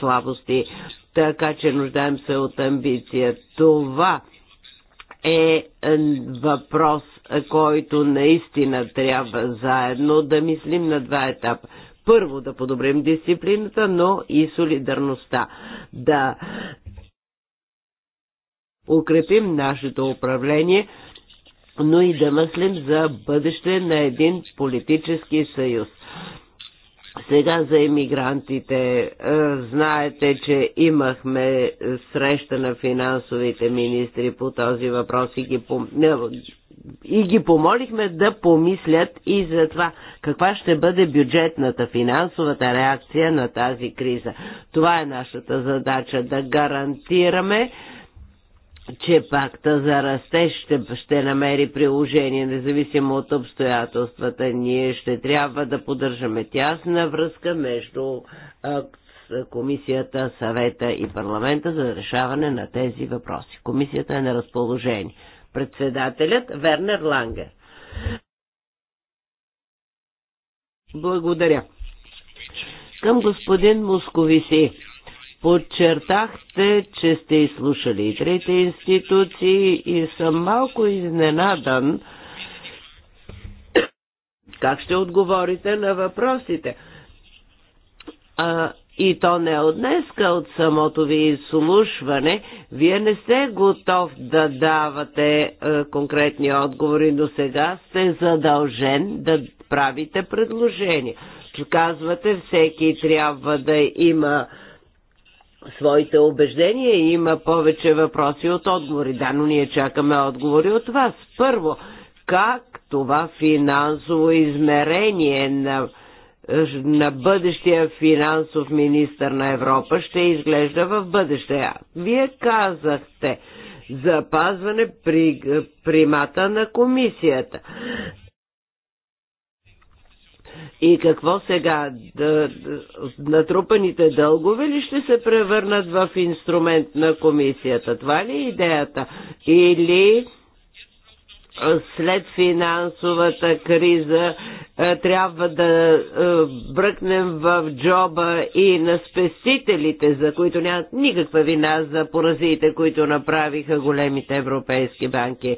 слабости, така че нуждаем се от амбиция. Това е въпрос който наистина трябва заедно да мислим на два етапа. Първо да подобрим дисциплината, но и солидарността. Да укрепим нашето управление, но и да мислим за бъдеще на един политически съюз. Сега за емигрантите. Е, знаете, че имахме среща на финансовите министри по този въпрос и ги, пом... и ги помолихме да помислят и за това каква ще бъде бюджетната, финансовата реакция на тази криза. Това е нашата задача да гарантираме че пакта за растеж ще, ще намери приложение, независимо от обстоятелствата. Ние ще трябва да поддържаме тясна връзка между а, комисията, съвета и парламента за решаване на тези въпроси. Комисията е на разположение. Председателят Вернер Ланге. Благодаря. Към господин Московиси Подчертахте, че сте изслушали и трите институции и съм малко изненадан как ще отговорите на въпросите. А, и то не от днеска, от самото ви изслушване. Вие не сте готов да давате е, конкретни отговори, но сега сте задължен да правите предложения. Казвате, всеки трябва да има своите убеждения и има повече въпроси от отговори. Да, но ние чакаме отговори от вас. Първо, как това финансово измерение на, на бъдещия финансов министр на Европа ще изглежда в бъдеще? Вие казахте запазване при примата на комисията. И какво сега? Да, да, натрупаните дългове ли ще се превърнат в инструмент на комисията? Това ли е идеята? Или след финансовата криза трябва да бръкнем в джоба и на спестителите, за които нямат никаква вина за поразиите, които направиха големите европейски банки.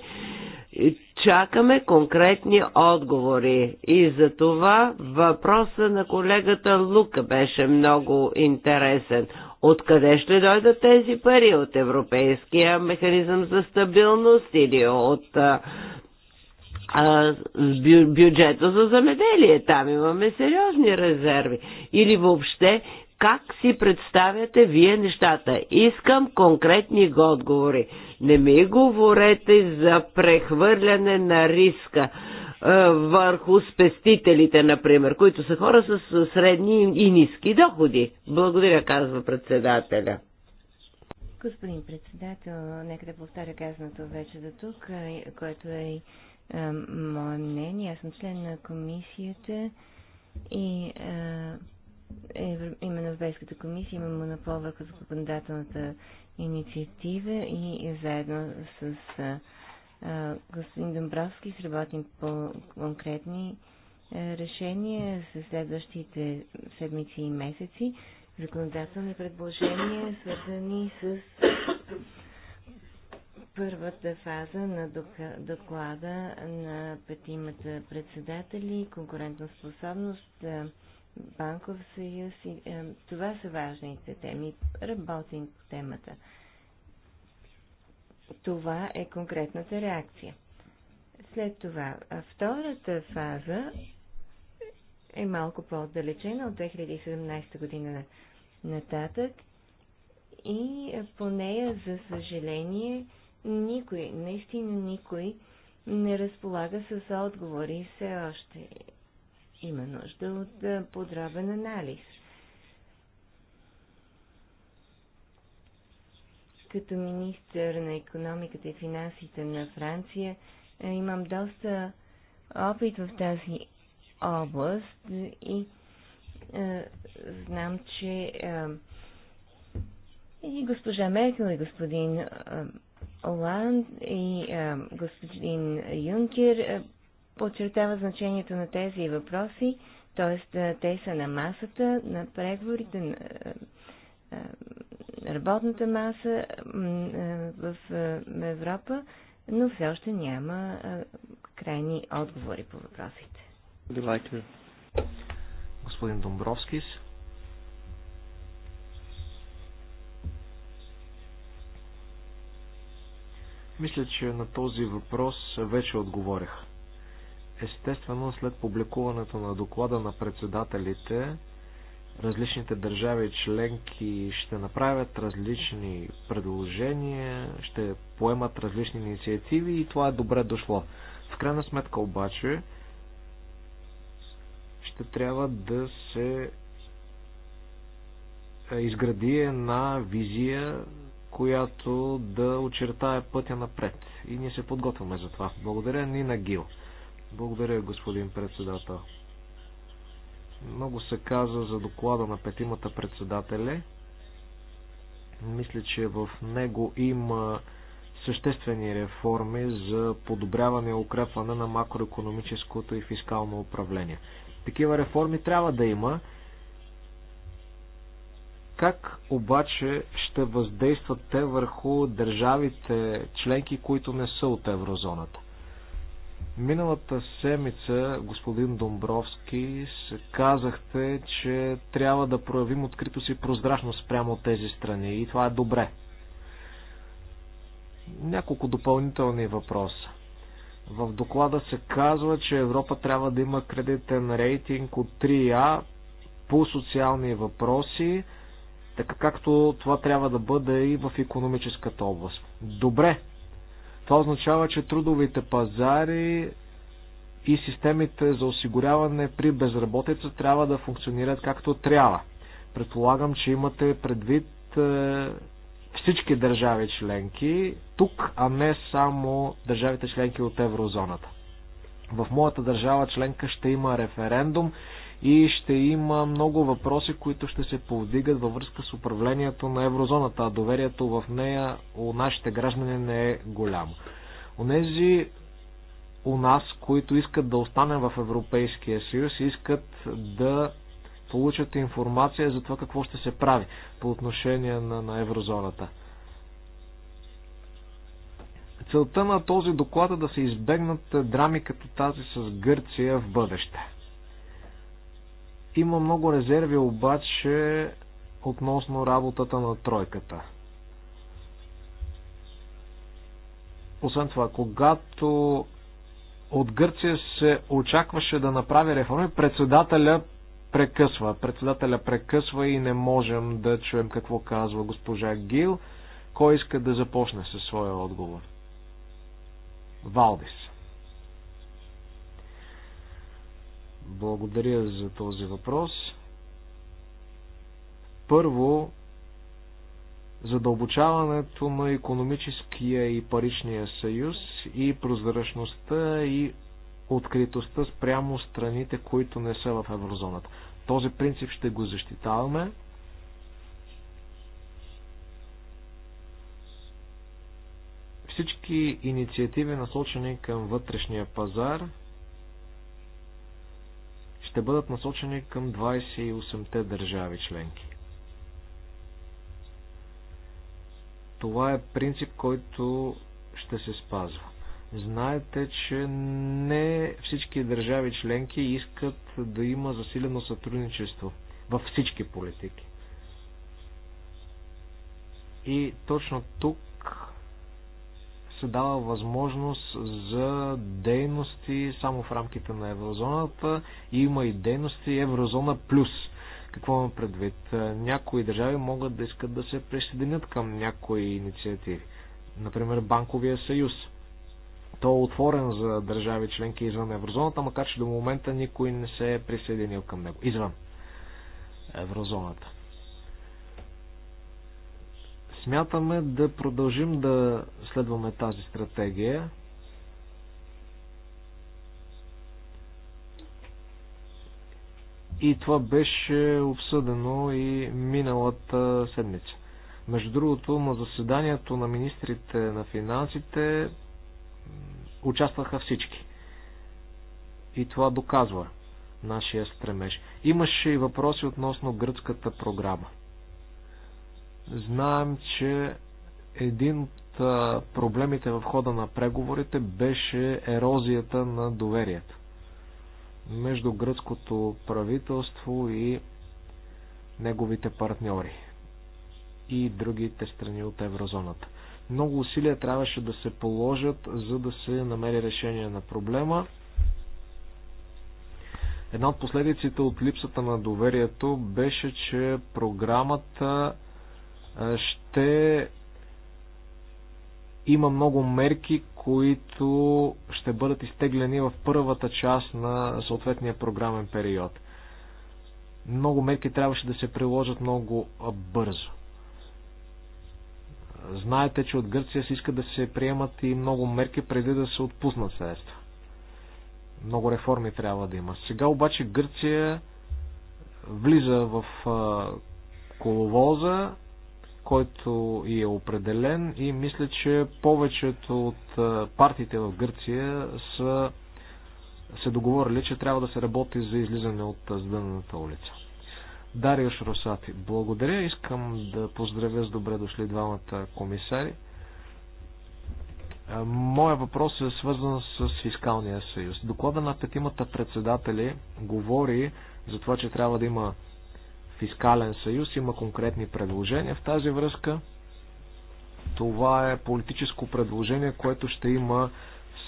Чакаме конкретни отговори и за това въпроса на колегата Лука беше много интересен. Откъде ще дойдат тези пари? От Европейския механизъм за стабилност или от а, а, бю, бюджета за замеделие? Там имаме сериозни резерви. Или въобще как си представяте вие нещата. Искам конкретни отговори. Не ми говорете за прехвърляне на риска е, върху спестителите, например, които са хора с средни и ниски доходи. Благодаря, казва председателя. Господин председател, нека да повтаря казаното вече до тук, е, което е, е мое мнение. Аз съм член на комисията и именно Европейската комисия има монопол върху законодателната инициатива и заедно с а, господин Домбровски сработим по конкретни решения за следващите седмици и месеци, законодателни предложения, свързани с първата фаза на доклада на петимата председатели, конкурентоспособност, способност, банков съюз. И, е, това са важните теми. Работим по темата. Това е конкретната реакция. След това, втората фаза е малко по-отдалечена от 2017 година нататък и е, по нея, за съжаление, никой, наистина никой не разполага с отговори все още има нужда от подробен анализ. Като министър на економиката и финансите на Франция имам доста опит в тази област и е, знам, че е, и госпожа Меркел, и господин е, Оланд, и е, господин Юнкер е, подчертава значението на тези въпроси, т.е. те са на масата, на преговорите, на работната маса в Европа, но все още няма крайни отговори по въпросите. Господин Домбровскис. Мисля, че на този въпрос вече отговорях. Естествено, след публикуването на доклада на председателите, различните държави членки ще направят различни предложения, ще поемат различни инициативи и това е добре дошло. В крайна сметка обаче ще трябва да се изгради една визия, която да очертае пътя напред. И ние се подготвяме за това. Благодаря Нина Гил. Благодаря, господин председател. Много се каза за доклада на петимата председателе. Мисля, че в него има съществени реформи за подобряване и укрепване на макроекономическото и фискално управление. Такива реформи трябва да има. Как обаче ще въздействат те върху държавите членки, които не са от еврозоната? Миналата седмица, господин Домбровски, казахте, че трябва да проявим открито си прозрачност прямо от тези страни и това е добре. Няколко допълнителни въпроса. В доклада се казва, че Европа трябва да има кредитен рейтинг от 3А по социални въпроси, така както това трябва да бъде и в економическата област. Добре, това означава, че трудовите пазари и системите за осигуряване при безработица трябва да функционират както трябва. Предполагам, че имате предвид е, всички държави членки тук, а не само държавите членки от еврозоната. В моята държава членка ще има референдум и ще има много въпроси, които ще се повдигат във връзка с управлението на еврозоната, а доверието в нея у нашите граждани не е голямо. Онези у нас, които искат да останем в Европейския съюз, искат да получат информация за това какво ще се прави по отношение на, на еврозоната. Целта на този доклад е да се избегнат драми като тази с Гърция в бъдеще. Има много резерви обаче относно работата на тройката. Освен това, когато от Гърция се очакваше да направи реформи, председателя прекъсва. Председателя прекъсва и не можем да чуем какво казва госпожа Гил. Кой иска да започне със своя отговор? Валдис. Благодаря за този въпрос. Първо, задълбочаването на економическия и паричния съюз и прозрачността и откритостта спрямо страните, които не са в еврозоната. Този принцип ще го защитаваме. Всички инициативи, насочени към вътрешния пазар, ще бъдат насочени към 28-те държави членки. Това е принцип, който ще се спазва. Знаете, че не всички държави членки искат да има засилено сътрудничество във всички политики. И точно тук се дава възможност за дейности само в рамките на еврозоната. Има и дейности еврозона плюс. Какво имам предвид? Някои държави могат да искат да се присъединят към някои инициативи. Например, Банковия съюз. Той е отворен за държави членки извън еврозоната, макар че до момента никой не се е присъединил към него. Извън еврозоната. Смятаме да продължим да следваме тази стратегия. И това беше обсъдено и миналата седмица. Между другото, на заседанието на министрите на финансите участваха всички. И това доказва нашия стремеж. Имаше и въпроси относно гръцката програма. Знаем, че един от проблемите в хода на преговорите беше ерозията на доверието между гръцкото правителство и неговите партньори и другите страни от еврозоната. Много усилия трябваше да се положат, за да се намери решение на проблема. Една от последиците от липсата на доверието беше, че програмата ще има много мерки, които ще бъдат изтеглени в първата част на съответния програмен период. Много мерки трябваше да се приложат много бързо. Знаете, че от Гърция се иска да се приемат и много мерки преди да се отпуснат средства. Много реформи трябва да има. Сега обаче Гърция влиза в коловоза, който и е определен и мисля, че повечето от партиите в Гърция са се договорили, че трябва да се работи за излизане от задънената улица. Дарио Шросати. благодаря. Искам да поздравя с добре дошли двамата комисари. Моя въпрос е свързан с фискалния съюз. Доклада на петимата председатели говори за това, че трябва да има фискален съюз. Има конкретни предложения в тази връзка. Това е политическо предложение, което ще има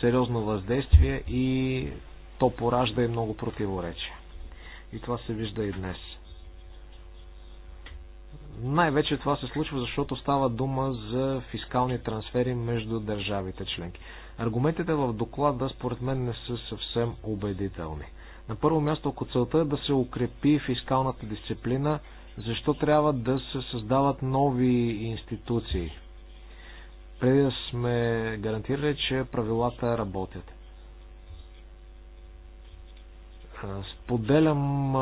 сериозно въздействие и то поражда и много противоречия. И това се вижда и днес. Най-вече това се случва, защото става дума за фискални трансфери между държавите членки. Аргументите в доклада според мен не са съвсем убедителни. На първо място, ако целта е да се укрепи фискалната дисциплина, защо трябва да се създават нови институции? Преди да сме гарантирали, че правилата работят. Споделям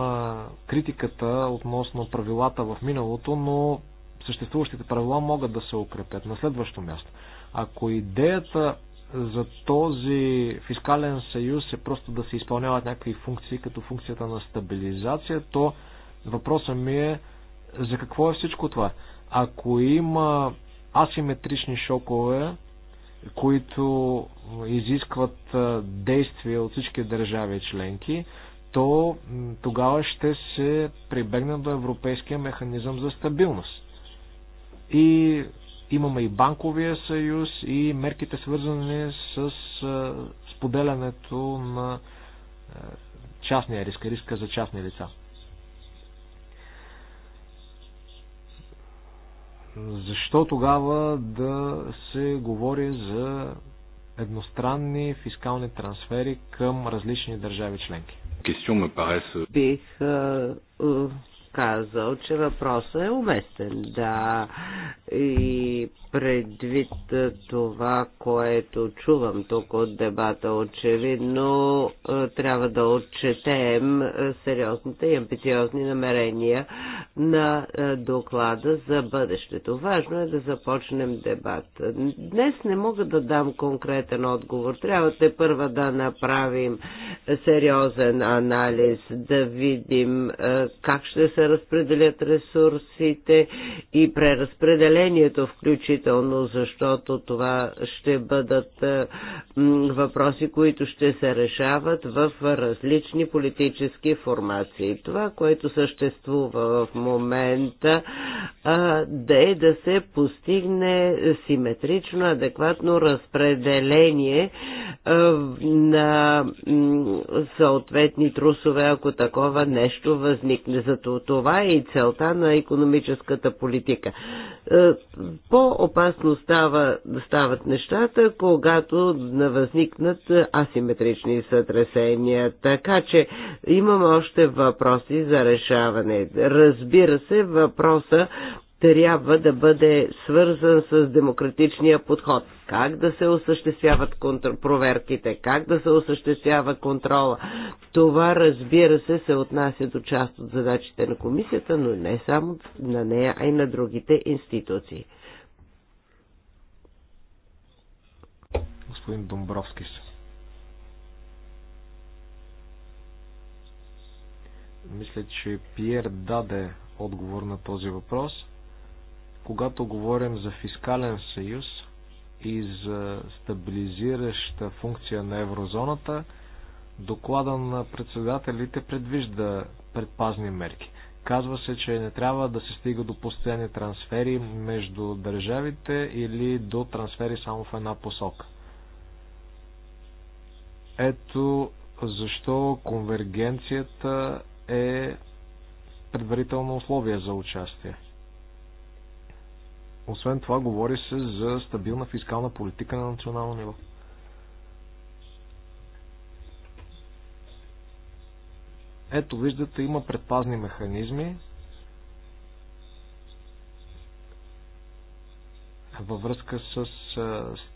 критиката относно правилата в миналото, но съществуващите правила могат да се укрепят. На следващо място. Ако идеята за този фискален съюз е просто да се изпълняват някакви функции, като функцията на стабилизация, то въпросът ми е за какво е всичко това? Ако има асиметрични шокове, които изискват действия от всички държави членки, то тогава ще се прибегне до европейския механизъм за стабилност. И Имаме и банковия съюз и мерките свързани с споделянето на частния риск, риска за частни лица. Защо тогава да се говори за едностранни фискални трансфери към различни държави членки? Euh, Бих казал, че въпросът е уместен. Да, и предвид това, което чувам тук от дебата, очевидно е, трябва да отчетем е, сериозните и амбициозни намерения на е, доклада за бъдещето. Важно е да започнем дебат. Днес не мога да дам конкретен отговор. Трябва те първа да направим сериозен анализ, да видим как ще се се разпределят ресурсите и преразпределението включително, защото това ще бъдат е, въпроси, които ще се решават в различни политически формации. Това, което съществува в момента, е, да е да се постигне симетрично, адекватно разпределение е, на съответни трусове, ако такова нещо възникне. Зато това е и целта на економическата политика. Е, по-опасно става, стават нещата, когато възникнат асиметрични сътресения. Така че имаме още въпроси за решаване. Разбира се, въпроса трябва да бъде свързан с демократичния подход. Как да се осъществяват контр... проверките, как да се осъществява контрола. Това, разбира се, се отнася до част от задачите на комисията, но не само на нея, а и на другите институции. Господин Домбровски. Мисля, че Пиер даде отговор на този въпрос – когато говорим за фискален съюз и за стабилизираща функция на еврозоната, доклада на председателите предвижда предпазни мерки. Казва се, че не трябва да се стига до постоянни трансфери между държавите или до трансфери само в една посока. Ето защо конвергенцията е предварително условие за участие. Освен това, говори се за стабилна фискална политика на национално ниво. Ето, виждате, има предпазни механизми във връзка с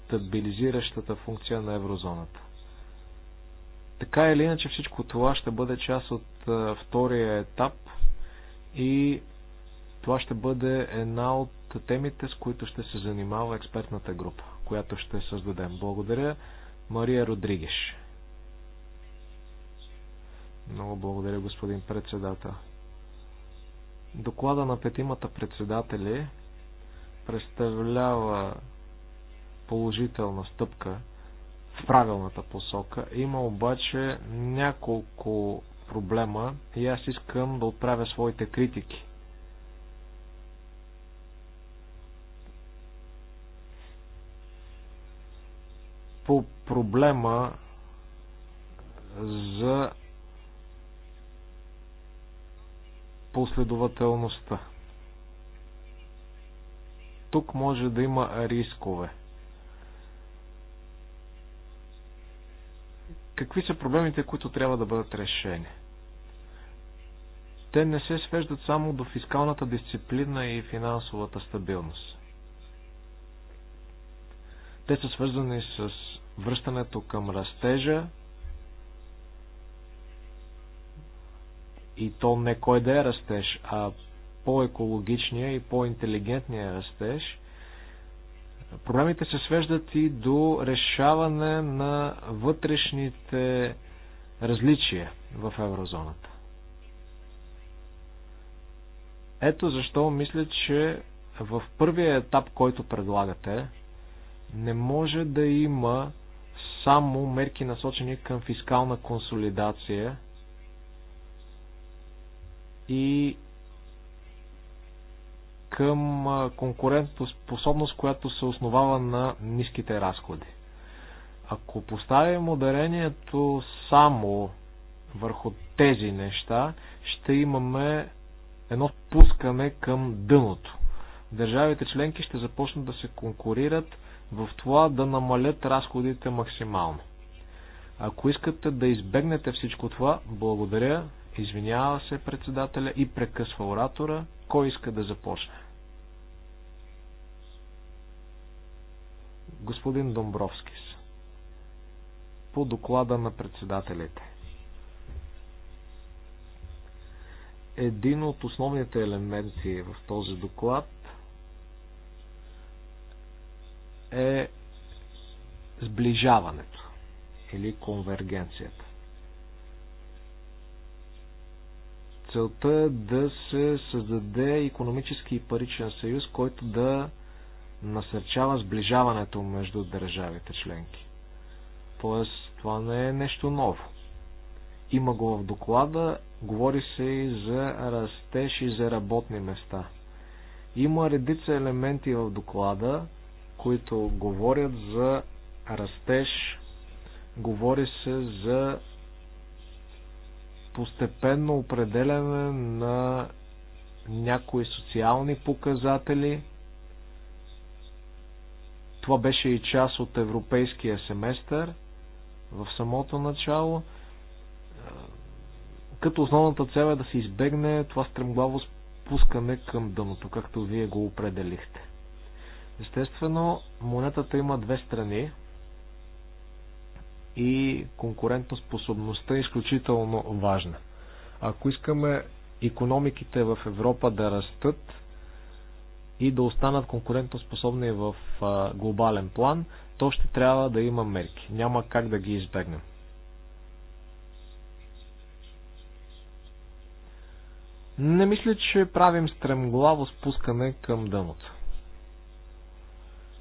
стабилизиращата функция на еврозоната. Така или иначе всичко това ще бъде част от втория етап и това ще бъде една от темите, с които ще се занимава експертната група, която ще създадем. Благодаря, Мария Родригеш. Много благодаря, господин председател. Доклада на петимата председатели представлява положителна стъпка в правилната посока. Има обаче няколко проблема и аз искам да отправя своите критики по проблема за последователността. Тук може да има рискове. Какви са проблемите, които трябва да бъдат решени? Те не се свеждат само до фискалната дисциплина и финансовата стабилност. Те са свързани с връщането към растежа и то не кой да е растеж, а по-екологичния и по-интелигентния растеж. Проблемите се свеждат и до решаване на вътрешните различия в еврозоната. Ето защо мисля, че в първия етап, който предлагате, не може да има само мерки насочени към фискална консолидация и към конкурентоспособност, която се основава на ниските разходи. Ако поставим ударението само върху тези неща, ще имаме едно впускане към дъното. Държавите членки ще започнат да се конкурират в това да намалят разходите максимално. Ако искате да избегнете всичко това, благодаря, извинява се председателя и прекъсва оратора, кой иска да започне. Господин Домбровскис по доклада на председателите. Един от основните елементи в този доклад е сближаването или конвергенцията. Целта е да се създаде економически и паричен съюз, който да насърчава сближаването между държавите членки. Тоест, това не е нещо ново. Има го в доклада, говори се и за растеж и за работни места. Има редица елементи в доклада, които говорят за растеж, говори се за постепенно определяне на някои социални показатели. Това беше и част от европейския семестър в самото начало. Като основната цел е да се избегне това стремглаво спускане към дъното, както вие го определихте. Естествено, монетата има две страни и конкурентоспособността е изключително важна. Ако искаме економиките в Европа да растат и да останат конкурентоспособни в глобален план, то ще трябва да има мерки. Няма как да ги избегнем. Не мисля, че правим стремглаво спускане към дъното.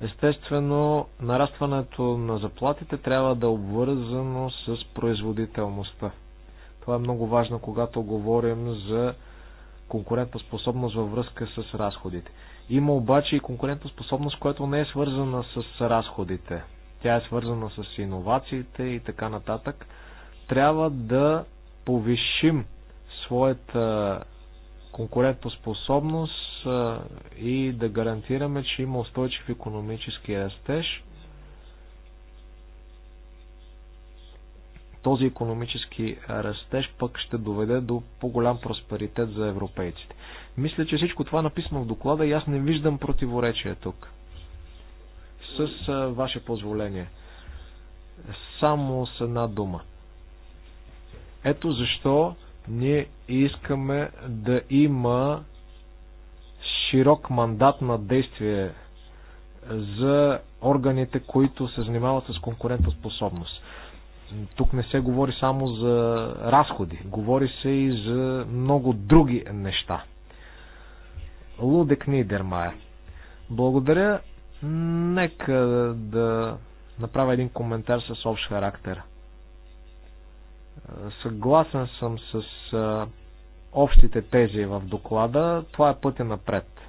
Естествено, нарастването на заплатите трябва да е обвързано с производителността. Това е много важно, когато говорим за конкурентна способност във връзка с разходите. Има обаче и способност, която не е свързана с разходите. Тя е свързана с иновациите и така нататък. Трябва да повишим своята конкурентоспособност и да гарантираме, че има устойчив економически растеж. Този економически растеж пък ще доведе до по-голям просперитет за европейците. Мисля, че всичко това написано в доклада и аз не виждам противоречия тук. С а, ваше позволение. Само с една дума. Ето защо ние искаме да има широк мандат на действие за органите, които се занимават с конкурентоспособност. Тук не се говори само за разходи, говори се и за много други неща. Лудек Нидермая. Благодаря. Нека да направя един коментар с общ характер. Съгласен съм с общите тези в доклада. Това е пътя напред.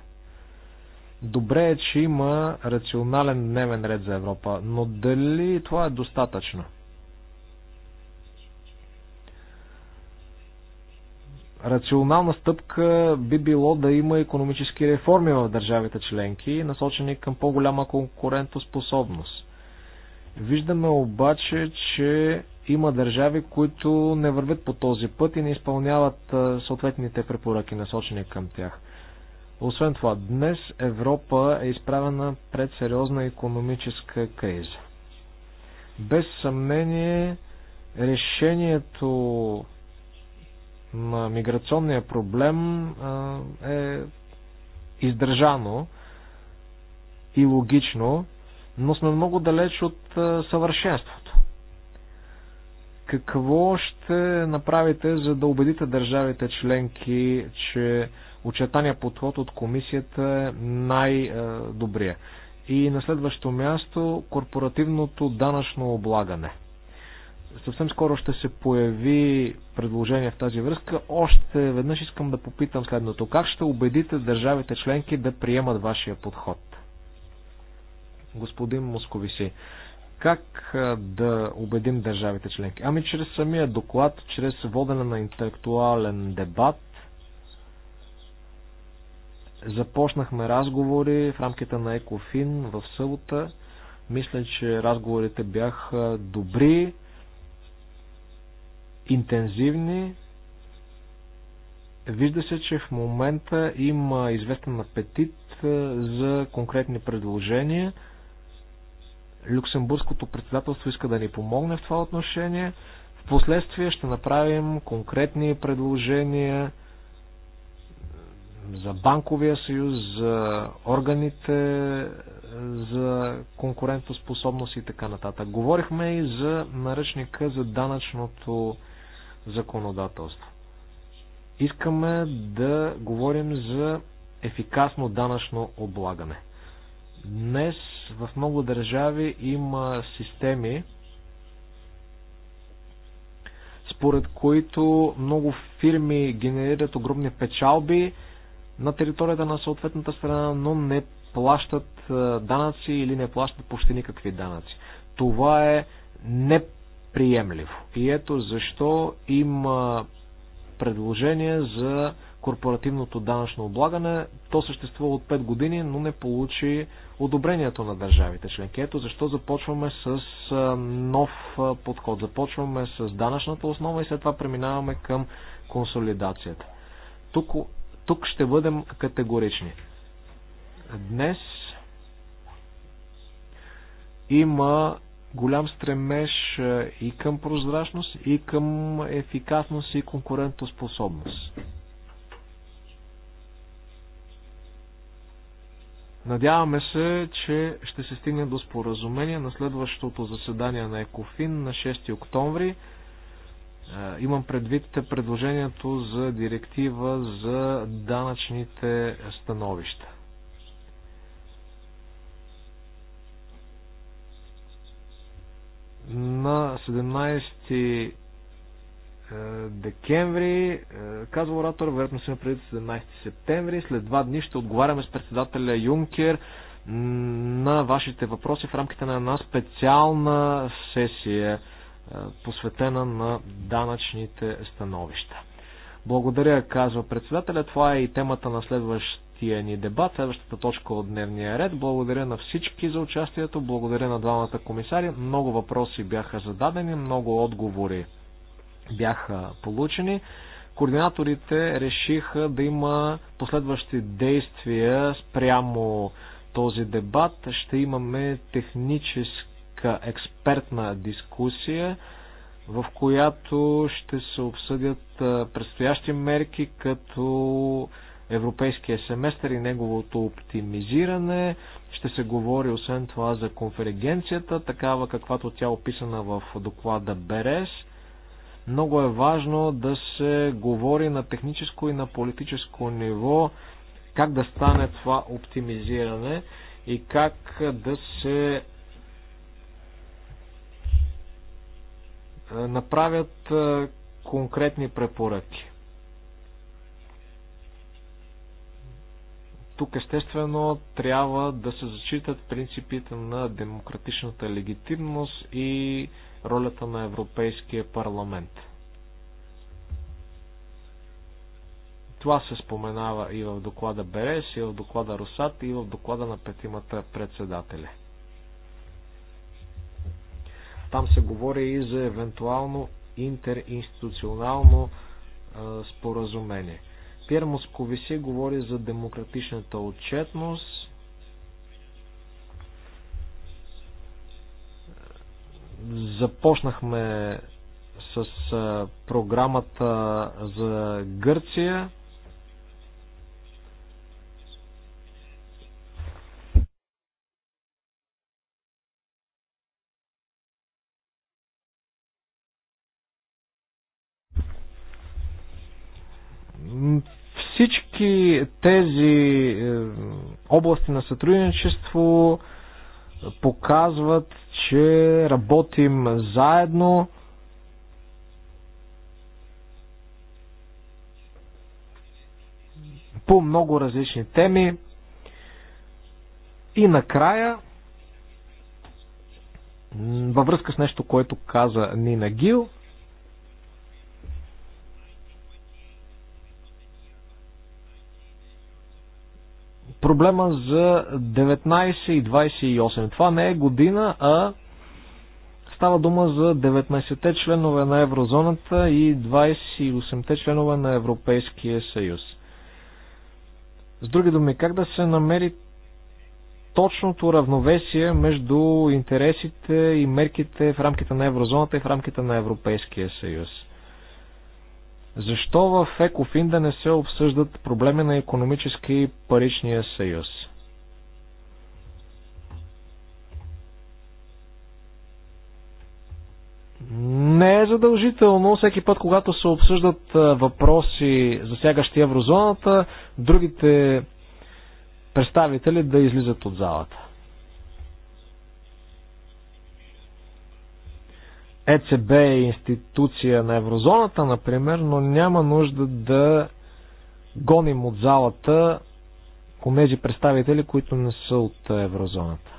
Добре е, че има рационален дневен ред за Европа, но дали това е достатъчно? Рационална стъпка би било да има економически реформи в държавите членки, насочени към по-голяма конкурентоспособност. Виждаме обаче, че има държави, които не вървят по този път и не изпълняват съответните препоръки, насочени към тях. Освен това, днес Европа е изправена пред сериозна економическа криза. Без съмнение, решението на миграционния проблем е издържано и логично, но сме много далеч от съвършенство. Какво ще направите, за да убедите държавите членки, че очертания подход от комисията е най-добрия? И на следващо място корпоративното данъчно облагане. Съвсем скоро ще се появи предложение в тази връзка. Още веднъж искам да попитам следното. Как ще убедите държавите членки да приемат вашия подход? Господин Московиси, как да убедим държавите членки? Ами чрез самия доклад, чрез водене на интелектуален дебат. Започнахме разговори в рамките на Екофин в събота. Мисля, че разговорите бяха добри, интензивни. Вижда се, че в момента има известен апетит за конкретни предложения – Люксембургското председателство иска да ни помогне в това отношение. В последствие ще направим конкретни предложения за банковия съюз, за органите, за конкурентоспособност и така нататък. Говорихме и за наръчника за данъчното законодателство. Искаме да говорим за ефикасно данъчно облагане. Днес в много държави има системи, според които много фирми генерират огромни печалби на територията на съответната страна, но не плащат данъци или не плащат почти никакви данъци. Това е неприемливо. И ето защо има предложение за корпоративното данъчно облагане. То съществува от 5 години, но не получи одобрението на държавите членки. Ето защо започваме с нов подход. Започваме с данъчната основа и след това преминаваме към консолидацията. Тук, тук ще бъдем категорични. Днес има голям стремеж и към прозрачност, и към ефикасност и конкурентоспособност. Надяваме се, че ще се стигне до споразумение на следващото заседание на ЕКОФИН на 6 октомври. Е, имам предвид предложението за директива за данъчните становища. На 17 е, декември, е, казва оратор, вероятно сме преди 17 септември. След два дни ще отговаряме с председателя Юнкер на вашите въпроси в рамките на една специална сесия, е, посветена на данъчните становища. Благодаря, казва председателя. Това е и темата на следващия ни дебат, следващата точка от дневния ред. Благодаря на всички за участието, благодаря на двамата комисари. Много въпроси бяха зададени, много отговори бяха получени. Координаторите решиха да има последващи действия спрямо този дебат. Ще имаме техническа експертна дискусия, в която ще се обсъдят предстоящи мерки като европейския семестър и неговото оптимизиране. Ще се говори освен това за конференцията, такава каквато тя е описана в доклада Берес – много е важно да се говори на техническо и на политическо ниво как да стане това оптимизиране и как да се е, направят е, конкретни препоръки. Тук естествено трябва да се зачитат принципите на демократичната легитимност и ролята на Европейския парламент. Това се споменава и в доклада Берес, и в доклада Русат, и в доклада на петимата председателя. Там се говори и за евентуално интеринституционално споразумение. Пьер Московиси говори за демократичната отчетност, Започнахме с програмата за Гърция. Всички тези е, области на сътрудничество показват че работим заедно. по много различни теми. И накрая, във връзка с нещо, което каза Нина Гил, проблема за 19 и 28. Това не е година, а става дума за 19-те членове на еврозоната и 28-те членове на Европейския съюз. С други думи, как да се намери точното равновесие между интересите и мерките в рамките на еврозоната и в рамките на Европейския съюз – защо в Екофин да не се обсъждат проблеми на економически и паричния съюз? Не е задължително всеки път, когато се обсъждат въпроси, засягащи еврозоната, другите представители да излизат от залата. ЕЦБ е институция на еврозоната, например, но няма нужда да гоним от залата онези представители, които не са от еврозоната.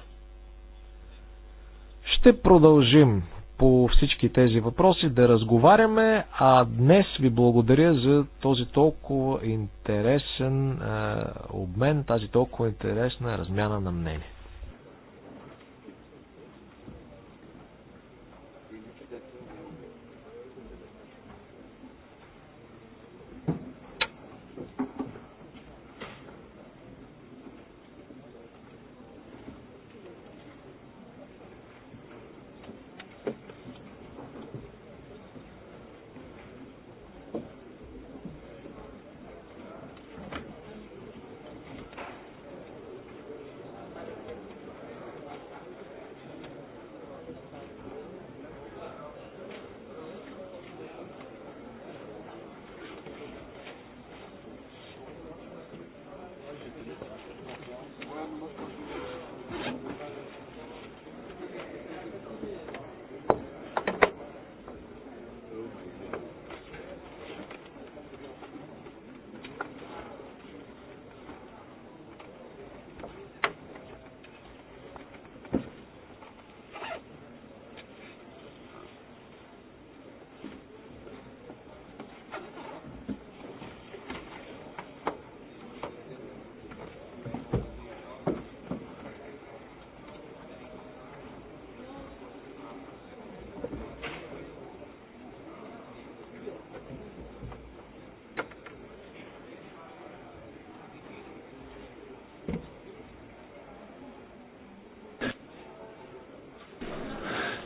Ще продължим по всички тези въпроси да разговаряме, а днес ви благодаря за този толкова интересен е, обмен, тази толкова интересна размяна на мнение.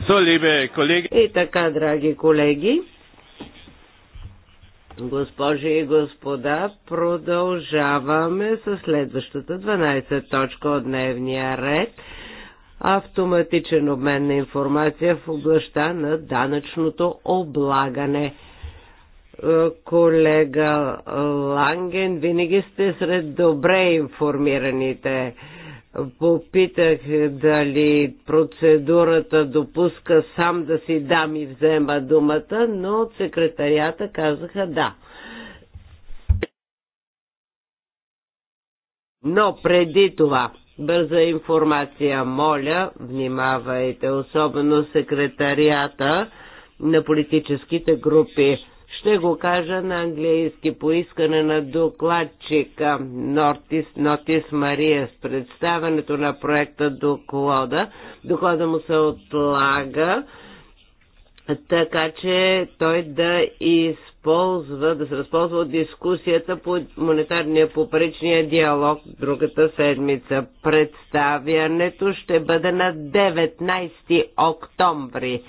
So, liebe И така, драги колеги, госпожи и господа, продължаваме с следващата 12 точка от дневния ред автоматичен обмен на информация в областта на данъчното облагане е, колега Ланген, винаги сте сред добре информираните. Попитах дали процедурата допуска сам да си дам и взема думата, но от секретарията казаха да. Но преди това, бърза информация, моля, внимавайте, особено секретарията на политическите групи ще го кажа на английски поискане на докладчика Нортис, Нотис Мария с представенето на проекта доклада. Доклада му се отлага, така че той да използва, да се разползва от дискусията по монетарния по диалог другата седмица. Представянето ще бъде на 19 октомври.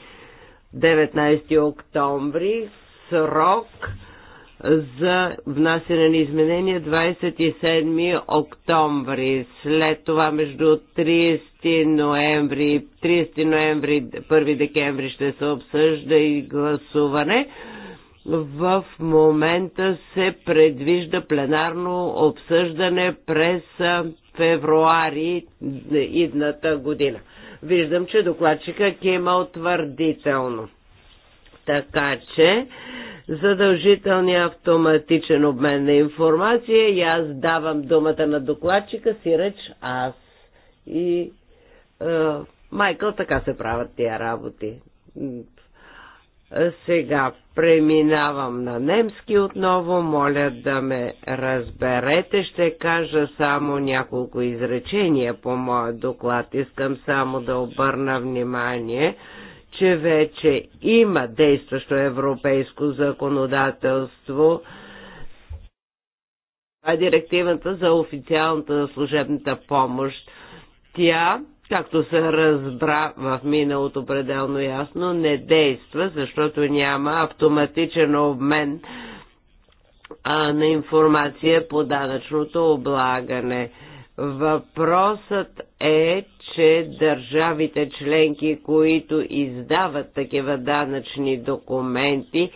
19 октомври срок за внасяне на изменения 27 октомври, след това между 30 ноември, 30 ноември, 1 декември ще се обсъжда и гласуване. В момента се предвижда пленарно обсъждане през февруари идната година. Виждам, че докладчика кема утвърдително. Така че задължителния автоматичен обмен на информация и аз давам думата на докладчика си реч аз. И е, Майкъл, така се правят тия работи. Сега преминавам на немски отново, моля да ме разберете, ще кажа само няколко изречения по моят доклад. Искам само да обърна внимание, че вече има действащо европейско законодателство, това е директивата за официалната служебната помощ. Тя, както се разбра в миналото пределно ясно, не действа, защото няма автоматичен обмен а, на информация по данъчното облагане Въпросът е, че държавите членки, които издават такива данъчни документи,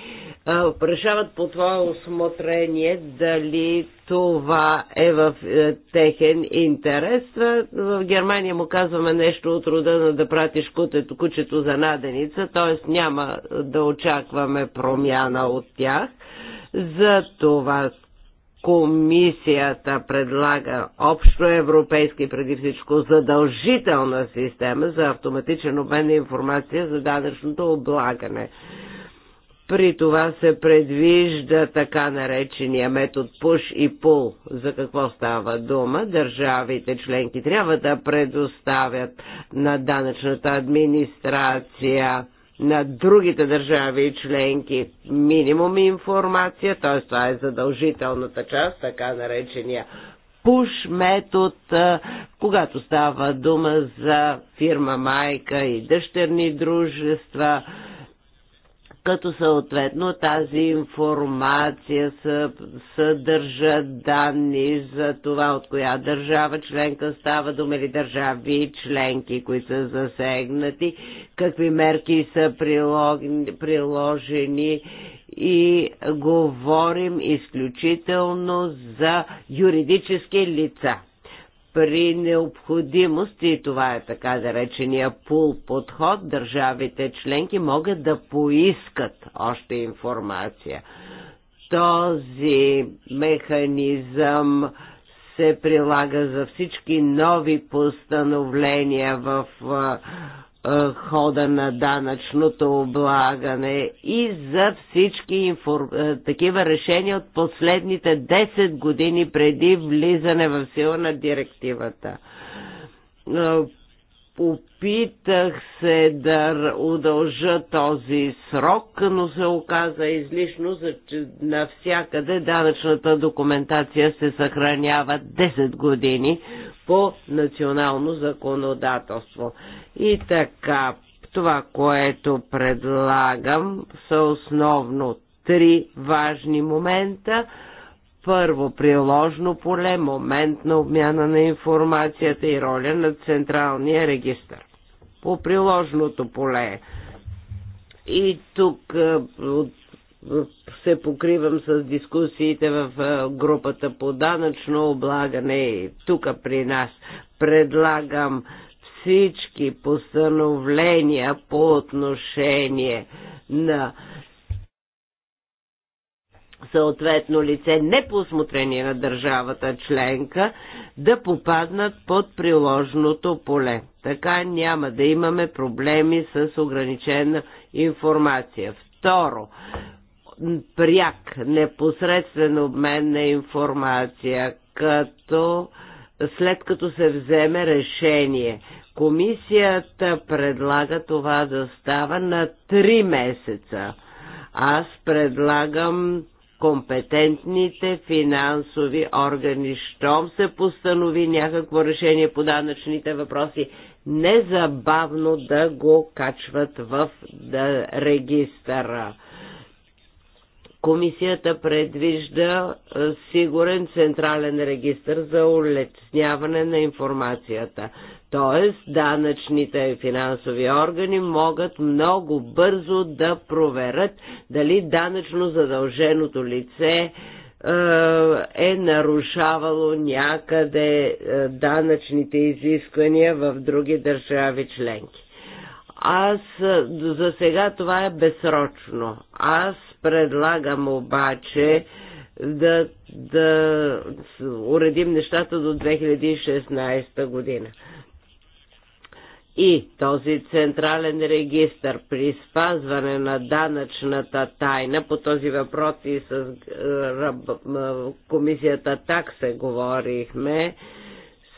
решават по твое осмотрение дали това е в е, техен интерес. В Германия му казваме нещо от рода на да пратиш кутето, кучето за наденица, т.е. няма да очакваме промяна от тях. За това Комисията предлага общо европейски преди всичко задължителна система за автоматичен обмен на информация за данъчното облагане. При това се предвижда така наречения метод push и pull. За какво става дума? Държавите членки трябва да предоставят на данъчната администрация на другите държави и членки минимум информация, т.е. това е задължителната част, така наречения пуш метод, когато става дума за фирма майка и дъщерни дружества, като съответно тази информация съдържа данни за това от коя държава членка става дума или държави членки, които са засегнати, какви мерки са приложени и говорим изключително за юридически лица при необходимост, и това е така да речения пул подход, държавите членки могат да поискат още информация. Този механизъм се прилага за всички нови постановления в е, хода на данъчното облагане и за всички инфор... Е, такива решения от последните 10 години преди влизане в сила на директивата е, Опитах се да удължа този срок, но се оказа излишно, че навсякъде данъчната документация се съхранява 10 години по национално законодателство. И така, това, което предлагам, са основно три важни момента първо, приложно поле, момент на обмяна на информацията и роля на Централния регистр. По приложното поле. И тук е, се покривам с дискусиите в е, групата по данъчно облагане и тук при нас. Предлагам всички постановления по отношение на съответно лице, не по усмотрение на държавата членка, да попаднат под приложното поле. Така няма да имаме проблеми с ограничена информация. Второ, пряк, непосредствен обмен на информация, като след като се вземе решение. Комисията предлага това да става на 3 месеца. Аз предлагам компетентните финансови органи, щом се постанови някакво решение по данъчните въпроси, незабавно да го качват в регистъра. Комисията предвижда сигурен централен регистр за улесняване на информацията. Тоест, данъчните и финансови органи могат много бързо да проверят дали данъчно задълженото лице е нарушавало някъде данъчните изисквания в други държави членки. Аз за сега това е безсрочно. Аз предлагам обаче да, да уредим нещата до 2016 година. И този централен регистр при спазване на данъчната тайна, по този въпрос и с е, комисията так се говорихме,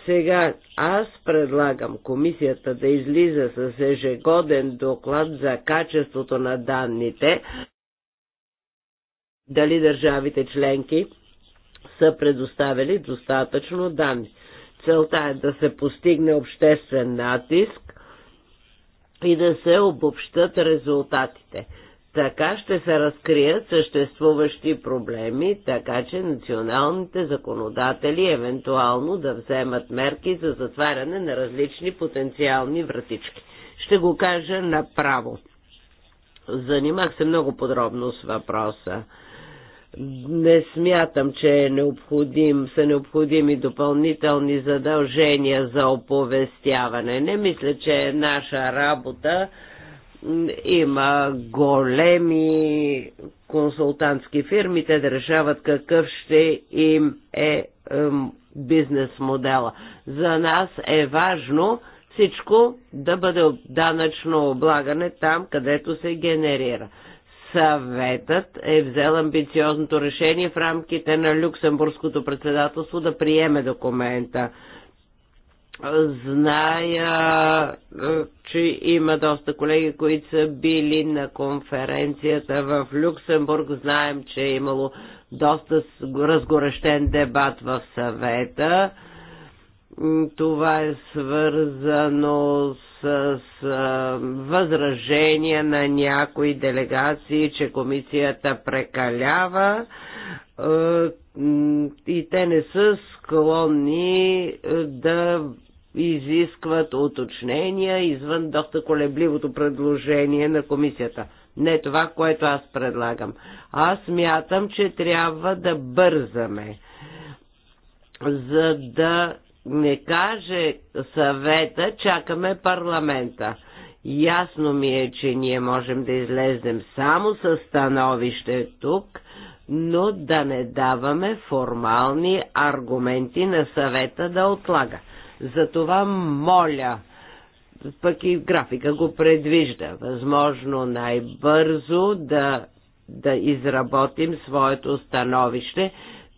сега аз предлагам комисията да излиза с ежегоден доклад за качеството на данните, дали държавите членки са предоставили достатъчно данни. Целта е да се постигне обществен натиск и да се обобщат резултатите. Така ще се разкрият съществуващи проблеми, така че националните законодатели евентуално да вземат мерки за затваряне на различни потенциални вратички. Ще го кажа направо. Занимах се много подробно с въпроса. Не смятам, че е необходим, са необходими допълнителни задължения за оповестяване. Не мисля, че е наша работа има големи консултантски фирми, те да решават какъв ще им е бизнес модела. За нас е важно всичко да бъде данъчно облагане там, където се генерира. Съветът е взел амбициозното решение в рамките на Люксембургското председателство да приеме документа. Зная, е, че има доста колеги, които са били на конференцията в Люксембург. Знаем, че е имало доста разгорещен дебат в съвета. Това е свързано с, с е, възражения на някои делегации, че комисията прекалява е, и те не са склонни да изискват уточнения извън доста колебливото предложение на комисията. Не това, което аз предлагам. Аз мятам, че трябва да бързаме, за да не каже съвета, чакаме парламента. Ясно ми е, че ние можем да излезнем само с становище тук, но да не даваме формални аргументи на съвета да отлага. Затова моля, пък и графика го предвижда, възможно най-бързо да, да изработим своето становище,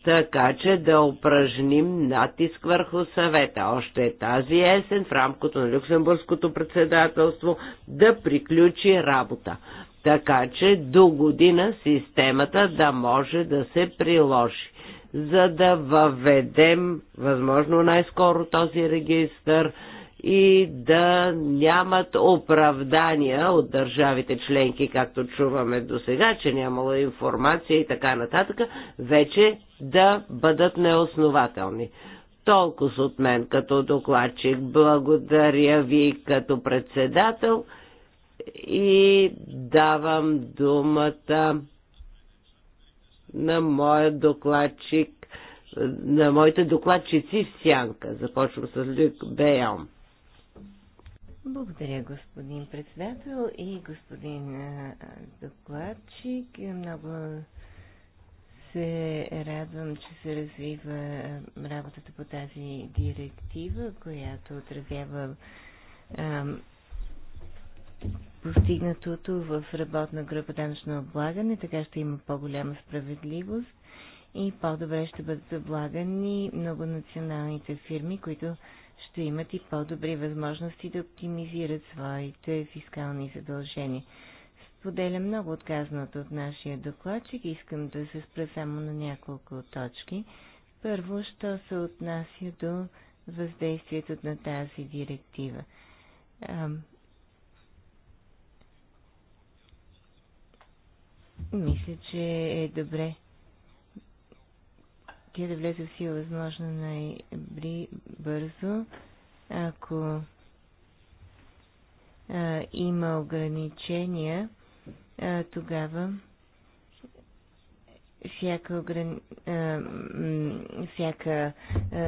така че да упражним натиск върху съвета. Още тази есен в рамкото на Люксембургското председателство да приключи работа. Така че до година системата да може да се приложи за да въведем възможно най-скоро този регистр и да нямат оправдания от държавите членки, както чуваме до сега, че нямало информация и така нататък, вече да бъдат неоснователни. Толкова от мен като докладчик. Благодаря ви като председател и давам думата на моя докладчик, на моите докладчици в Сянка. Започвам с Люк Бейон. Благодаря, господин председател и господин докладчик. Много се радвам, че се развива работата по тази директива, която отразява постигнатото в работна група данъчно облагане, така ще има по-голяма справедливост и по-добре ще бъдат облагани многонационалните фирми, които ще имат и по-добри възможности да оптимизират своите фискални задължения. Споделя много отказаното от нашия докладчик. Искам да се спра само на няколко точки. Първо, що се отнася до въздействието на тази директива. Мисля, че е добре тя да влезе в сила възможно най-бързо, ако а, има ограничения, а, тогава всяка, ограни... а, всяка а,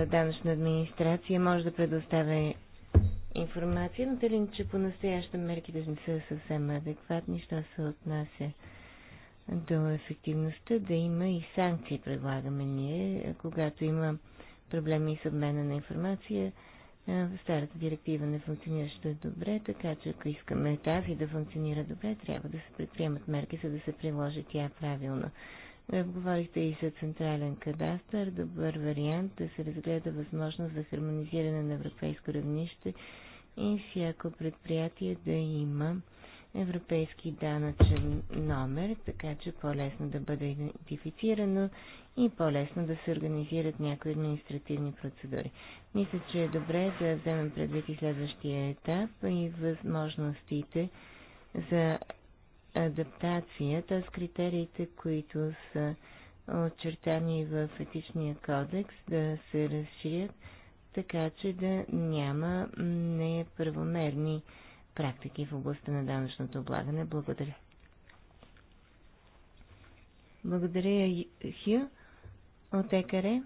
данъчна администрация може да предоставя информация, но тъй че по настояща мерките не са съвсем адекватни, що се отнася до ефективността, да има и санкции, предлагаме ние, когато има проблеми с обмена на информация. Старата директива не функционираше добре, така че ако искаме тази да функционира добре, трябва да се предприемат мерки, за да се приложи тя правилно. Е, говорихте и за централен кадастър, добър вариант да се разгледа възможност за хармонизиране на европейско равнище и всяко предприятие да има европейски данъчен номер, така че по-лесно да бъде идентифицирано и по-лесно да се организират някои административни процедури. Мисля, че е добре да вземем предвид и следващия етап и възможностите за адаптация, т.е. критериите, които са очертани в етичния кодекс, да се разширят, така че да няма неправомерни практики в областта на данъчното облагане. Благодаря. Благодаря, Хю. От Екаре.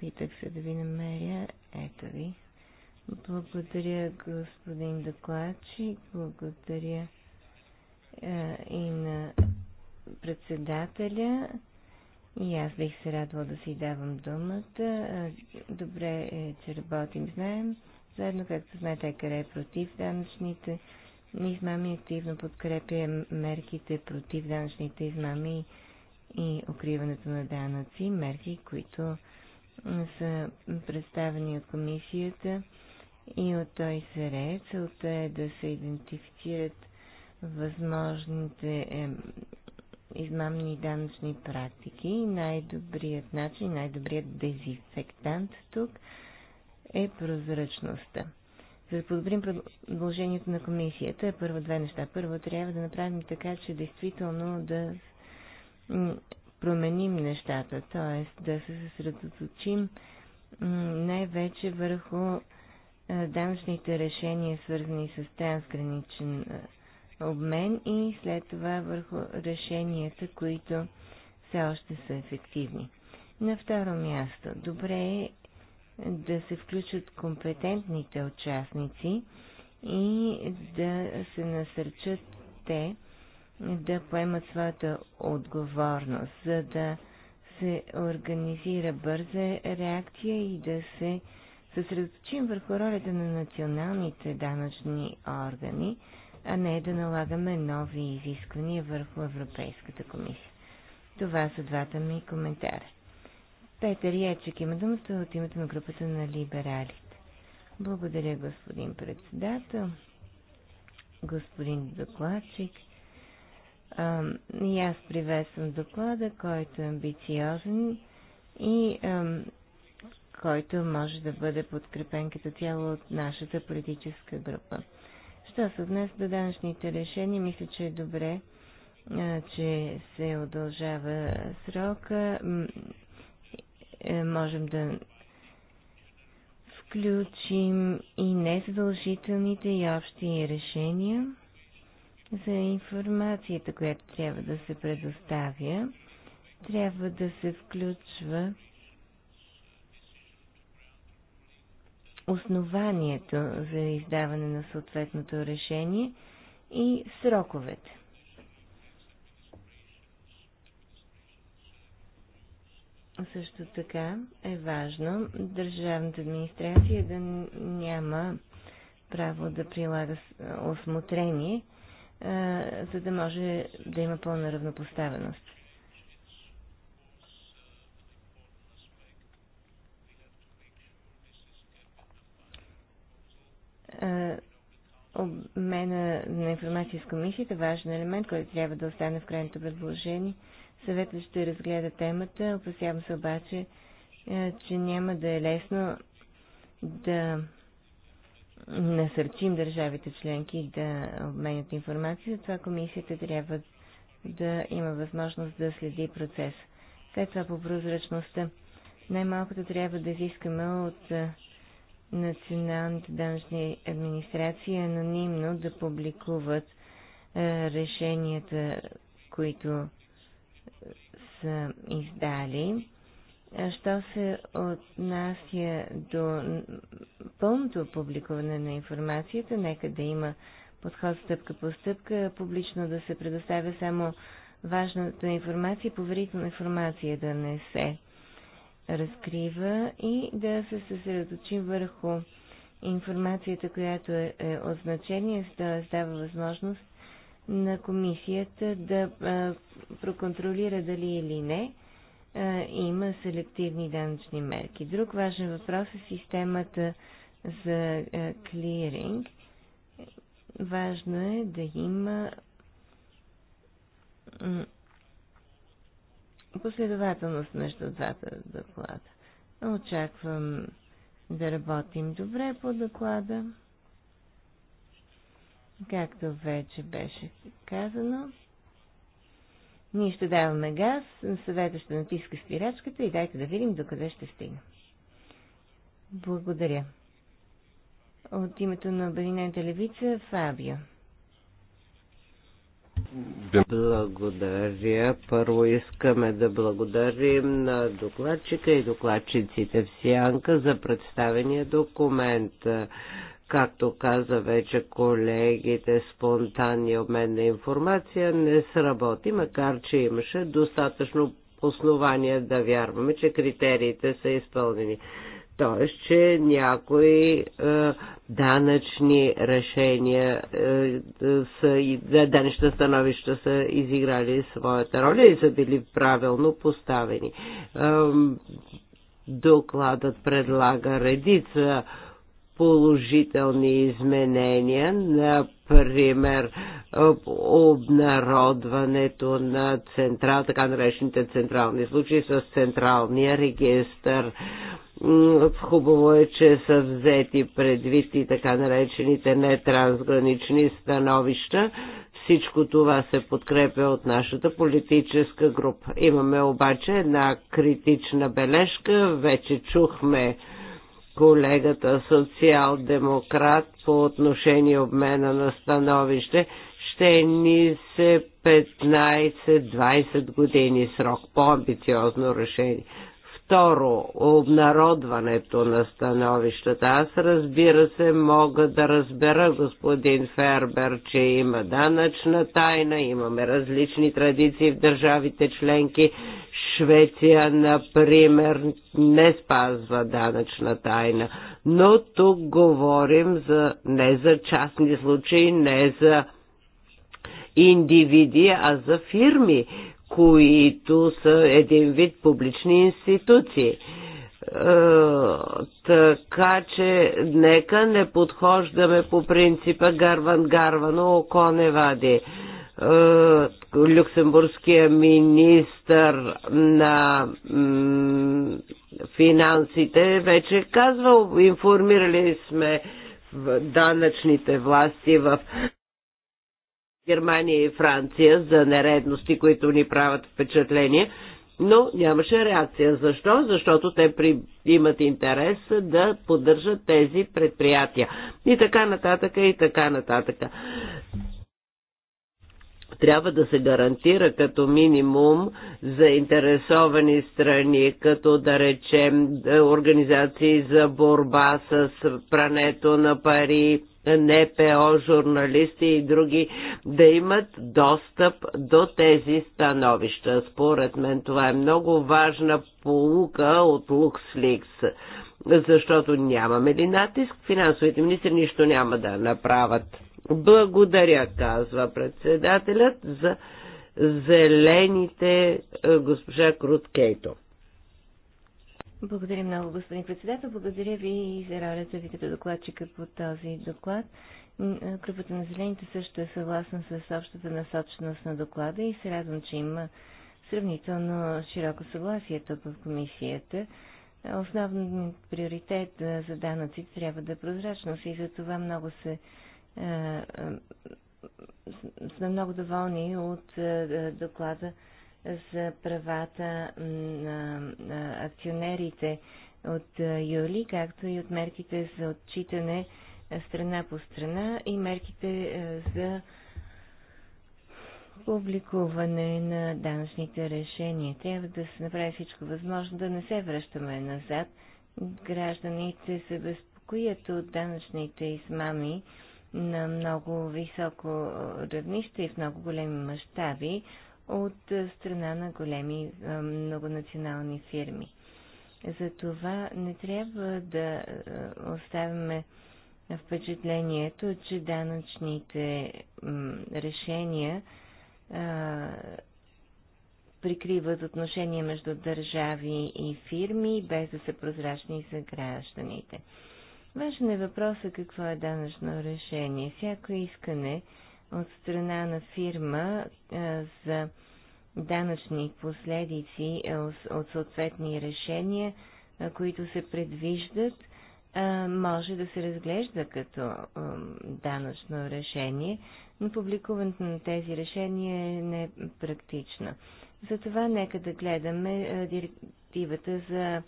Питах се да ви намеря. Ето ви. Благодаря, господин докладчик. Благодаря е, и на председателя. И аз бих се радвала да си давам думата. Е, добре е, че работим, знаем заедно, както знаете, къде е против данъчните измами, активно подкрепя мерките против данъчните измами и укриването на данъци, мерки, които са представени от комисията и от той сере. Целта е да се идентифицират възможните е, измамни данъчни практики. Най-добрият начин, най-добрият дезинфектант тук – е прозрачността. За да подобрим предложението на комисията, е първо две неща. Първо, трябва да направим така, че действително да променим нещата, т.е. да се съсредоточим най-вече върху данъчните решения, свързани с трансграничен обмен и след това върху решенията, които все още са ефективни. На второ място, добре е да се включат компетентните участници и да се насърчат те да поемат своята отговорност, за да се организира бърза реакция и да се съсредоточим върху ролята на националните данъчни органи, а не да налагаме нови изисквания върху Европейската комисия. Това са двата ми коментара. Петър Ячек има думата от името на групата на либералите. Благодаря, господин председател, господин докладчик. А, и аз приветствам доклада, който е амбициозен и а, който може да бъде подкрепен като цяло от нашата политическа група. Що се днес, до данъчните решения, мисля, че е добре, а, че се удължава срока е, можем да включим и незадължителните и общи решения за информацията, която трябва да се предоставя. Трябва да се включва основанието за издаване на съответното решение и сроковете. Също така е важно държавната администрация да няма право да прилага осмотрение, за да може да има пълна равнопоставеност. Обмена на информация с комисията е важен елемент, който трябва да остане в крайното предложение – Съветът ще разгледа темата. Опасявам се обаче, е, че няма да е лесно да насърчим държавите членки да обменят информация. Затова комисията трябва да има възможност да следи процес. След това по прозрачността. Най-малкото трябва да изискаме от е, националните данъчни администрации анонимно да публикуват е, решенията, които са издали. Що се отнася до пълното публикуване на информацията, нека да има подход стъпка по стъпка, публично да се предоставя само важната информация поверителна информация да не се разкрива и да се съсредоточим върху информацията, която е, е от значение, за да дава възможност на комисията да проконтролира дали или не има селективни данъчни мерки. Друг важен въпрос е системата за клиринг. Важно е да има последователност между двата доклада. Очаквам да работим добре по доклада. Както вече беше казано, ние ще даваме газ, съвета ще натиска спирачката и дайте да видим докъде ще стигне. Благодаря. От името на Обединената левица Фабио. Благодаря. Първо искаме да благодарим на докладчика и докладчиците в Сянка за представения документ. Както каза вече колегите, спонтанния обмен на информация не сработи, макар че имаше достатъчно основания да вярваме, че критериите са изпълнени т.е. че някои е, данъчни решения, е, е са, и, данъчна становища са изиграли своята роля и са били правилно поставени. Е, докладът предлага редица положителни изменения, например обнародването на централ, така наречените централни случаи с централния регистр. Хубаво е, че са взети предвид и така наречените нетрансгранични становища. Всичко това се подкрепя от нашата политическа група. Имаме обаче една критична бележка. Вече чухме колегата социал-демократ по отношение обмена на становище, ще ни се 15-20 години срок, по-амбициозно решение. Второ, обнародването на становищата. Аз разбира се мога да разбера, господин Фербер, че има данъчна тайна, имаме различни традиции в държавите членки. Швеция, например, не спазва данъчна тайна. Но тук говорим за, не за частни случаи, не за индивиди, а за фирми, които са един вид публични институции е, така че нека не подхождаме по принципа гарван-гарвано око не вади. Е, люксембургския министр на финансите вече казва, информирали сме данъчните власти в Германия и Франция за нередности, които ни правят впечатление, но нямаше реакция. Защо? Защото те при... имат интерес да поддържат тези предприятия. И така нататък, и така нататък трябва да се гарантира като минимум заинтересовани страни, като да речем е, организации за борба с прането на пари, НПО, журналисти и други да имат достъп до тези становища. Според мен това е много важна полука от LuxLeaks, защото нямаме ли натиск, финансовите министри нищо няма да направят. Благодаря, казва председателят за зелените е, госпожа Крут Кейто. Благодаря много, господин председател. Благодаря ви и за ролята ви като докладчика по този доклад. Е, групата на зелените също е съгласна с общата насоченост на доклада и се радвам, че има сравнително широко съгласие тук в комисията. Основният приоритет е, за данъци трябва да е прозрачност и за това много се е, е, сме много доволни от е, доклада за правата на акционерите от юли, както и от мерките за отчитане страна по страна и мерките за публикуване на данъчните решения. Трябва да се направи всичко възможно да не се връщаме назад. Гражданите се безпокоят от данъчните измами на много високо равнище и в много големи мащаби от страна на големи многонационални фирми. Затова не трябва да оставяме впечатлението, че данъчните решения прикриват отношения между държави и фирми, без да са прозрачни за гражданите. Важен е въпросът какво е данъчно решение. Всяко искане от страна на фирма за данъчни последици от съответни решения, които се предвиждат, може да се разглежда като данъчно решение, но публикуването на тези решения е непрактично. Затова нека да гледаме директивата за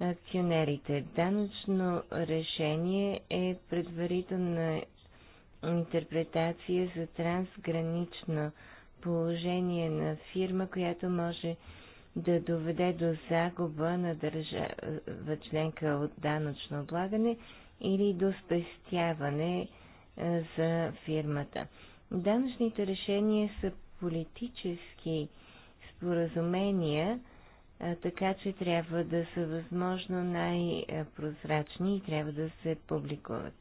акционерите. Данъчно решение е предварителна интерпретация за трансгранично положение на фирма, която може да доведе до загуба на държава членка от данъчно облагане или до спестяване е, за фирмата. Данъчните решения са политически споразумения, така че трябва да са възможно най-прозрачни и трябва да се публикуват.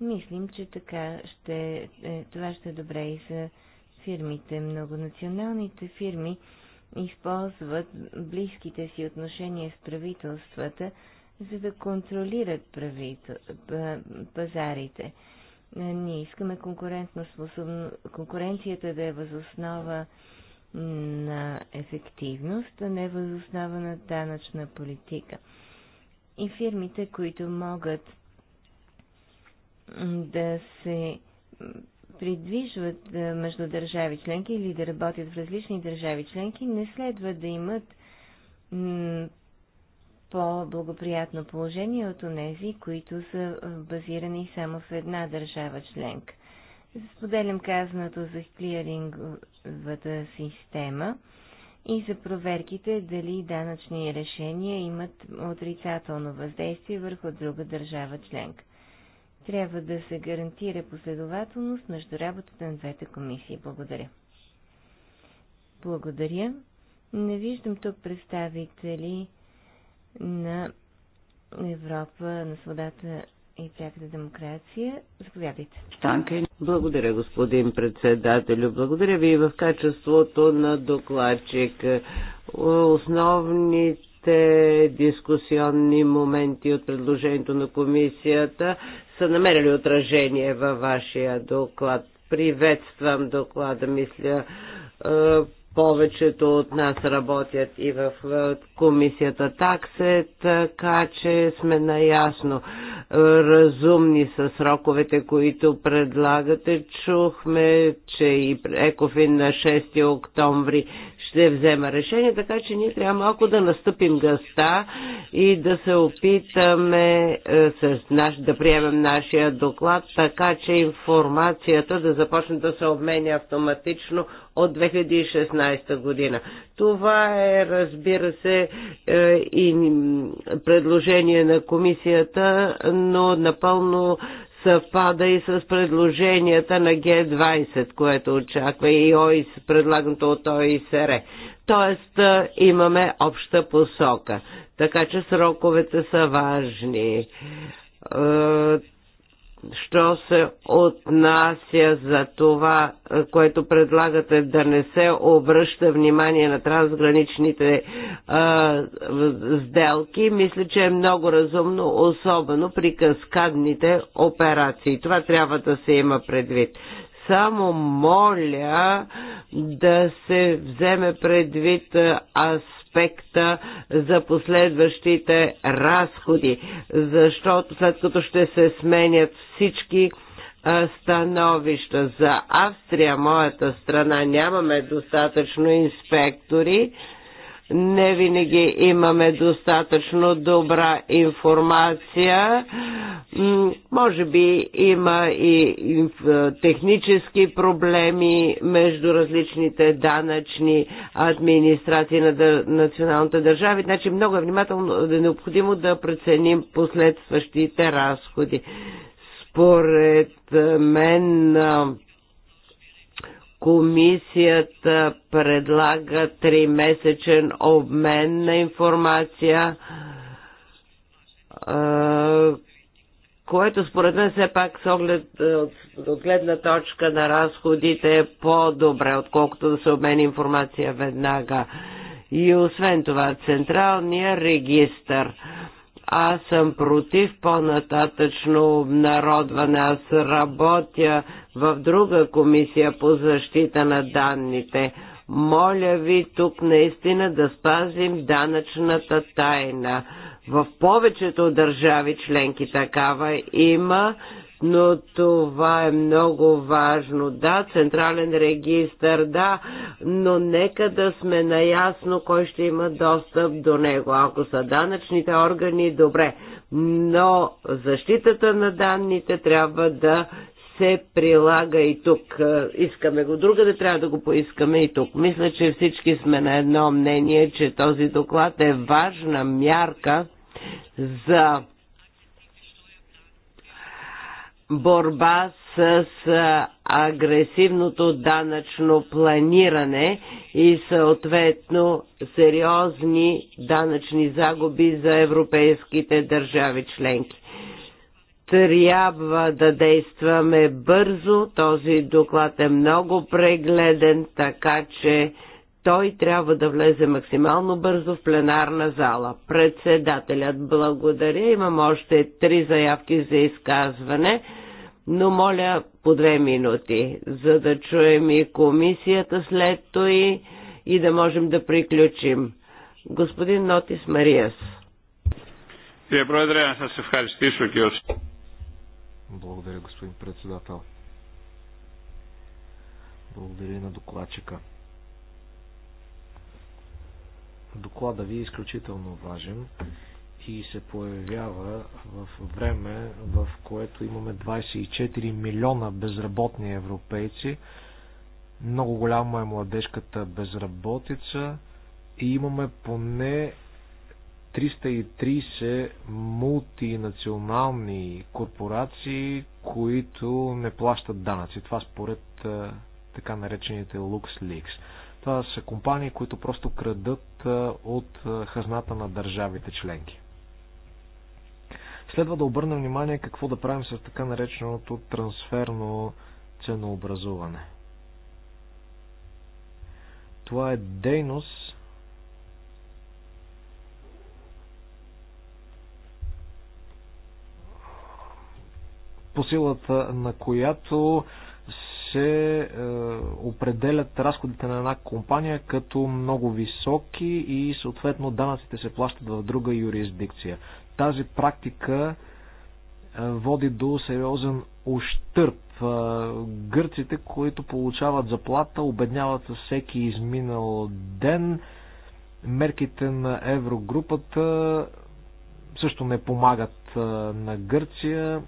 Мислим, че така ще, е, това ще е добре и за фирмите. Многонационалните фирми използват близките си отношения с правителствата, за да контролират правител... пазарите. Ние искаме конкурентно конкуренцията да е възоснова основа на ефективност, а не възоснова на данъчна политика. И фирмите, които могат да се придвижват между държави членки или да работят в различни държави членки, не следва да имат по-благоприятно положение от онези, които са базирани само в една държава членка. Споделям казаното за клиринговата система и за проверките дали данъчни решения имат отрицателно въздействие върху друга държава членка. Трябва да се гарантира последователност между работата на двете комисии. Благодаря. Благодаря. Не виждам тук представители на Европа, на свободата и пряката демокрация. Заповядайте. Благодаря, господин председателю. Благодаря ви и в качеството на докладчик. Основните дискусионни моменти от предложението на комисията са намерили отражение във вашия доклад. Приветствам доклада, мисля повечето от нас работят и в комисията таксе, така че сме наясно. Разумни са сроковете, които предлагате. Чухме, че и Екофин на 6 октомври ще взема решение, така че ние трябва малко да настъпим гъста и да се опитаме е, с наш, да приемем нашия доклад, така че информацията да започне да се обменя автоматично от 2016 година. Това е, разбира се, е, и предложение на комисията, но напълно съвпада и с предложенията на Г-20, което очаква и ОИС, предлаганото от ОИСР. Тоест имаме обща посока. Така че сроковете са важни Що се отнася за това, което предлагате да не се обръща внимание на трансграничните а, сделки, мисля, че е много разумно, особено при каскадните операции. Това трябва да се има предвид само моля да се вземе предвид аз аспекта за последващите разходи, защото след като ще се сменят всички становища за Австрия, моята страна, нямаме достатъчно инспектори не винаги имаме достатъчно добра информация. Може би има и технически проблеми между различните данъчни администрации на националната държава. Значи много е внимателно е необходимо да преценим последстващите разходи. Според мен Комисията предлага тримесечен обмен на информация, което според мен все пак с оглед от гледна точка на разходите е по-добре, отколкото да се обмени информация веднага. И освен това, Централния регистр. Аз съм против по-нататъчно обнародване. Аз работя в друга комисия по защита на данните. Моля ви тук наистина да спазим данъчната тайна. В повечето държави членки такава има но това е много важно. Да, централен регистр, да, но нека да сме наясно кой ще има достъп до него. Ако са данъчните органи, добре, но защитата на данните трябва да се прилага и тук. Искаме го друга да трябва да го поискаме и тук. Мисля, че всички сме на едно мнение, че този доклад е важна мярка за борба с агресивното данъчно планиране и съответно сериозни данъчни загуби за европейските държави членки. Трябва да действаме бързо. Този доклад е много прегледен, така че той трябва да влезе максимално бързо в пленарна зала. Председателят благодаря. Имам още три заявки за изказване но моля по две минути, за да чуем и комисията след той и да можем да приключим. Господин Нотис Мариас. Благодаря, господин председател. Благодаря на докладчика. Доклада ви е изключително важен и се появява в време, в което имаме 24 милиона безработни европейци. Много голяма е младежката безработица и имаме поне 330 мултинационални корпорации, които не плащат данъци. Това според е, така наречените LuxLeaks. Това са компании, които просто крадат е, от е, хазната на държавите членки. Следва да обърнем внимание какво да правим с така нареченото трансферно ценообразуване. Това е дейност, по силата на която се е, определят разходите на една компания като много високи и съответно данъците се плащат в друга юрисдикция. Тази практика е, води до сериозен ощърп. Е, гърците, които получават заплата, обедняват със всеки изминал ден. Мерките на еврогрупата също не помагат е, на Гърция.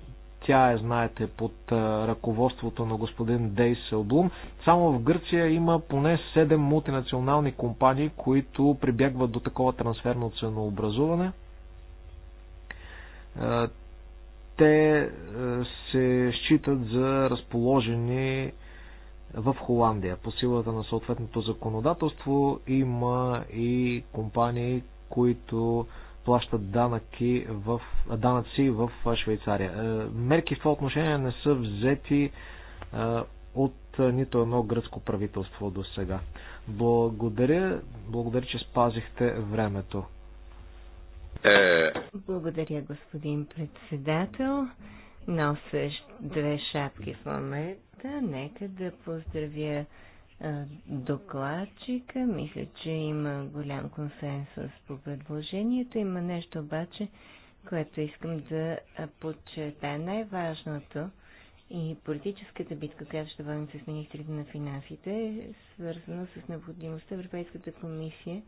Тя е, знаете, под ръководството на господин Дейсел Селблум. Само в Гърция има поне 7 мултинационални компании, които прибягват до такова трансферно ценообразуване те се считат за разположени в Холандия. По силата на съответното законодателство има и компании, които плащат данъки в, данъци в Швейцария. Мерки в това отношение не са взети от нито едно гръцко правителство до сега. Благодаря, благодаря, че спазихте времето. Благодаря, господин председател. Носещ две шапки в момента. Нека да поздравя докладчика. Мисля, че има голям консенсус по предложението. Има нещо обаче, което искам да подчертая. Най-важното и политическата битка, която ще водим с министрите на финансите, е свързана с необходимостта Европейската комисия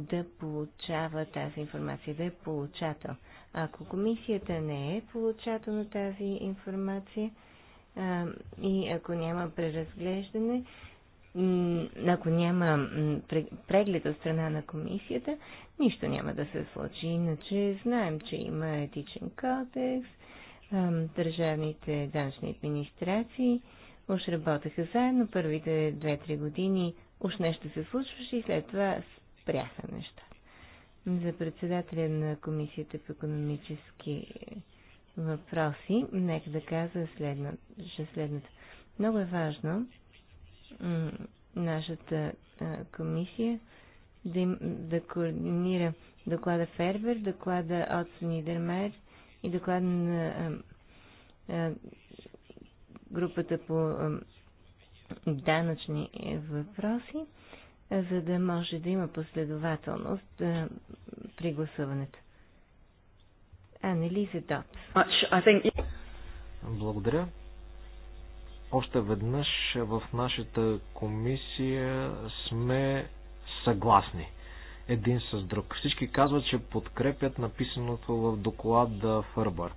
да получава тази информация, да е получател. Ако комисията не е получател на тази информация а, и ако няма преразглеждане, ако няма преглед от страна на комисията, нищо няма да се случи. Иначе знаем, че има етичен кодекс, държавните данъчни администрации уж работеха заедно първите 2-3 години, уж нещо се случваше и след това спряха неща. За председателя на Комисията по економически въпроси, нека да кажа следна, следната. Много е важно нашата комисия да, им, да координира доклада Фербер, доклада от Нидермайер и доклада на а, а, групата по а, данъчни въпроси за да може да има последователност е, при гласуването. Анелиза Дот. Благодаря. Още веднъж в нашата комисия сме съгласни един с друг. Всички казват, че подкрепят написаното в доклада Фърбър.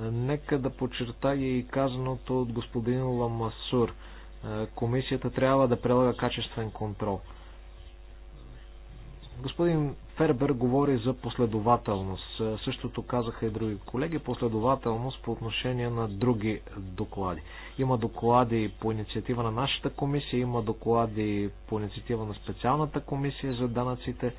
Нека да подчертая и казаното от господин Ламасур – е, комисията трябва да прилага качествен контрол. Господин Фербер говори за последователност. Е, същото казаха и други колеги. Последователност по отношение на други доклади. Има доклади по инициатива на нашата комисия, има доклади по инициатива на специалната комисия за данъците. Е,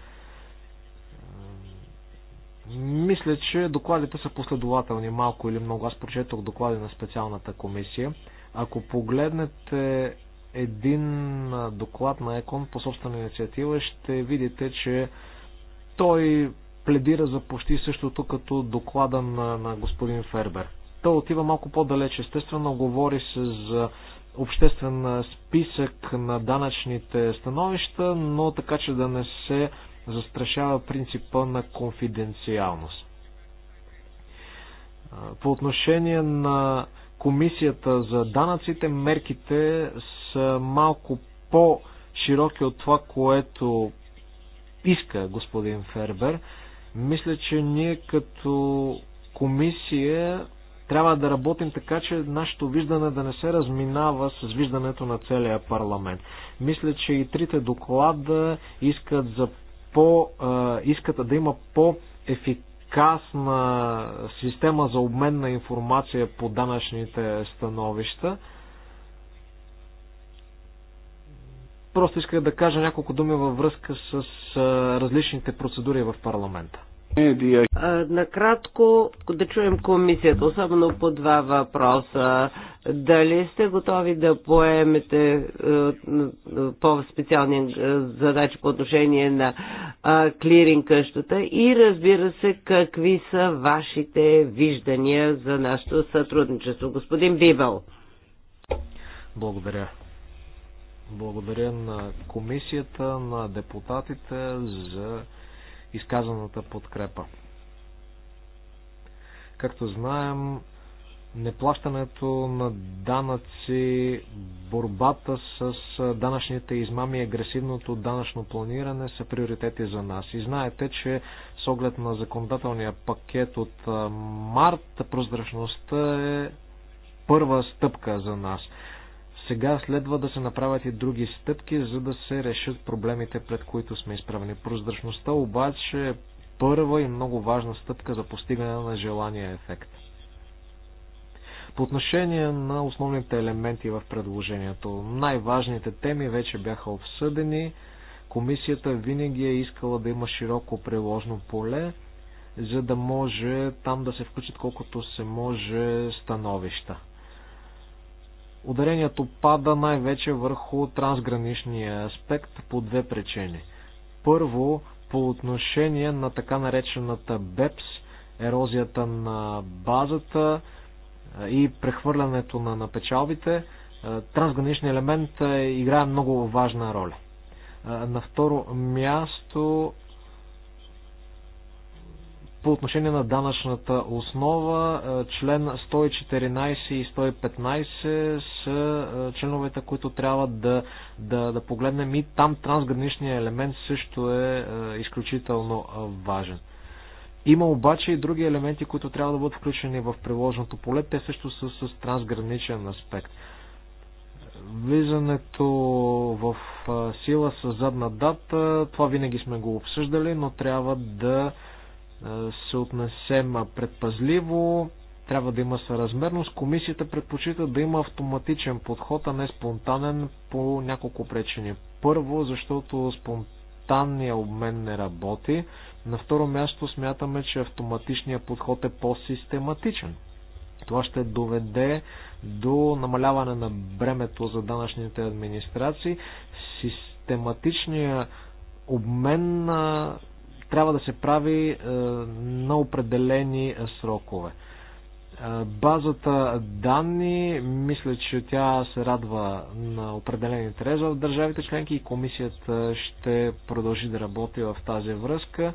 мисля, че докладите са последователни малко или много. Аз прочетох доклади на специалната комисия. Ако погледнете един доклад на ЕКОН по собствена инициатива, ще видите, че той пледира за почти същото като доклада на, на господин Фербер. Той отива малко по-далеч. Естествено, говори се за обществен списък на данъчните становища, но така, че да не се застрашава принципа на конфиденциалност. По отношение на комисията за данъците, мерките са малко по-широки от това, което иска господин Фербер. Мисля, че ние като комисия трябва да работим така, че нашето виждане да не се разминава с виждането на целия парламент. Мисля, че и трите доклада искат, за по, искат да има по ефективно ефикасна система за обмен на информация по данъчните становища. Просто исках да кажа няколко думи във връзка с различните процедури в парламента. Накратко да чуем комисията, особено по два въпроса. Дали сте готови да поемете е, по-специални е, задачи по отношение на е, клиринг къщата и разбира се какви са вашите виждания за нашето сътрудничество. Господин Бибел. Благодаря. Благодаря на комисията, на депутатите за изказаната подкрепа. Както знаем, неплащането на данъци, борбата с данъчните измами и агресивното данъчно планиране са приоритети за нас. И знаете, че с оглед на законодателния пакет от март, прозрачността е първа стъпка за нас. Сега следва да се направят и други стъпки, за да се решат проблемите, пред които сме изправени. Прозрачността обаче е първа и много важна стъпка за постигане на желания ефект. По отношение на основните елементи в предложението, най-важните теми вече бяха обсъдени. Комисията винаги е искала да има широко приложно поле, за да може там да се включат колкото се може становища. Ударението пада най-вече върху трансграничния аспект по две причини. Първо, по отношение на така наречената БЕПС, ерозията на базата и прехвърлянето на, напечалбите, трансграничният елемент играе много важна роля. На второ място по отношение на данъчната основа, е, член 114 и 115 са е, членовете, които трябва да, да, да погледнем и там трансграничният елемент също е, е изключително важен. Има обаче и други елементи, които трябва да бъдат включени в приложеното поле. Те също са с трансграничен аспект. Влизането в сила с задна дата, това винаги сме го обсъждали, но трябва да е, се отнесем предпазливо, трябва да има съразмерност. Комисията предпочита да има автоматичен подход, а не спонтанен по няколко причини. Първо, защото спонтанният обмен не работи. На второ място смятаме, че автоматичният подход е по-систематичен. Това ще доведе до намаляване на бремето за данъчните администрации. Систематичният обмен трябва да се прави е, на определени е, срокове. Е, базата данни, мисля, че тя се радва на определени интерес в държавите членки и комисията ще продължи да работи в тази връзка.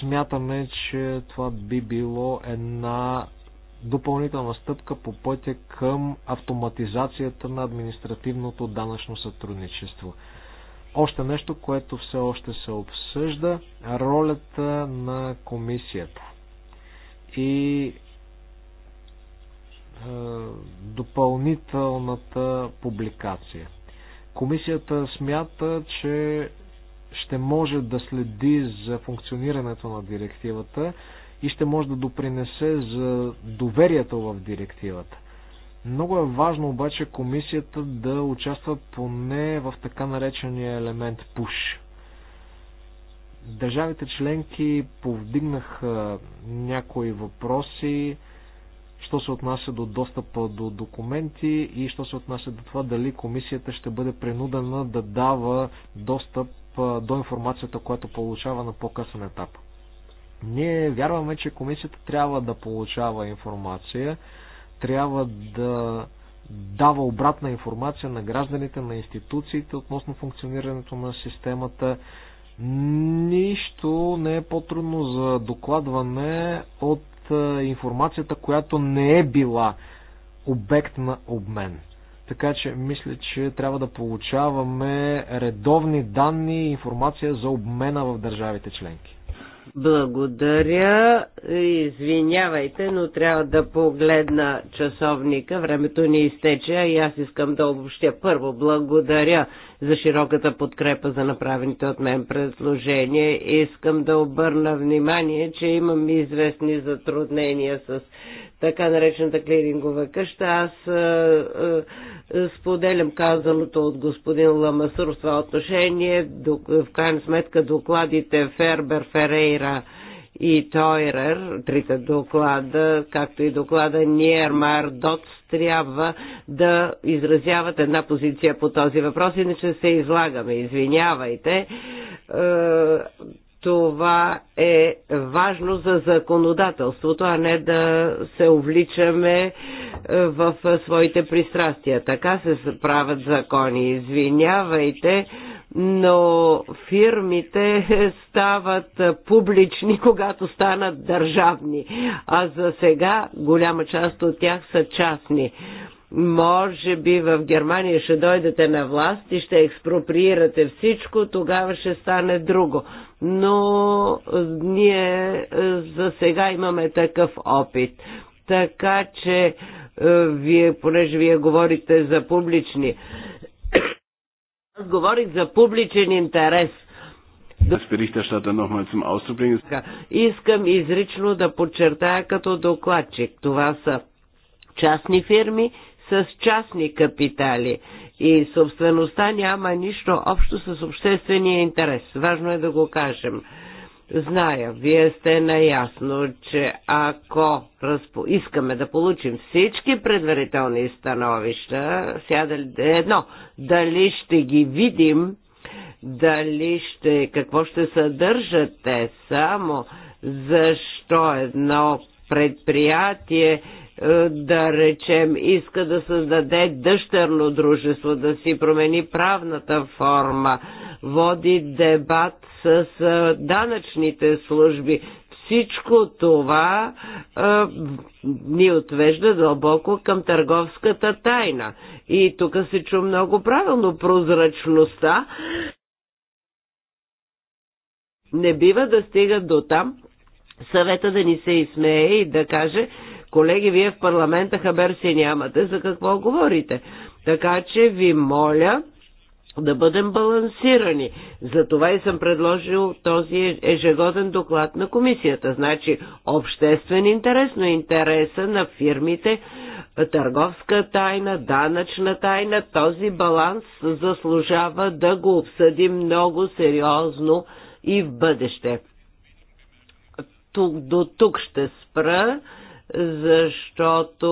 Смятаме, че това би било една допълнителна стъпка по пътя към автоматизацията на административното данъчно сътрудничество. Още нещо, което все още се обсъжда, ролята на комисията и е, допълнителната публикация. Комисията смята, че ще може да следи за функционирането на директивата и ще може да допринесе за доверието в директивата. Много е важно обаче комисията да участва поне в така наречения елемент ПУШ. Държавите членки повдигнаха някои въпроси, що се отнася до достъпа до документи и що се отнася до това дали комисията ще бъде принудена да дава достъп до информацията, която получава на по-късен етап. Ние вярваме, че комисията трябва да получава информация, трябва да дава обратна информация на гражданите, на институциите относно функционирането на системата. Нищо не е по-трудно за докладване от е, информацията, която не е била обект на обмен. Така че мисля, че трябва да получаваме редовни данни и информация за обмена в държавите членки. Благодаря. Извинявайте, но трябва да погледна часовника. Времето ни изтече и аз искам да обобщя. Първо, благодаря за широката подкрепа за направените от мен предложения. Искам да обърна внимание, че имам известни затруднения с така наречената клирингова къща. Аз а, а, споделям казаното от господин Ламасур в това отношение. В крайна сметка докладите Фербер Ферейра и Тойрер, трите доклада, както и доклада Ниермар Дотс, трябва да изразяват една позиция по този въпрос, иначе се излагаме. Извинявайте. Е, това е важно за законодателството, а не да се увличаме е, в своите пристрастия. Така се правят закони. Извинявайте, но фирмите [laughs] стават публични, когато станат държавни, а за сега голяма част от тях са частни. Може би в Германия ще дойдете на власт и ще експроприирате всичко, тогава ще стане друго. Но е, ние е, за сега имаме такъв опит. Така че, е, вие, понеже вие говорите за публични. Аз [coughs] говорих за публичен интерес. Искам изрично да подчертая като докладчик. Това са частни фирми, с частни капитали и собствеността няма нищо общо с обществения интерес. Важно е да го кажем. Зная, вие сте наясно, че ако разпо... искаме да получим всички предварителни становища, сяда е едно, дали ще ги видим, дали ще, какво ще съдържат те само, защо едно предприятие е, да речем, иска да създаде дъщерно дружество, да си промени правната форма, води дебат с е, данъчните служби. Всичко това а, е, ни отвежда дълбоко към търговската тайна. И тук се чу много правилно прозрачността. Не бива да стига до там съвета да ни се изсмее и да каже, Колеги, вие в парламента хабер си нямате за какво говорите. Така че ви моля да бъдем балансирани. Затова и съм предложил този ежегоден доклад на комисията. Значи обществен интерес, но интереса на фирмите, търговска тайна, данъчна тайна, този баланс заслужава да го обсъдим много сериозно и в бъдеще. Тук, до тук ще спра защото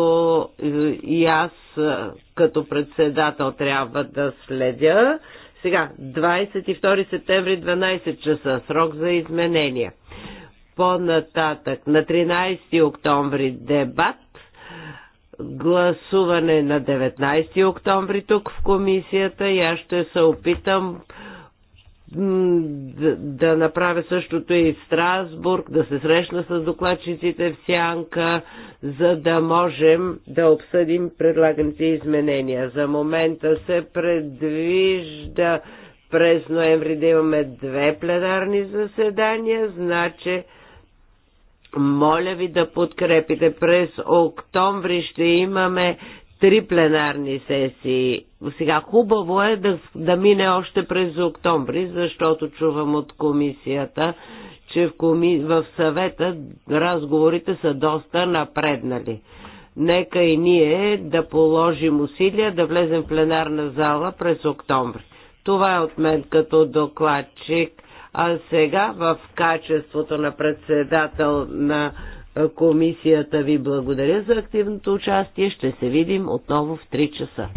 е, и аз е, като председател трябва да следя. Сега, 22 септември, 12 часа, срок за изменения. По-нататък, на 13 октомври дебат, гласуване на 19 октомври тук в комисията и аз ще се опитам да направя същото и в Страсбург, да се срещна с докладчиците в Сянка, за да можем да обсъдим предлаганите изменения. За момента се предвижда през ноември да имаме две пленарни заседания, значи моля ви да подкрепите. През октомври ще имаме три пленарни сесии. Сега хубаво е да, да мине още през октомври, защото чувам от комисията, че в, коми... в съвета разговорите са доста напреднали. Нека и ние да положим усилия да влезем в пленарна зала през октомври. Това е от мен като докладчик, а сега в качеството на председател на комисията ви благодаря за активното участие. Ще се видим отново в 3 часа.